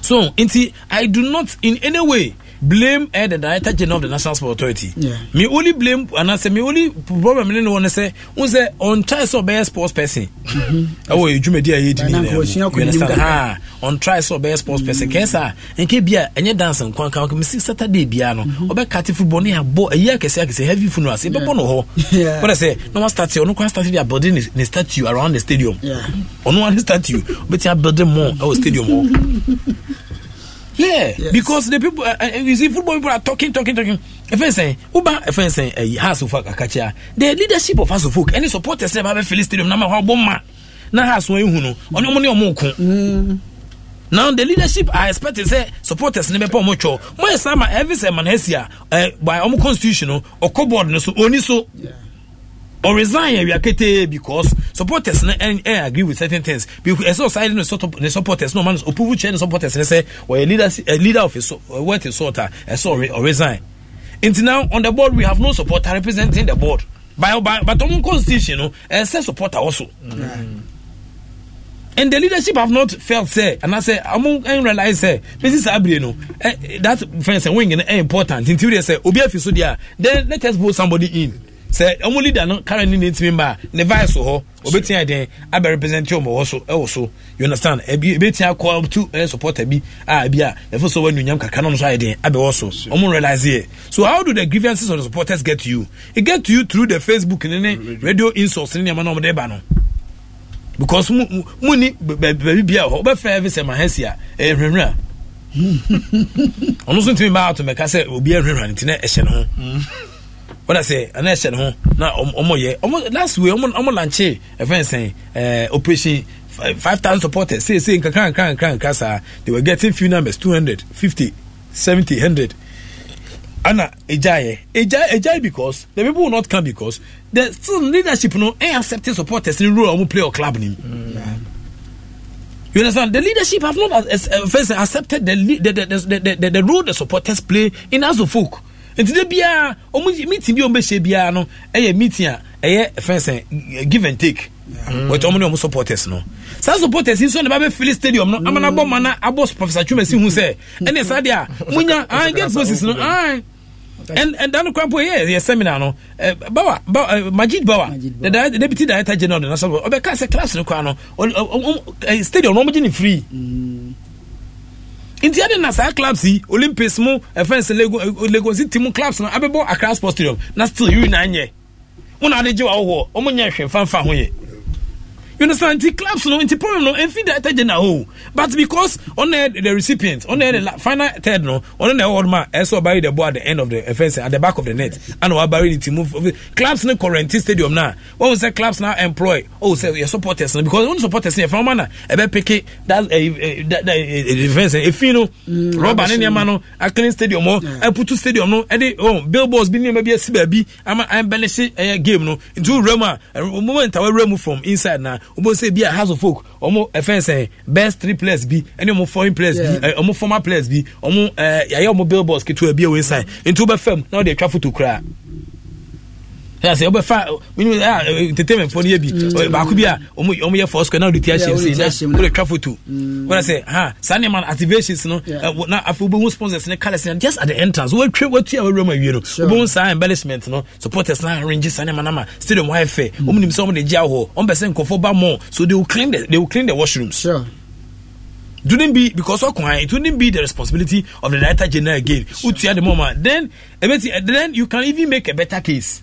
so nti i do not in any way blame eh, the director general of the national sports authority yeah. me only blame and I say me only problem ne wɔn sɛ n sɛ on try sɛ ɔbɛyɛ sports person ɛwɔ edwumadi a yɛdi ni yɛn you understand ha on try sɛ ɔbɛyɛ sports mm-hmm. person kɛnsa nke bia ɛnyɛ dance nkwan kan mi si saturday bia no mm-hmm. kati football ne abɔ ɛyi akɛse akɛse heavy funeral se bɔ no hɔ wɔde sɛ na wɔn statue ɔno kwan statue bi a building ne statue around the stadium ɔno wɔn statue ɔbɛti a building more ɛwɔ stadium hɔ. (laughs) Yeah, yes. because the people, uh, uh, you see, football people are talking, talking, talking. If I say, Uba, if I say, eh, Hasufak ah, the leadership of Hasufuk, any supporters say, eh, Baba Philly Stadium, Nama Hoboma, Nahasu, Huno, on your money or Moku. Mm. Now, the leadership I expect is say, supporters never poor mucho. My summer, every summer, Hesia, eh, by Omo Constitutional or oh, Cobord, so only so. Yeah or resign we are kete because supporters na eh, eh agree with certain things because eh, so side of the supporters no man opuvu chair the supporters they say well a leader a eh, leader of a so, what is sort and so or resign Until now on the board we have no supporter representing the board by by but on constitution no and say supporter also and the leadership have not felt say and I say among and realize say Mrs. Abri no that friends and wing important until they say obi afiso there then let us vote somebody in sɛ ɔmo leader no karen ne n'etimi mba ne vice wɔ hɔ obetia den abɛ represent ɔmo wɔ so ɛwɔ so you understand ebi ebetia kɔ ɔmo tu ɛyɛ supporter bi a ebi a efo so wɔn nyam kakra no nso ayɛ den abɛ wɔ so ɔmo realize yɛ so how do the grievances of the supporters get to you it get to you through the facebook ne ne radio insults ne nneɛma na ɔmo de ba no because mu mu ni baabi bi a hɔ ɔbɛfɛ ɛfɛ sɛ mahɛnsi a ɛyɛ hwehwɛ (laughs) ɔno nso ntumi mba ato mɛka sɛ obi ɛhwehwɛ ne ti na ɛhyɛ ne ho. Mm wọn sɛ ɛna ɛhyɛ ne ho na ɔmo yɛ ɔmo last week ɔmo ɔmo lanche ɛfɛn sɛn ɛɛ eh, operation five thousand supporters say say nkakra nkakra nkakra nkakra saa they were getting few numbers two hundred fifty seventy hundred ana ɛgya yɛ ɛgya ɛgya because the people will not come because the still leadership no ɛn accepting supporters ni role ɔmo play ɔ club ni. You understand? The leadership have not uh, first accepted the, the, the, the, the, the, the role the supporters play in Azufuk. Mm nti de biara ɔmo meeting bi ɔmo bɛhyɛ biara no ɛyɛ meeting a ɛyɛ fɛnsɛn eh, give and take wɔtɔ mm. ɔmo ne ɔmo supporters no saa supporters nso ne ba bɛ fili stadium no amana mm. bɔ ma na abɔ professor twuma si hu sɛ mm. ɛna saa deɛ a (laughs) mo nya ah, get process no ah. an ɛn dan kwan po yɛ yɛ seminar no eh, bawa eh, bawa majid bawa the deputy director general de nasarawa ɔbɛka sɛ class no kwan no stadium no ɔmo gye ne free nti ɛde na saa clubs yi olympics mu ɛfɛnse lagos ti mu clubs no abɛbɔ accra sports stadium na still yiri na nyɛ wọn na adi gye wa wɔ wɔn nyɛ hwɛ fanfa ho yɛ you understand The clubs no nti problem no nfi director general o oh. but because ɔno the recipient ɔno the la, final third no ɔno the old man, ma eh, ɛsɛ ɔbari the ball at the end of the fence at the back of the net and ana wabari the team clubs no current stadium now. na we say clubs now employ oh say yɛ supporters no because wɔn supporters yɛ fɛn wɔn na ɛbɛ peke that ɛɛ eh, eh, that if you know, no rɔba ne man no clean stadium I oh, put ɛputu stadium no ɛde oh, billboards bi maybe a esi I'm ama a game no Into Roma, a moment I will remove from inside now wobɛhu sɛ a house of folk ɔmo ɛfɛn eh, eh, best three players bi ɛne ɔmo foreign players bi ɔmo eh, former players bi ɔmo ɛɛ yɛayɛ ɔmo billboards ketewa bi a wɔn sign nti wobɛfam na wɔde atwa photo koraa sɛ wobɛfa entertainmentfoɔ no yɛ bi baako bi a ɔmo yɛ fɔ square na wode ti ahyɛ sei na wode twa photo wona sɛ ha saa nneɛma no activations no na afei wobɛhu sponsors ne colours no just at the entrance woatwa watua wawura mu awie no wobɛhu saa embellishment no supporters no arrange saa nneɛma no ma stadium wayɛ fɛ ɔmo nim sɛ ɔmo de gye ahɔ ɔmo pɛ sɛ nkɔfoɔ ba mɔ so they will clean the they will clean the washrooms. Sure wouldn't be because okwan it wouldn't be the responsibility of the director general again utia the mama then then you can even make a better case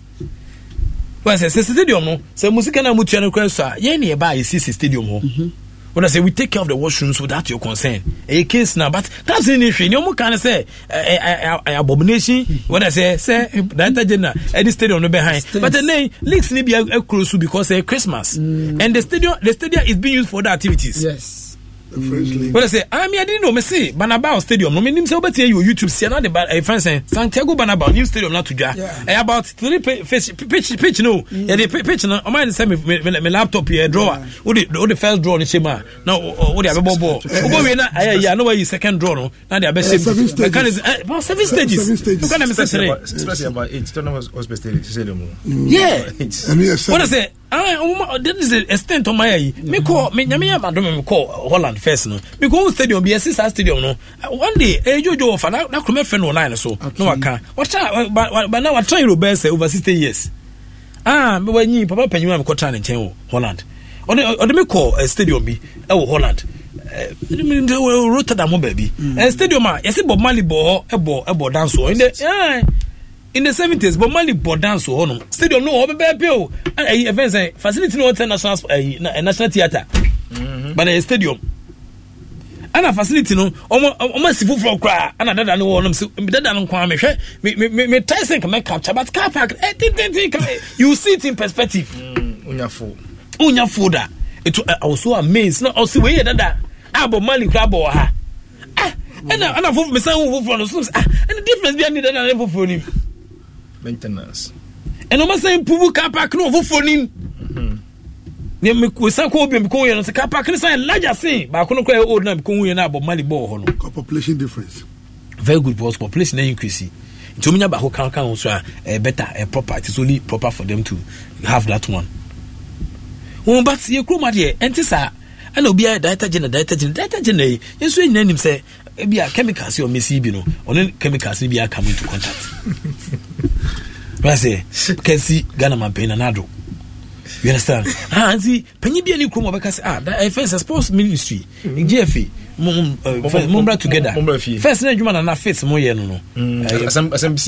wọn sɛ sɛ stadium no sɛ mu sika naa mu tua kura so a yɛn ni ɛba a yɛsi sɛ stadium hɔ mhm. wọn sɛ we take care of the washrooms without your consent ɛyɛ case na but that's in issue ni wɔn kan sɛ ɛɛ ɛɛ abomination wọn sɛ sɛ director general ɛdi stadium no bɛ han but ɛnɛ leagues ni bi ɛkuro so because ɛ christmas mm. and the stadium the stadium is being used for other activities. Yes. Mm. I wọ́n sẹ́ ami adi ni o mi si banabao stadium mi nim sẹ́ o bẹ ti yẹ youtube See another náà de ẹ̀ fẹ́ sẹ́ santiago banabao new stadium Not to dwa ẹ̀ about three pitch pitch pitch no mm. Yeah, the pitch no ọmọ yẹn sẹ́ me? Me laptop here drawer o the o de first draw ni se now. na the de abẹ bọ ball o bọ wiye na ayẹ yẹ anu wa yi second draw no na de abẹ se mu mechanism seven stages? seven stages o kàn mi sẹ three. especially about eight Don't know tọ́nà hospital stadium. What I say. Ah, eh, oh, this is the extent of my ayi me kɔ mm-hmm. me nyame yɛ madome me kɔ uh, holland first no me kɔ stadium bi ɛsi saa stadium no uh, one day ɛyɛ eh, jojo wɔ fa na kuruma fɛn no wɔ line so na waka wɔtra ba na wɔtra euro bɛɛ sɛ over sixty years ah me when you papa panyin mi kɔtra ne nkyɛn wɔ holland ɔde ɔde me kɔ eh, stadium bi ɛwɔ holland. Rotterdam baabi mm. stadium yes, yɛsɛ bɔ mali bɔ hɔ bɔ dance hɔ in the seventies, but mali bɔ dance wɔ hɔnom stadium no wɔ bɛbɛɛpɛ o ɛyi ɛfɛn sɛ facility no wɔtɛ national ɛyi eh, eh, national theatre mm-hmm. but ɛyɛ eh, stadium ɛna facility no ɔmo ɔmo asi foforɔ koraa ɛna dada no wɔ hɔnom so dada no nko a mehwɛ me me me me tyson kama capture but car park ɛ tintintin you see it in perspective. onyafo mm, onyafo da etu I was so amazed na ɔsi wei yɛ dada abɔ mali koraa bɔ wɔ ha ɛna ah, ɛna foforɔ mesan wo foforɔ no so ɛna ah, difference bi a ni dada ne foforɔ ni maintenance ɛna ɔma sɛ mpubu car park no ɔfoforɔ nim mm-hmm. mesan kɔ obi mekɔ yɛ no sɛ car park no san large sen baako no kora yɛ old na mekɔ yɛ no abɔ mali bɔɔ hɔ no population difference very good because population na increase nti omunya baako kan kan so a eh, better eh, proper it is only proper for them to have that one wɔn ba yɛ kurom adeɛ ɛnti saa ɛna obi ayɛ director general director general director general yi yɛn nso nyinaa nim sɛ ebi eh, a chemicals yɛ ɔmɛ si bi no ɔne chemicals no bi a come into contact (laughs) wɛsɛ kɛsi ghana man panyin na n'ado you understand (laughs) ah nti panyin bi a ni kurom ɔbɛka sɛ ah that ɛfɛ sɛ sports ministry mm-hmm. gfa mommra uh, together first na adwuma face. fit moyɛ no no. noasɛm mm,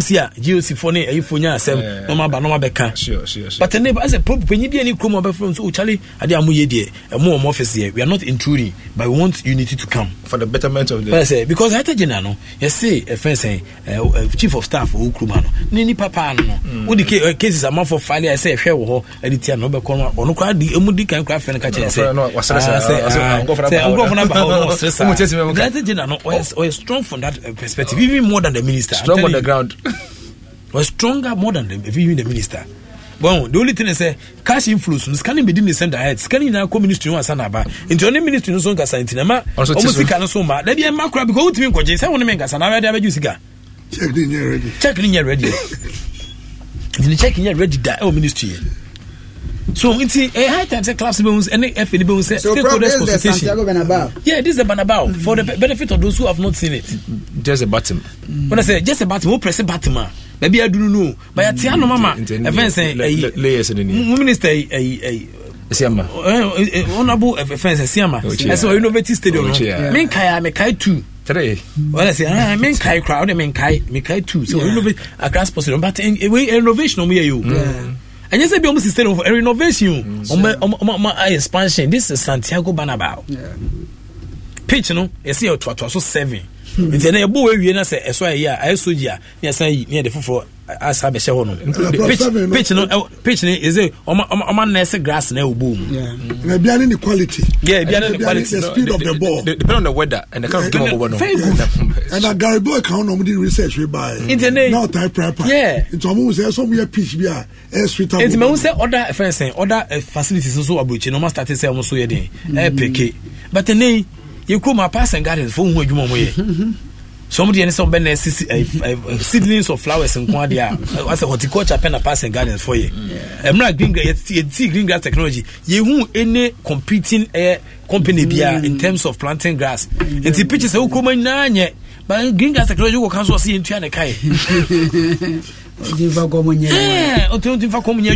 si a goc fɔ ne ayifoɔ nya asɛm eh. na ɔmaba na ɔmabɛka but ne asɛ panyin bi ani kurom abɛfrɛ so ɔkyale adi a moyɛ deɛ ɛmo wɔ office yɛ we are not intruding but we want unity to come for the betterment of the sɛ because hata gyina no yɛse ɛfɛ sɛ chief of staff ɔwɔ kuroma no ne nipa paa no no mm. wode cases amanfoɔ fale a ɛsɛ ɛhwɛ wɔ hɔ ade tia no wobɛkɔ no ɔno di, ɛmu di kan koraa fɛ no ka kyerɛ sɛ nkurɔfoɔ no aba hɔ Uh, Lieutenant General, oh. we're strong from that uh, perspective, even more than the minister. Strong on the ground. (laughs) We're stronger more than the, even the minister. Well, the only thing is say uh, cash inflows. Scanning within the same diet. Scanning now come ministry one sana ba. Into any ministry no so nkasa nti na ma. Almost sika no so ma. Na bi e ma kura because utimi nkoje. Say won me nkasa na we dey abaju sika. Check ni ready. Check ni ready. Ni (laughs) check ni ready da e o ministry so nti eh, high time say class bɛ hun ɛne ɛfɛ ni bɛ hun sɛ Santiago consultation yeah this is the banabao mm. for the benefit of those who have not seen it just a button mm. When I say just a button o press a button ma baabi adunu no baya tia no mama ɛfɛn sɛ ɛyi layers ni ni mu minister ɛyi ɛyi ɛyi siama eh, eh, eh, honorable ɛfɛn sɛ siama ɛsɛ oh, ɔyɛ innovative stadium oh, no mi nkae a mi kae two three. Well, I say, ah, men kai crowd, men kai, men kai two. So yeah. renovate across possible, but in, in, innovation, we are you. Mm. And you say be almost stadium for renovation ɔmo ɔmo ɔmo ayɛ expansion this is santiago banabao yeah. pitch you know. no yɛsi yɛ toatoa so seven. Hmm. nti ɛnɛ yɛbɔ wɔ awie na sɛ ɛsɔ ayɛ a ayɛ sogye a ne yɛsan yi ne yɛde foforɔ asa bɛhyɛ hɔ no pitch no pitch no ɛsɛ ɔma nɛɛse grass na ɛwɔ bɔɔ mu ɛbia ne quality yeah ɛbia ne ne the speed of the ball depend on the weather and the kind of game ɔbɔbɔ no very good ɛna Gary Boy kan na ɔmo de research we ba yɛ mm. nti ne na ɔtaa prapa yeah nti ɔmo sɛ ɛsɛ ɔmo yɛ pitch bi a ɛyɛ sweet abo nti mɛ n sɛ ɔda fɛn sɛn ɔda facilities nso aburukyi na ɔmo start sɛ ɔmo so yɛ den mm. ɛyɛ peke but ɛnɛ yɛ kurom a pass and gardens fo hu adwuma mu yɛ so ɔmo deɛ ne sɛ ɔbɛn na ɛsi eh, eh, seedlings of flowers nko adeɛ a wasɛ eh, horticulture pɛ na pass and gardens fo yɛ ɛmira green grass yɛti green grass technology yɛhu ɛne competing ɛyɛ company biara mm. in terms of planting grass nti pictures ɛwɔ kurom nyinaa nyɛ but green grass technology wɔ kan so ɔsi yɛntua ne kae. (laughs) ntimfa kɔ mo nyɛ ntimfa kɔ mo nyɛ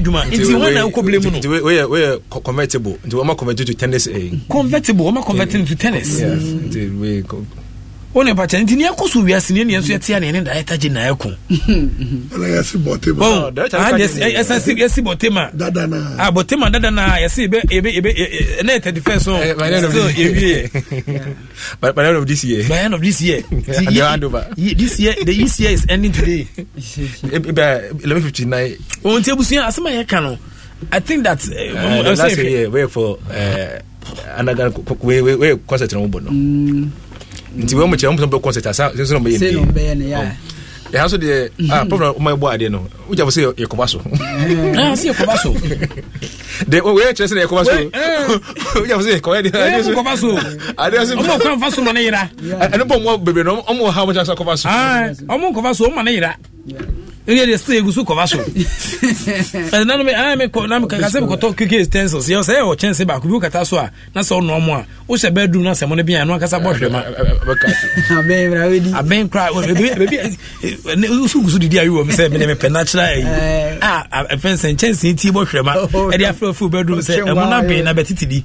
no. wɔyɛ wɔyɛ convertible nti wɔn ma to tennis. Eh. convertible wɔn ma to tennis. nti wɔyɛ wọn nípa kyɛn nti ní ɛkó so wiase ní ɛnìyɛn nso yɛ tia ní ɛni dayɛta gye na ɛko. ɛna yɛsi bɔtɛma. ɔn ɛsan yɛsi bɔtɛma. dadana. a bɔtɛma dadana yɛsi ebe ebe ebe ɛnɛ e, e, e, yɛ thirty oh. eh, by end of this year. (laughs) by end of this year. by the end (laughs) this year. the this year is ending today. (laughs) eleven fifty nine. ohun tí asema yɛ kan no i think that. Uh, uh, last year wait for uh, anagan wait wait wait concert na wọn bɔ no nti wɔn mu kyerɛ wɔn mu bɛ concert asa sɛ sɛ ɔmɛyɛ ne yɛ yàrá so deɛ aa pɔpɔlɔ ɔmɔ ɛbɔ adeɛ no o fɔ mm-hmm. ah, sɛ yɛ kɔba so. ɛɛ (laughs) si yɛ kɔba so. de o yɛ kyerɛ sɛ yɛ kɔba eh, so o fɔ sɛ yɛ kɔba de. ɛɛ kɔba so adeɛ si. ɔmɔ kɔba fa so ma ne yira. ɛnubɔ mɔ bebree na ɔmɔ ha ɔmɔ kyerɛ sɛ kɔba so. Ah, ɔmɔ kɔba so ɔmɔ ne yira kekere stay egu so kɔfa so ɛdi nanu mi ayi mi kɔ na mi kasa mi kɔtɔ kekere stencils yɛ sɛ ɛyɛ wɔ kyɛnse baako o kata so a na o sɛ bɛɛ dum na sɛmo ne bi yan anu akasa bɔ hwɛ ma abɛn gusu didi ayi wɔ mi sɛ mi ne mi pɛ natural ayi a fɛn sɛ nkyɛnse ti bɔ hwɛ ma o bɛɛ dum sɛ na bɛn na bɛ titi di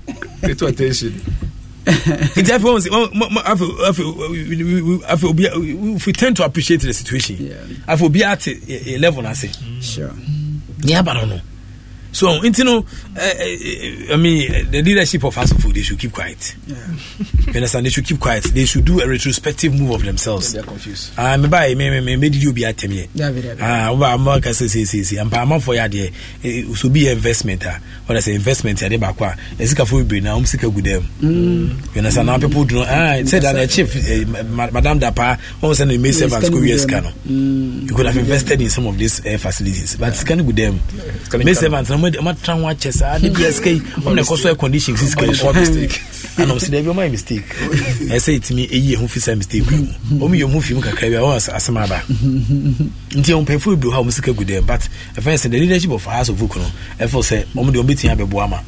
nti afei afei afei we tend to appreciate the situation afei obi ate level na se. yaba no no. So, you know, eh, eh, eh, I mean, the leadership of Fast Food, they should keep quiet. Yeah. you understand? They should keep quiet. They should do a retrospective move of themselves. Yeah, are confused. Ah, me buy, me me me me did you ah, be at me? Ah, over I'm not say say say say. I'm paying for your there. It should be investment. Ah, What I say investment, I dey back wa. Is it kafu be na? Um, sika good them. Mm. You understand? Now people do not. Ah, said that the chief, Madam Dapa, one send the maid servant school years cano. Mm. You could have mm. invested in some of these uh, facilities, but sika good them. Maid servant matena ho akyɛ saa de bia sika yi (laughs) ɔmne ɛkɔ so ɛ condition si sika anam sɛ daabi ɔmayɛ mistake ɛɛ sɛ ɛtumi ɛyi ɛho fi saa mistake yi mu ɔmu yɛ mu fi mu kakra bi a ɔwɔ asɛm aba nti ɔmpanyinfoɔ bi wɔ ha ɔmo sika gu dɛ but ɛfɛn sɛ the leadership of house of book no ɛfɔ sɛ ɔmo deɛ ɔmo bɛtumi abɛboa ma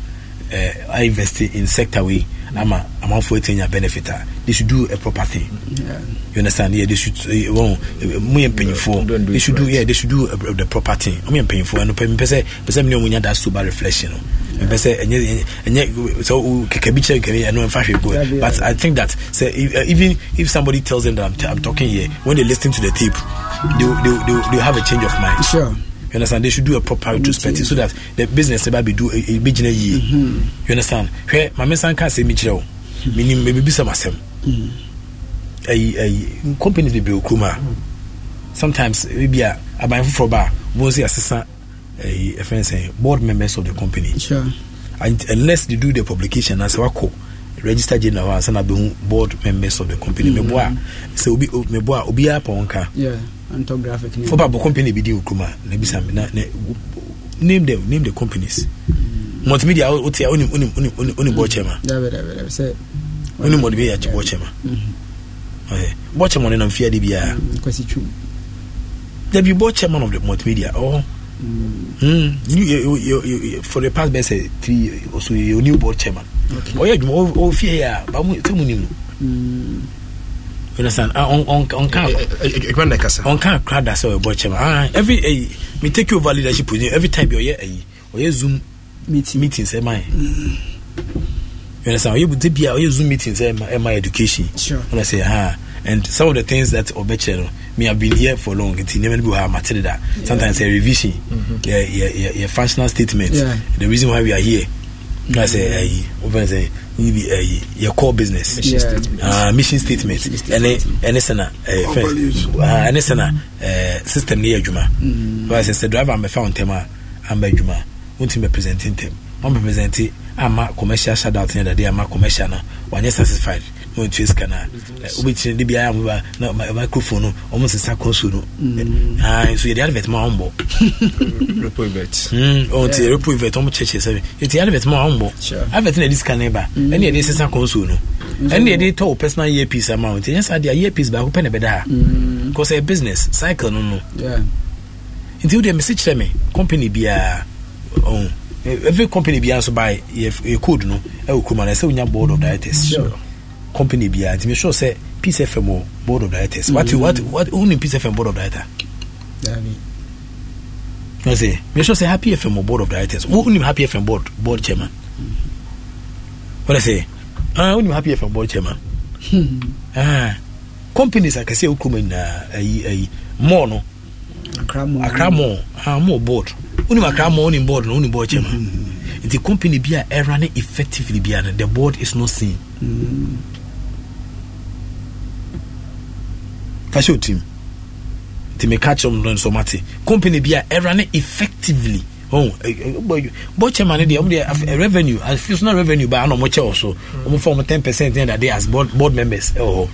ɛɛ eh, invest in sector wei nama amanfoɔ etinya benefit a ah. they should do a proper thing yeah. you understand yeah they should wɔn mu yɛ mpanyinfoɔ they should do yeah they should do a, the proper thing Mu yɛ mpanyinfoɔ ɛnu pɛ mpɛ sɛ mpɛ sɛ mi ni wɔn nya that sober reflection no mpɛ sɛ ɛnyɛ ɛnyɛ sɛ kɛkɛ bi kyerɛ kɛkɛ ɛnu nfa hwɛ go but I think that sɛ uh, even if somebody tells them that I'm, I'm talking here when they listen to the tape they they they, they have a change of mind. Sure. You understand? They should do a proper retrospective so that the business never be do eh, eh, a big year. Mm-hmm. You understand? Where my son can't say me chill, meaning mm-hmm. mm-hmm. eh, maybe be ah, some asem. A a company be bill kuma. Sometimes maybe a a buying for bar, was the assistant, a friend saying board members of the company. Sure. And unless they do the publication as a call. register general hɔ ansa na board members of the company meboa sɛ obi oh, meboa obiara Yeah. Antographic name. Oba company bi di okuma na bi sam na name them name the companies. Hmm. Multimedia o ti oni oni oni oni hmm. board chairman. Dabe dabe dabe say. Oni mo bi ya chi hmm. board chairman. Eh board chairman na mfia di bia. Kwasi chu. There be board chairman of the multimedia or Mm. Mm. You, you, you, you, for the past best eh, three or so, your new board chairman. Okay. Oh yeah, you fear, but I'm telling you. You understand? Ah, on on on eh, eh, eh, On ɔnka akra da sɛ ɔyɛbɔ kyɛm every ɛyi me take you over leadership position every time bi ɔyɛ ɛyi you zoom meeting Am mm. I? You understand ɔyɛ bude bia ɔyɛ zoom meeting sɛ ɛma education sure ɔna sɛ ha and some of the things that ɔbɛkyɛ no me have been here for long nti nneɛma no bi wɔ ha matiri sometimes a revision mm-hmm. Yeah, yeah, yeah. functional statement yeah. the reason why we are here I say ayi open say you be ayi your core business mission statement uh, mission statement ɛne ɛne sena ɛɛ fɛn ɛne sena ɛɛ system ne yɛ adwuma mm. wɔn sɛ sɛ driver amɛfa wɔn ntɛm a ama adwuma wɔn ti mɛ present ntɛm wɔn mɛ present ama commercial shout out ne dade ama commercial na wɔn nyɛ satisfied mo tue sika na wobɛkyerɛ de biara moba na microphone no ɔmo sesa kɔ so no nso yɛde advert ma ɔmbɔ ɔnti (laughs) repo evert ɔmo kyɛkyɛ sɛ ɛnti advert ma ɔmbɔ advert na ɛde mm. sika no ba ɛne yɛde sesa kɔ so no ɛne yɛde tɔ wo personal yearpiece ama wo nti ɛnyɛ saa deɛ yearpiece baako pɛ ne bɛda mm. a kɔ business cycle no no nti wodeɛ mese kyerɛ me company biara oh, every company biara nso ba yɛ code no ɛwɔ kuroma no ɛsɛ wonya board of directors sure company biara nti mesure sɛ peace fm o board of directors mm. what what what who ni peace fm board of director. na se mesure sɛ happy fm o board of directors who ni happy fm board board chairman. Mm-hmm. wɔn sɛ ah who ni happy fm board chairman. Hmm. ah companies akɛse a okuro mu nyinaa ayi ayi mall no. akra mall akra mall ah mall board who ni akra mall who ni board no who ni board chairman. Mm-hmm. nti company bi a ɛra ne effectively bi a the board is not seen. Mm. ka hyɛ otim nti meka kyerɛ m nso mate company bi a ɛra ne effectively oh, bɔ chairman no deɛ ɔmo deɛ revenue afi so na revenue ba ana ɔmo kyɛ wɔ so ɔmo fa ten percent yɛn dade as board board members ɛwɔ hɔ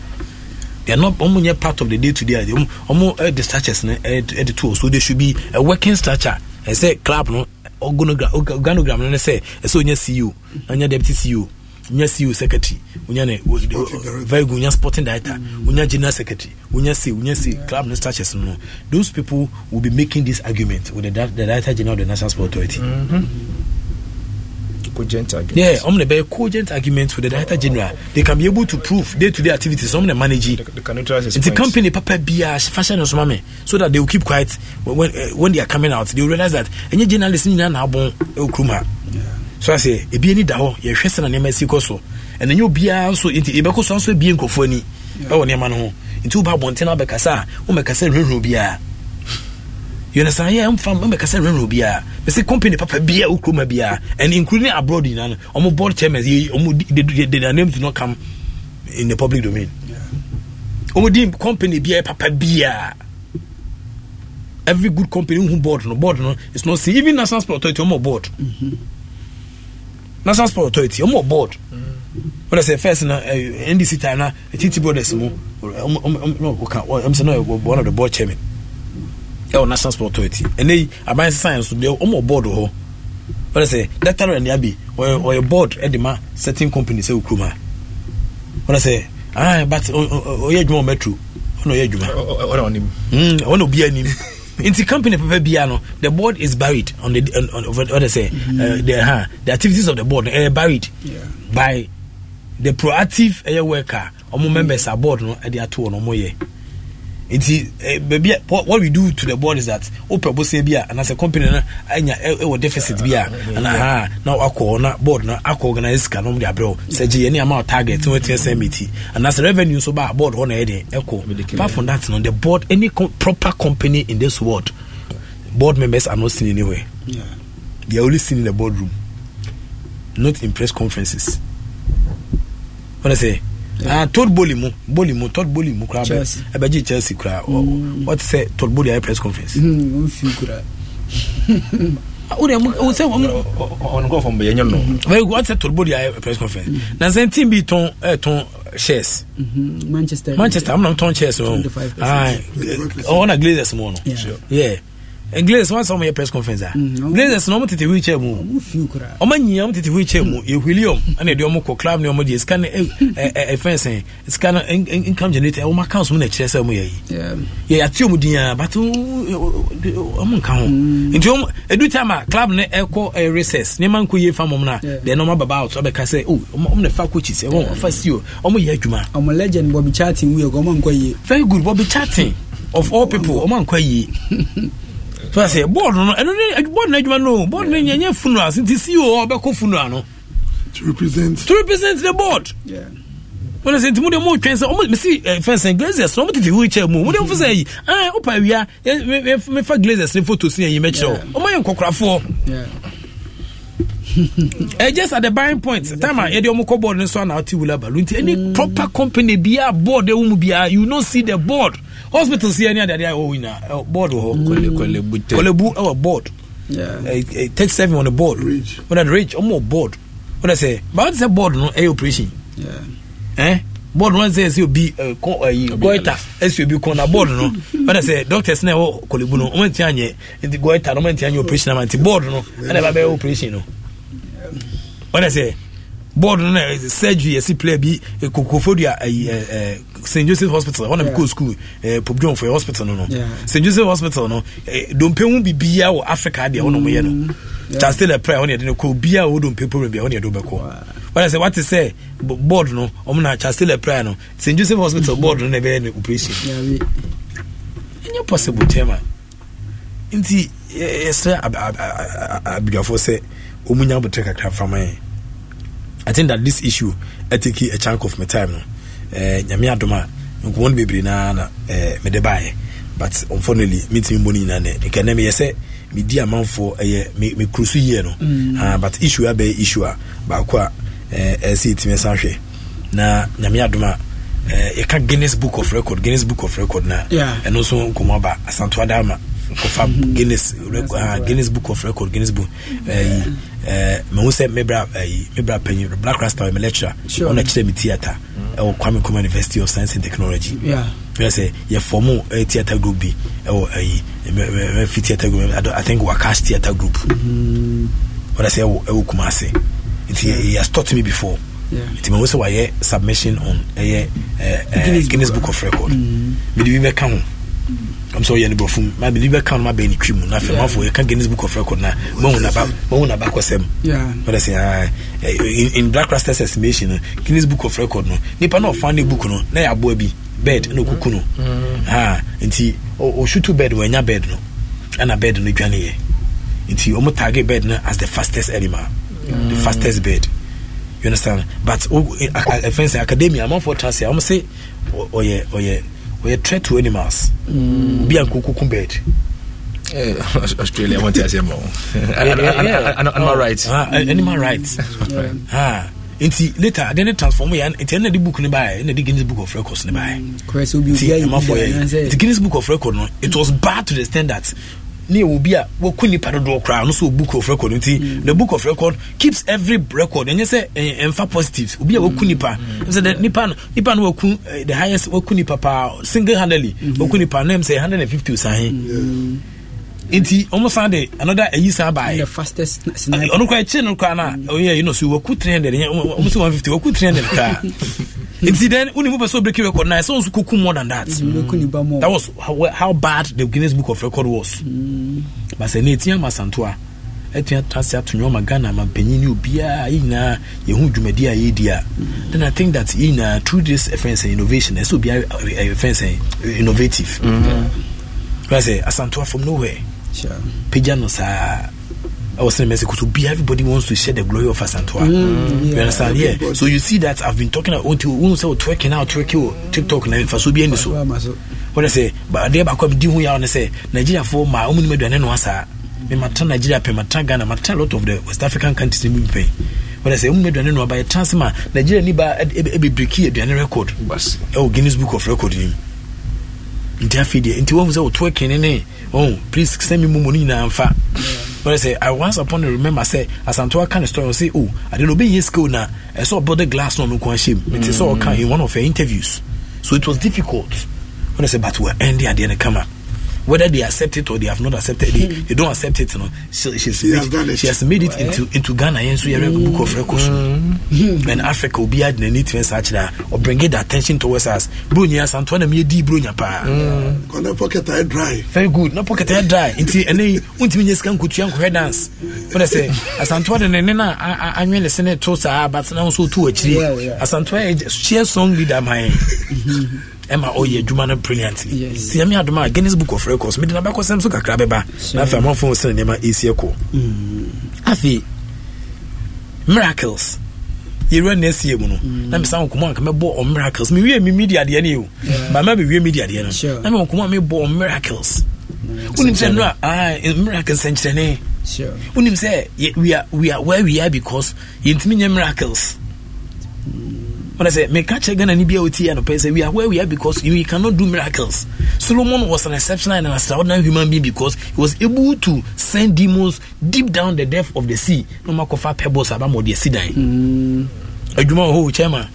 they are not ɔmo nyɛ part of the day to day ɔmo ɔmo ɛde structures no ɛde to wɔ so they should be a working structure ɛsɛ club no organogram organogram no ne sɛ ɛsɛ onye CEO onye deputy CEO. wonya CEO secretary wonya ne very good wonya sporting director wonya general secretary wonya say wonya say club no structures no those people will be making this argument with the, the director general of the national sport authority mm-hmm. cogent argument yeah I'm the very cogent argument with the director general they can be able to prove day to day activities I'm the managing the, the, the company papa bia fashion so mame so that they will keep quiet when when, uh, when they are coming out they will realize that any journalist in na abon e okruma yeah so asɛ ebi eh, e ani da hɔ yɛhwɛ sɛ na nneɛma si kɔ so ɛna nyɛ obiara nso nti ebɛkɔ so nso ebie nkurɔfoɔ ani ɛwɔ nneɛma no ho nti woba abɔnten na abɛkasa a womɛkasa renren obiara yɛnɛsan yɛ mfa mɛkasa renren obiara bɛsɛ company papa biara wo kuroma biara and including abroad nyinaa no ɔmo board chairman yɛ ɔmo de their name to not come in the public domain ɔmo di company biara papa biara every good company who board no board no it's not say even national sport authority ɔmo board. Mm -hmm national Sports authority ɔmo board wɔde sɛ first na ndc time na titi brothers mu ɔka ɔmo sɛ na one of the board chairman ɛwɔ national Sports authority ɛnɛ yi aban sisan yɛn so deɛ ɔmo board hɔ wɔde sɛ dr rani abi ɔyɛ ɔyɛ board ɛde ma certain company sɛ okuro ma wɔde sɛ ah but ɔyɛ adwuma wɔ metro ɔna ɔyɛ adwuma ɔna obi anim nti company pɛpɛ bia the board is buried on the on, on, on, on say, mm-hmm. uh, the, uh, the activities of the board uh, buried yeah. by the proactive uh, worker or mm-hmm. members board. no ɛde ato wɔn ɔmo yɛ nti eh, baabi a what we do to the board is that wopɛ bosea bi a anaasɛ company no anya ɛwɔ deficit bi a anaha na wakɔ na board no akɔ organise sika no de abrɛ sɛ gye yɛne ama target no watiɛ sɛ meti anaasɛ revenue nso ba a board hɔ na ɛyɛ ɛkɔ apart from that no the board any proper company in this world board members are not seen anywhere yeah. they are only seen in the boardroom not in press conferences what I say Ah, todd boli mu boli mu todd boli mu koraa ɛbɛgye chelsea koraa ɔte sɛ todd boli ayɛ press conference hmm, sɛ (laughs) ah, todd boli ayɛ press conference hmm. nansɛ team bi tɔn ɛtɔn eh, shares mm-hmm. manchester manchester amna tɔn shares ɔwɔ na glazers mu no yeah glace wọn sọ wọn yɛ press conference a glazers na wọn tete wheelchair mu wọn nyinaa wọn tete wheelchair mu yɛ wheelium ɛna ɛde wọn kɔ club ne wọn de sika ne ɛ ɛ fɛnsɛn sika ne income generator wọn accounts mu na ɛkyerɛ sɛ wọn yɛ yi yɛ yate wɔn din aa but wɔn nka ho nti wɔn edu time a club ne ɛkɔ ɛ recess nneɛma nko yie fa wɔn na deɛ na wɔn ababa out ɔbɛka sɛ o wɔn na fa coaches ɛwɔn fa ceo wɔn yɛ adwuma. wɔn legend Bobby Charlton wuyɛ kɔ wɔn nkɔ yie. very good Bobby Charlton of all people wɔn nkɔ yie so sɛ board no ɛno eh, ne eh, eh, board no adwuma no board no nyɛ funeral nti ceo ɔbɛkɔ funeral no to represent to represent the board yeah wọn sɛ nti mu de mu twɛn sɛ ɔmu misi fɛnsɛn glazers na ɔmu tete wheelchair mu mu de nfo sɛ yi ɛn ah, ɔpa awia mefa glazers ne photos ne yɛyi mɛkyerɛw ɔmu ayɛ nkɔkorafoɔ ɛ (laughs) just at the buying point time a yɛde ɔmu kɔ board ne so ana ɔte wula balu nti any proper company bia board ewu mu bia you no see the board hospitals oh, yɛ ne adeadeɛ a ɛwɔ oh, nyinaa board wɔ hɔ kɔlɛbu ɛwɔ board eh, eh, thirty seven on the board wɔn adi rich ɔmo wɔ board wɔn adi sɛ baa wɔn ti sɛ board no ɛyɛ operation ɛn eh? board no sɛ ɛsɛ obi ɛyi goita ɛsɛ obi kɔn na board no wɔn adi sɛ doctors na ɛwɔ oh, kɔlɛbu no wɔn ti anyɛ nti goita no wɔn ti anyɛ operation na ma nti board no ɛna ɛba e bɛyɛ operation no wɔn adi sɛ board no na surgery yɛsi player bi kokofodua st joseph hospital hɔ na mekɔ school pobdwom fo hospital no no st joseph hospital no dompe ho biya wɔ africa adeɛ hɔ nomyɛ no chastela prayer hɔ ne yɛde no kɔ obia wɔ dompe problem bia hɔ ne yɛde wobɛkɔ wɔde sɛ wate sɛ board no ɔmo na chastela prayer no st joseph hospital board no na ɛbɛyɛ no operation ɛnyɛ possible chairman nti yɛsrɛ abdwafoɔ sɛ ɔmu nya abotire kakra fama yɛ i think that this issue take a chunk of my time no eh, nyame adom a nkɔmmɔ no bebree naa na eh, mede baeɛ but unfortunately metumi mbɔ eh, no nyinaa nɛ nka nɛ meyɛ sɛ medi amanfoɔ ah, mi mekuro so yie no but issue abɛyɛ issue a baako a ɛsɛ yɛtumi san hwɛ na nyame adom a yɛka e guinness book of record guinness book of record na. a ɛno so nkɔmmɔ aba asantoa daa ma kɔfa guinness ah, guinness book of record guinness book ɛyi eh, ɛɛ eh, mehu sɛ mebra ɛyi eh, mebra panyin black rasta wɔ mi lecturer ɔna kyerɛ mi theatre ɛwɔ kwame nkrumah university of science and technology fɛn sɛ yɛ fɔmu ɛɛ theatre group bi ɛwɔ ɛyi mɛ mɛ fi theatre group i think wakash theatre group ɔna mm-hmm. sɛ ɛwɔ ɛwɔ kumase nti yɛ stɔt mi before nti mehu sɛ wayɛ submission on ɛyɛ ɛɛ guinness book of record mɛ mm-hmm. de bi bɛ ka ho am sɛ ɔyɛ no bɔfom ma biribi bɛka no mabɛɛ ne twi mu na afei mafoɔ yɛka guinness book of record na mahu nabakɔsɛm ɔdɛ sɛ in black rasters estimation no eh, guinness book of record no nipa na ɔfa ne book no na yɛ aboa bi bed na ɔkuku no ha mm-hmm. ah, nti ɔsutu bed wɔanya bed no ɛna bed no dwaneyɛ nti ɔmo target bed no as the fastest animal the mm. fastest bed you understand but ɛfɛn sɛ academia amanfoɔ transfer ɔmo sɛ ɔyɛ ɔyɛ wɔyɛ threat to animals obi mm. a nkokuku bird eh, (laughs) Australia want to ask him animal rights animal rights nti later ade ne transform yɛ nti ɛna de book ne baɛ ɛna de guinness book of records ne baɛ nti ɛma fɔ yɛ nti guinness book of Records. no it was bad to the extent that ne yɛ obi a wɔku nipa dodoɔ koraa no so wɔ book of record nti mm. the book of record keeps every record ɛnyɛ sɛ ɛmfa positives obi a wɔku mm. nipa sɛ the nipa no nipa no wɔku the highest wɔku nipa paa single handedly mm-hmm. wɔku nipa no ɛm sɛ hundred and fifty osahin mm. nti wɔn san de another ayi san baa yi ɔno kora ɛkyɛ no kora na ɔyɛ yi na so wɔku three hundred wɔn so one fifty wɔku three hundred koraa. (laughs) nti then woni mu pɛ sɛ obreak record na ɛsɛ wosu kuku more than that mm. mm. that was how, how bad the guinness book of record was but sɛ ne ɛtia ma santoa ɛtua tase ato nnwom ma ghana ma panyin ne obiaa yɛ nyinaa yɛho dwumadi a yɛdi a then i think that yɛ na through this offense and innovation ɛsɛ obiaa offense innovative mm. yeah. right sɛ from nowhere sure. pagya no saa I was saying Mexico to be everybody wants to share the glory of Asantua. Mm, yeah, you understand? Yeah. Everybody. So you see that I've been talking about oh, until we say twerking out, twerking, oh, TikTok, now for so being so. What I say, but I dare back up, do you say Nigeria for my own media and ah. wasa. Me matan Nigeria, pe matan Ghana, matan a lot of the West African countries in pay. What I say, um, media no by a chance man. Nigeria ni ba ebi breaky a diana record. Oh, Guinness Book of Record. Nti afidie, nti wɔn mu sɛ wɔtwerɛkene oh, ne oh please send me mo money nyinaa nfa but I say i once upon a remember I say as asantewa kan story I say oh I didn't ye skill na ẹ sọ ọbọ the glass náà no kò ṣe mi ti sọ ọkan in one of her interviews so it was difficult wọn sẹ but at the end of ni kama whether they accept it or they have not accepted it, hmm. they don't accept it. You know, she, she's she, made, has she has made it into into Ghana we so a book of records. When hmm. Africa will be at the need to such that or bring it attention towards us. Brunia Santana me di Brunia pa. Hmm. Kona pocket I dry. Very good. No pocket I dry. Into any. (laughs) ene untimi nyeska nkutu yanko head dance. When I say Asantwa ne ne na anwe ne sene to sa but now so to akyiri. Asantwa share song leader my. (laughs) ɛma ɔyɛ oh, adwuma no brilliantly sia me adom a guinness book of records mede na bɛkɔsɛm so kakra bɛba na afei amafo wo sene nneɛma ɛsi kɔ mm. afei miracles yɛwura nna asie mu no mm. na mesa nkɔmmɔ anka mɛbɔ ɔ miracles mewie me media deɛ ne yɛo ba ma mewie media deɛ no na menkɔmmɔ a mebɔ ɔ miracles wonim sɛ no a miracle nsɛnkyerɛne wonim sɛ we are where we are because yɛntumi nyɛ miracles mm when I say meka che Ghana ni bia otie no person we are where we are because you, you cannot do miracles. Solomon was an exceptional and an extraordinary human being because he was able to send demons deep down the depth of the sea. No makofa pebbles abamo the sea dan. Adwuma mm. wo ho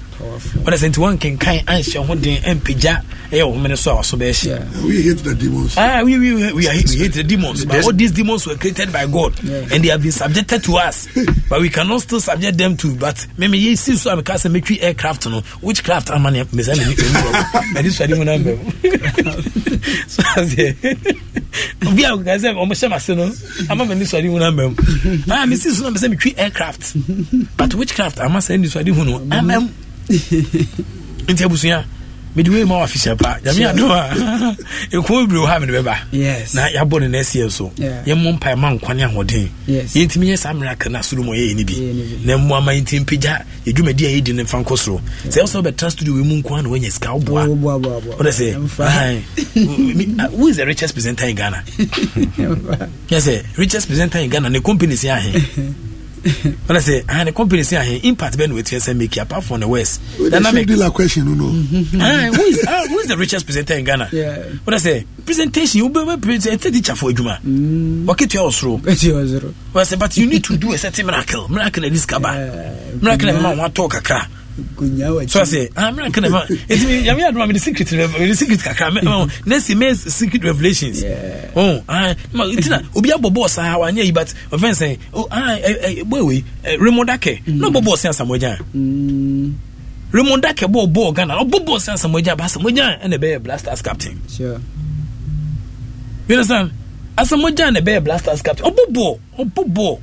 wọn sɛ nti wọn kankan anhyɛ ho den mpagya ɛyɛ wɔn mene so a wɔso bɛɛhyɛ. we hate the demons. ah we we we, we, hate, we hate the demons but all these demons were created by God yeah. and they have been subjected to us (laughs) but we cannot still subject them to but mɛmi yɛ si so a mi ka aircraft no which craft ama ne mɛ sɛ mɛmi mɛmi mɛdi sɔ di mu na mbɛm so aseɛ (laughs) obi a ka sɛ ɔmo hyɛ ma se no ama mɛdi sɔ di mu na mbɛm ah mi si so na mɛ sɛ aircraft but which craft ama sɛ ɛdi sɔ di mu no ama (laughs) nti abusua mede wei ma wafisɛ pa nyame adom a ɛkuma (laughs) bebree wɔ ha mene bɛba na yɛabɔ no nɛsiɛ so yɛmmɔ mpae ma nkwane ahoɔden yɛntimi yɛ saa mmeraka no asoro mu ɔyɛyɛ no bi na mmoa ma yɛntim pagya yɛdwumadi a yɛdi no mfa nkɔ soro sɛ wo sɛ wobɛtra studio wei mu nko na woanya sika woboa wode sɛ ah, who the richest presenter in ghana (laughs) yɛ sɛ richest presenter in ghana ne company sɛ ahe (laughs) when I say, and ah, the company say, hey, ah, impact Ben with TSM make apart from the West. Well, then I make the question, you know. Mm-hmm. Ah, who is the richest presenter in Ghana? Yeah. What I say, presentation, you be present teacher for Juma. Mm. Okay, to your zero. (laughs) Well, I say, but you need to do a certain miracle. Miracle is kaba. Miracle, man, want talk a car so I say, I'm not gonna. It's me. I'm not the secret. The secret. Oh, next man's secret revelations. Oh, I. It's not. Obi abo boss. I ah, want you, but Oh, I. Ah, eh, eh, boy, we. Raymond No, bo boss. Yes, I'm with you. Raymond Dake. Oh, mm. bo boss. Yes, mm. I'm But I'm the bear blasters captain. Sure. You understand? As I'm the bear blasters captain. Oh, bo Oh, bo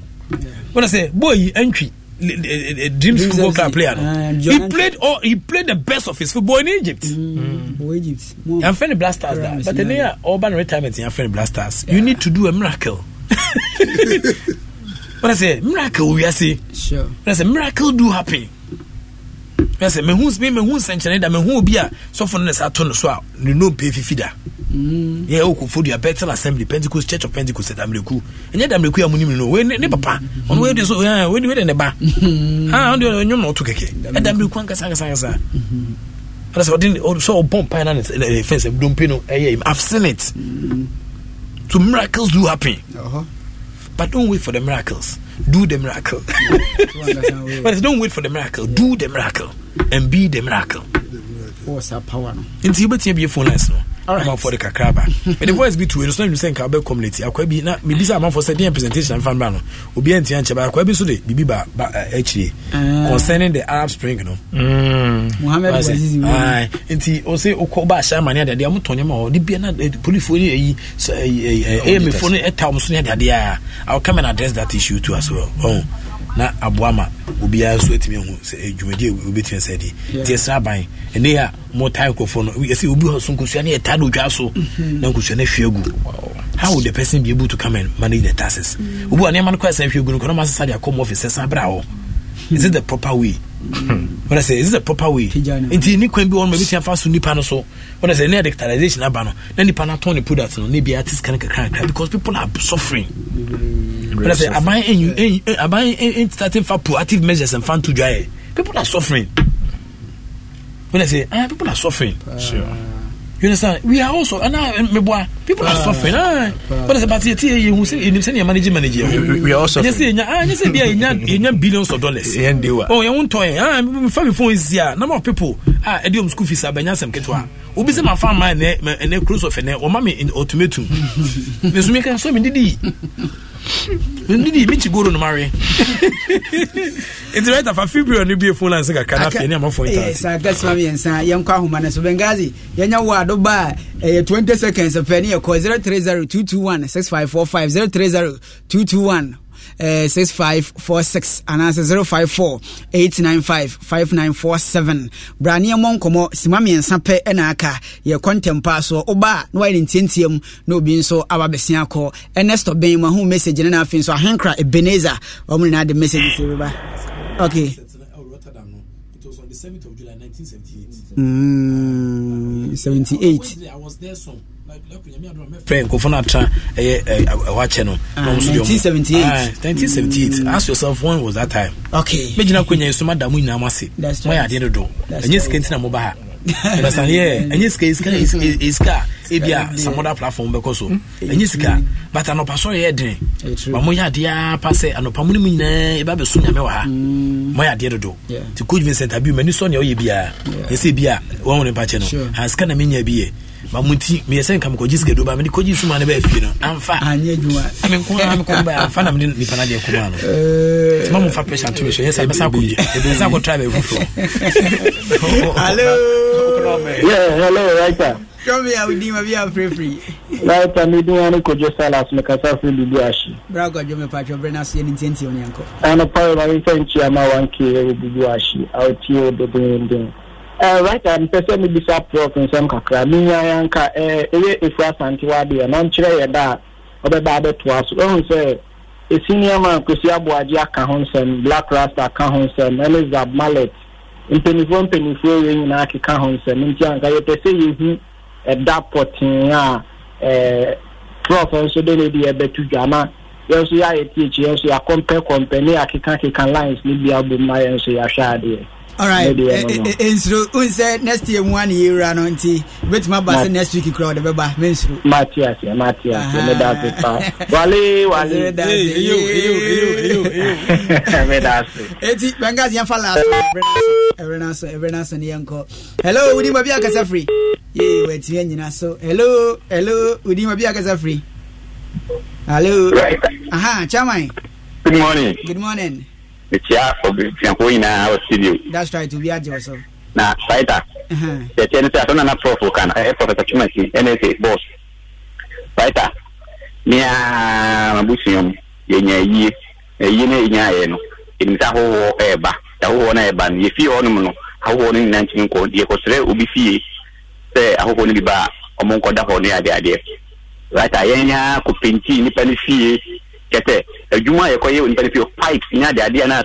When I say boy, entry. Dreams football club player. No? Uh, he played Oh, He played the best of his football in Egypt. Mm. Mm. Egypt. Well, I'm friendly blasters. That. But then yeah, urban retirement. I'm friendly blasters. You need to do a miracle. (laughs) what I say? Miracle. We are Sure. What I say? Miracle do happen. sɛ mehu mehu nsɛnkyerɛnne da mehu obi a sɔfo no ne saa to no so a ne nom pɛ fifi da mm. yɛ wɔ kofodua bɛtel assembly pentecost church of pentecost damreku ɛnyɛ damreku a munim no ne papa ɔno wɔde so wɔde wɔde ne ba mm. ah, ɔno deɛ ɔnyom na ɔto kɛkɛ ɛdamreku ankasa ankasa ankasa ɛna mm-hmm. sɛ ɔde sɛ ɔbɔ mpae na ne eh, fɛnsɛ dompe no ɛyɛ him i've seen it mm. so miracles do happen uh -huh. but don't wait for the miracles do the miracle. (laughs) but don't wait for the miracle. Do the miracle and be the miracle. What's oh, that power? Nti wobɛtumi abie phone lines amanfoɔ de kakra ba mede voice bi tuo no so na sɛ nka wobɛ community akwaa bi na mebisa amanfoɔ sɛ deɛ presentation amfa mbra no obia ntia nkyɛ ba akwaa bi so de biribi ba akyire ah. concerning the arab spring no mm. nti ɔsɛ wokɔ ba ahyɛ amane adeadeɛ motɔ nneɛma hɔ de bia na eh, polifoɔ ne ayi eh, eh, amfoɔ e no ɛta wo so ne adeadeɛ a i come and address that issue too as well oh na aboa ma obiara nso atumi ahu eh, dwumadie obɛtumi sɛ di nti ɛsra aban ɛne a motae nkurɔfoɔ no ɛsɛ obi hɔ so nkosua no yɛtaa de odwa so mhm. na nkosua no ahwie agu how would the person be able to come and manage the taxes mm. obi a nneɛma no kɔɛ sɛ ahwie agu no kɔnɔma sesa de akɔm ɔfice sɛsa berɛ a wɔ mm. is it the proper way mm. wɔn sɛ is it the proper way nti ne kwan bi wɔn ma ebi tia fa so nipa no so wɔn sɛ ne yɛ digitalization aba no na nipa no atɔn ne product no ne bi ati scan kakra because people are suffering. I na sɛ aban aban starting for proactive measures and fan to dwaɛ people are suffering when i say ah people are suffering ah. sure. you understand we are also and now meboa people are ah. suffering ah, ah. but as about it you who say you say manage manage we are also you say ah you say be you billions of dollars oh you want to ah me family phone is here number of people ah e school fees are abanya sem ketwa obi say my farm man na na close of na o ma me ultimatum (laughs) me so me so me didi ne meti goro nomawe nti right afa february no bie phone anse kakra afei ne amafo ntasakasima eh, miɛnsa yɛnkɔ ahoma no so bengazi yɛnya wo ado ba ɛyɛ eh, 20 seconds pɛ ne yɛkɔ 030221 six five four six anaasɛ zero five four eight nine five five nine four seven bra nneɛma nkɔmɔ sima mmiɛnsa pɛ ɛna aka yɛ kɔntɛm paa soɔ ɔbaa na wayɛ ne ntiantiam na obi nso aba bɛsia akɔ ernest ɔbɛn mu ahom message ne na afei nso ahenkra ebenezer wɔn nyinaa de message sɛ bɛba okay. Mm, 78. I pray nkɔfo eh, eh, eh, no atra ah, ɛyɛ ɛhɔ akyɛ no 1978 ah, mm. ask yourself when was that time okay mɛgyina kɔnya nsoma da mo nyinaa mo ase moayɛ adeɛ dodo ɛnyɛ sika nti na moba ha understand yeah ɛnyɛ sika sika sika ebia some other platform bɛkɔ so ɛnyɛ mm-hmm. sika mm-hmm. but anɔpa sɔrɔ yɛ den wa mo yɛ adeɛ apa sɛ anɔpa mo ne mu nyinaa eba bɛ so nyame wɔ ha mm. mo yɛ adeɛ dodo ti coach vincent abiy mɛ ni sɔ nea ɔyɛ biara ɛsɛ bia wɔn wɔn ne mpakyɛ no ha ah, sika na mi nya bi Mamuti nti meyɛ sɛ nka mekɔgye sika doba mede kɔgye suma no bɛafie no amfa amfa na mede nipa no adeɛ kɔmaa no nti mamu fa pressure to me so yɛ sɛ ɛbɛsa akɔgye ɛbɛsa akɔtra bɛafuforɔ hello yeah hello writer Come here, we free free. Right, I'm doing one could just tell us Braga, you may patch your brain as you need to see on your uncle. And raita mpɛ sɛ mebisa prof nsɛm kakra menya yɛnka ɛyɛ eh, ɛfiri asantewa deɛ na ɔnkyerɛ yɛ da a ɔbɛba abɛtoa e so ɛhu sɛ ɛsi nneɛma nkosi aboagye aka ho nsɛm black rasta aka ho nsɛm ɛne zab mallet mpanimfoɔ mpanimfoɔ wei nyinaa keka ho nsɛm nti anka yɛpɛ sɛ yɛhu ɛda e pɔtee a eh, prof nso de e ne deɛ ɛbɛto dwa na yɛn nso yɛ ayɛ tie yɛn nso yɛakɔmpɛ kɔmpɛ ne yɛakekakeka lines no bi abom na yɛn nso yɛahwɛ adeɛ alright nsoro n sɛ next year mu ani yewura no nti betuma ba sɛ next week kura ɔde bɛba me nsoro. mati ase mati ase ne da ase pa (laughs) wale wale eyo eyo eyo eyo me da ase. (laughs) eti bɛnkasi yɛn fa laaso ɛwɛrɛ naaso ɛwɛrɛ naaso ni yɛn kɔ hello wudi ma bi akasa firi yee wɔ eti yɛn nyina so hello hello wudi ma bi akasa firi hello aha chairman. good morning. good morning. mekyia ɔbɛfiako nyinaa wɔ studio na fighter yɛtiɛ uh-huh. no sɛ asɛm nana prɔfo ka no ɛyɛ professor twumasi ɛne sɛ boss fighter mea mabusuam yɛnya ayie ayie no yɛnyaayɛ no ɛnim sɛ ahohoɔ ɛɛba ahohoɔ no ɛɛba no yɛfie hɔ nom no ahohoɔ no nyinaa ntimi nkɔ yɛkɔsrɛ obi fie sɛ ahohoɔ no bi a ɔmo nkɔda hɔ no yɛ adeadeɛ right a yɛnyaa kɔpenti nnipa no fie kɛtɛ adwuma yɛkɔyɛ nipa no fie pipes ne adeadeɛ na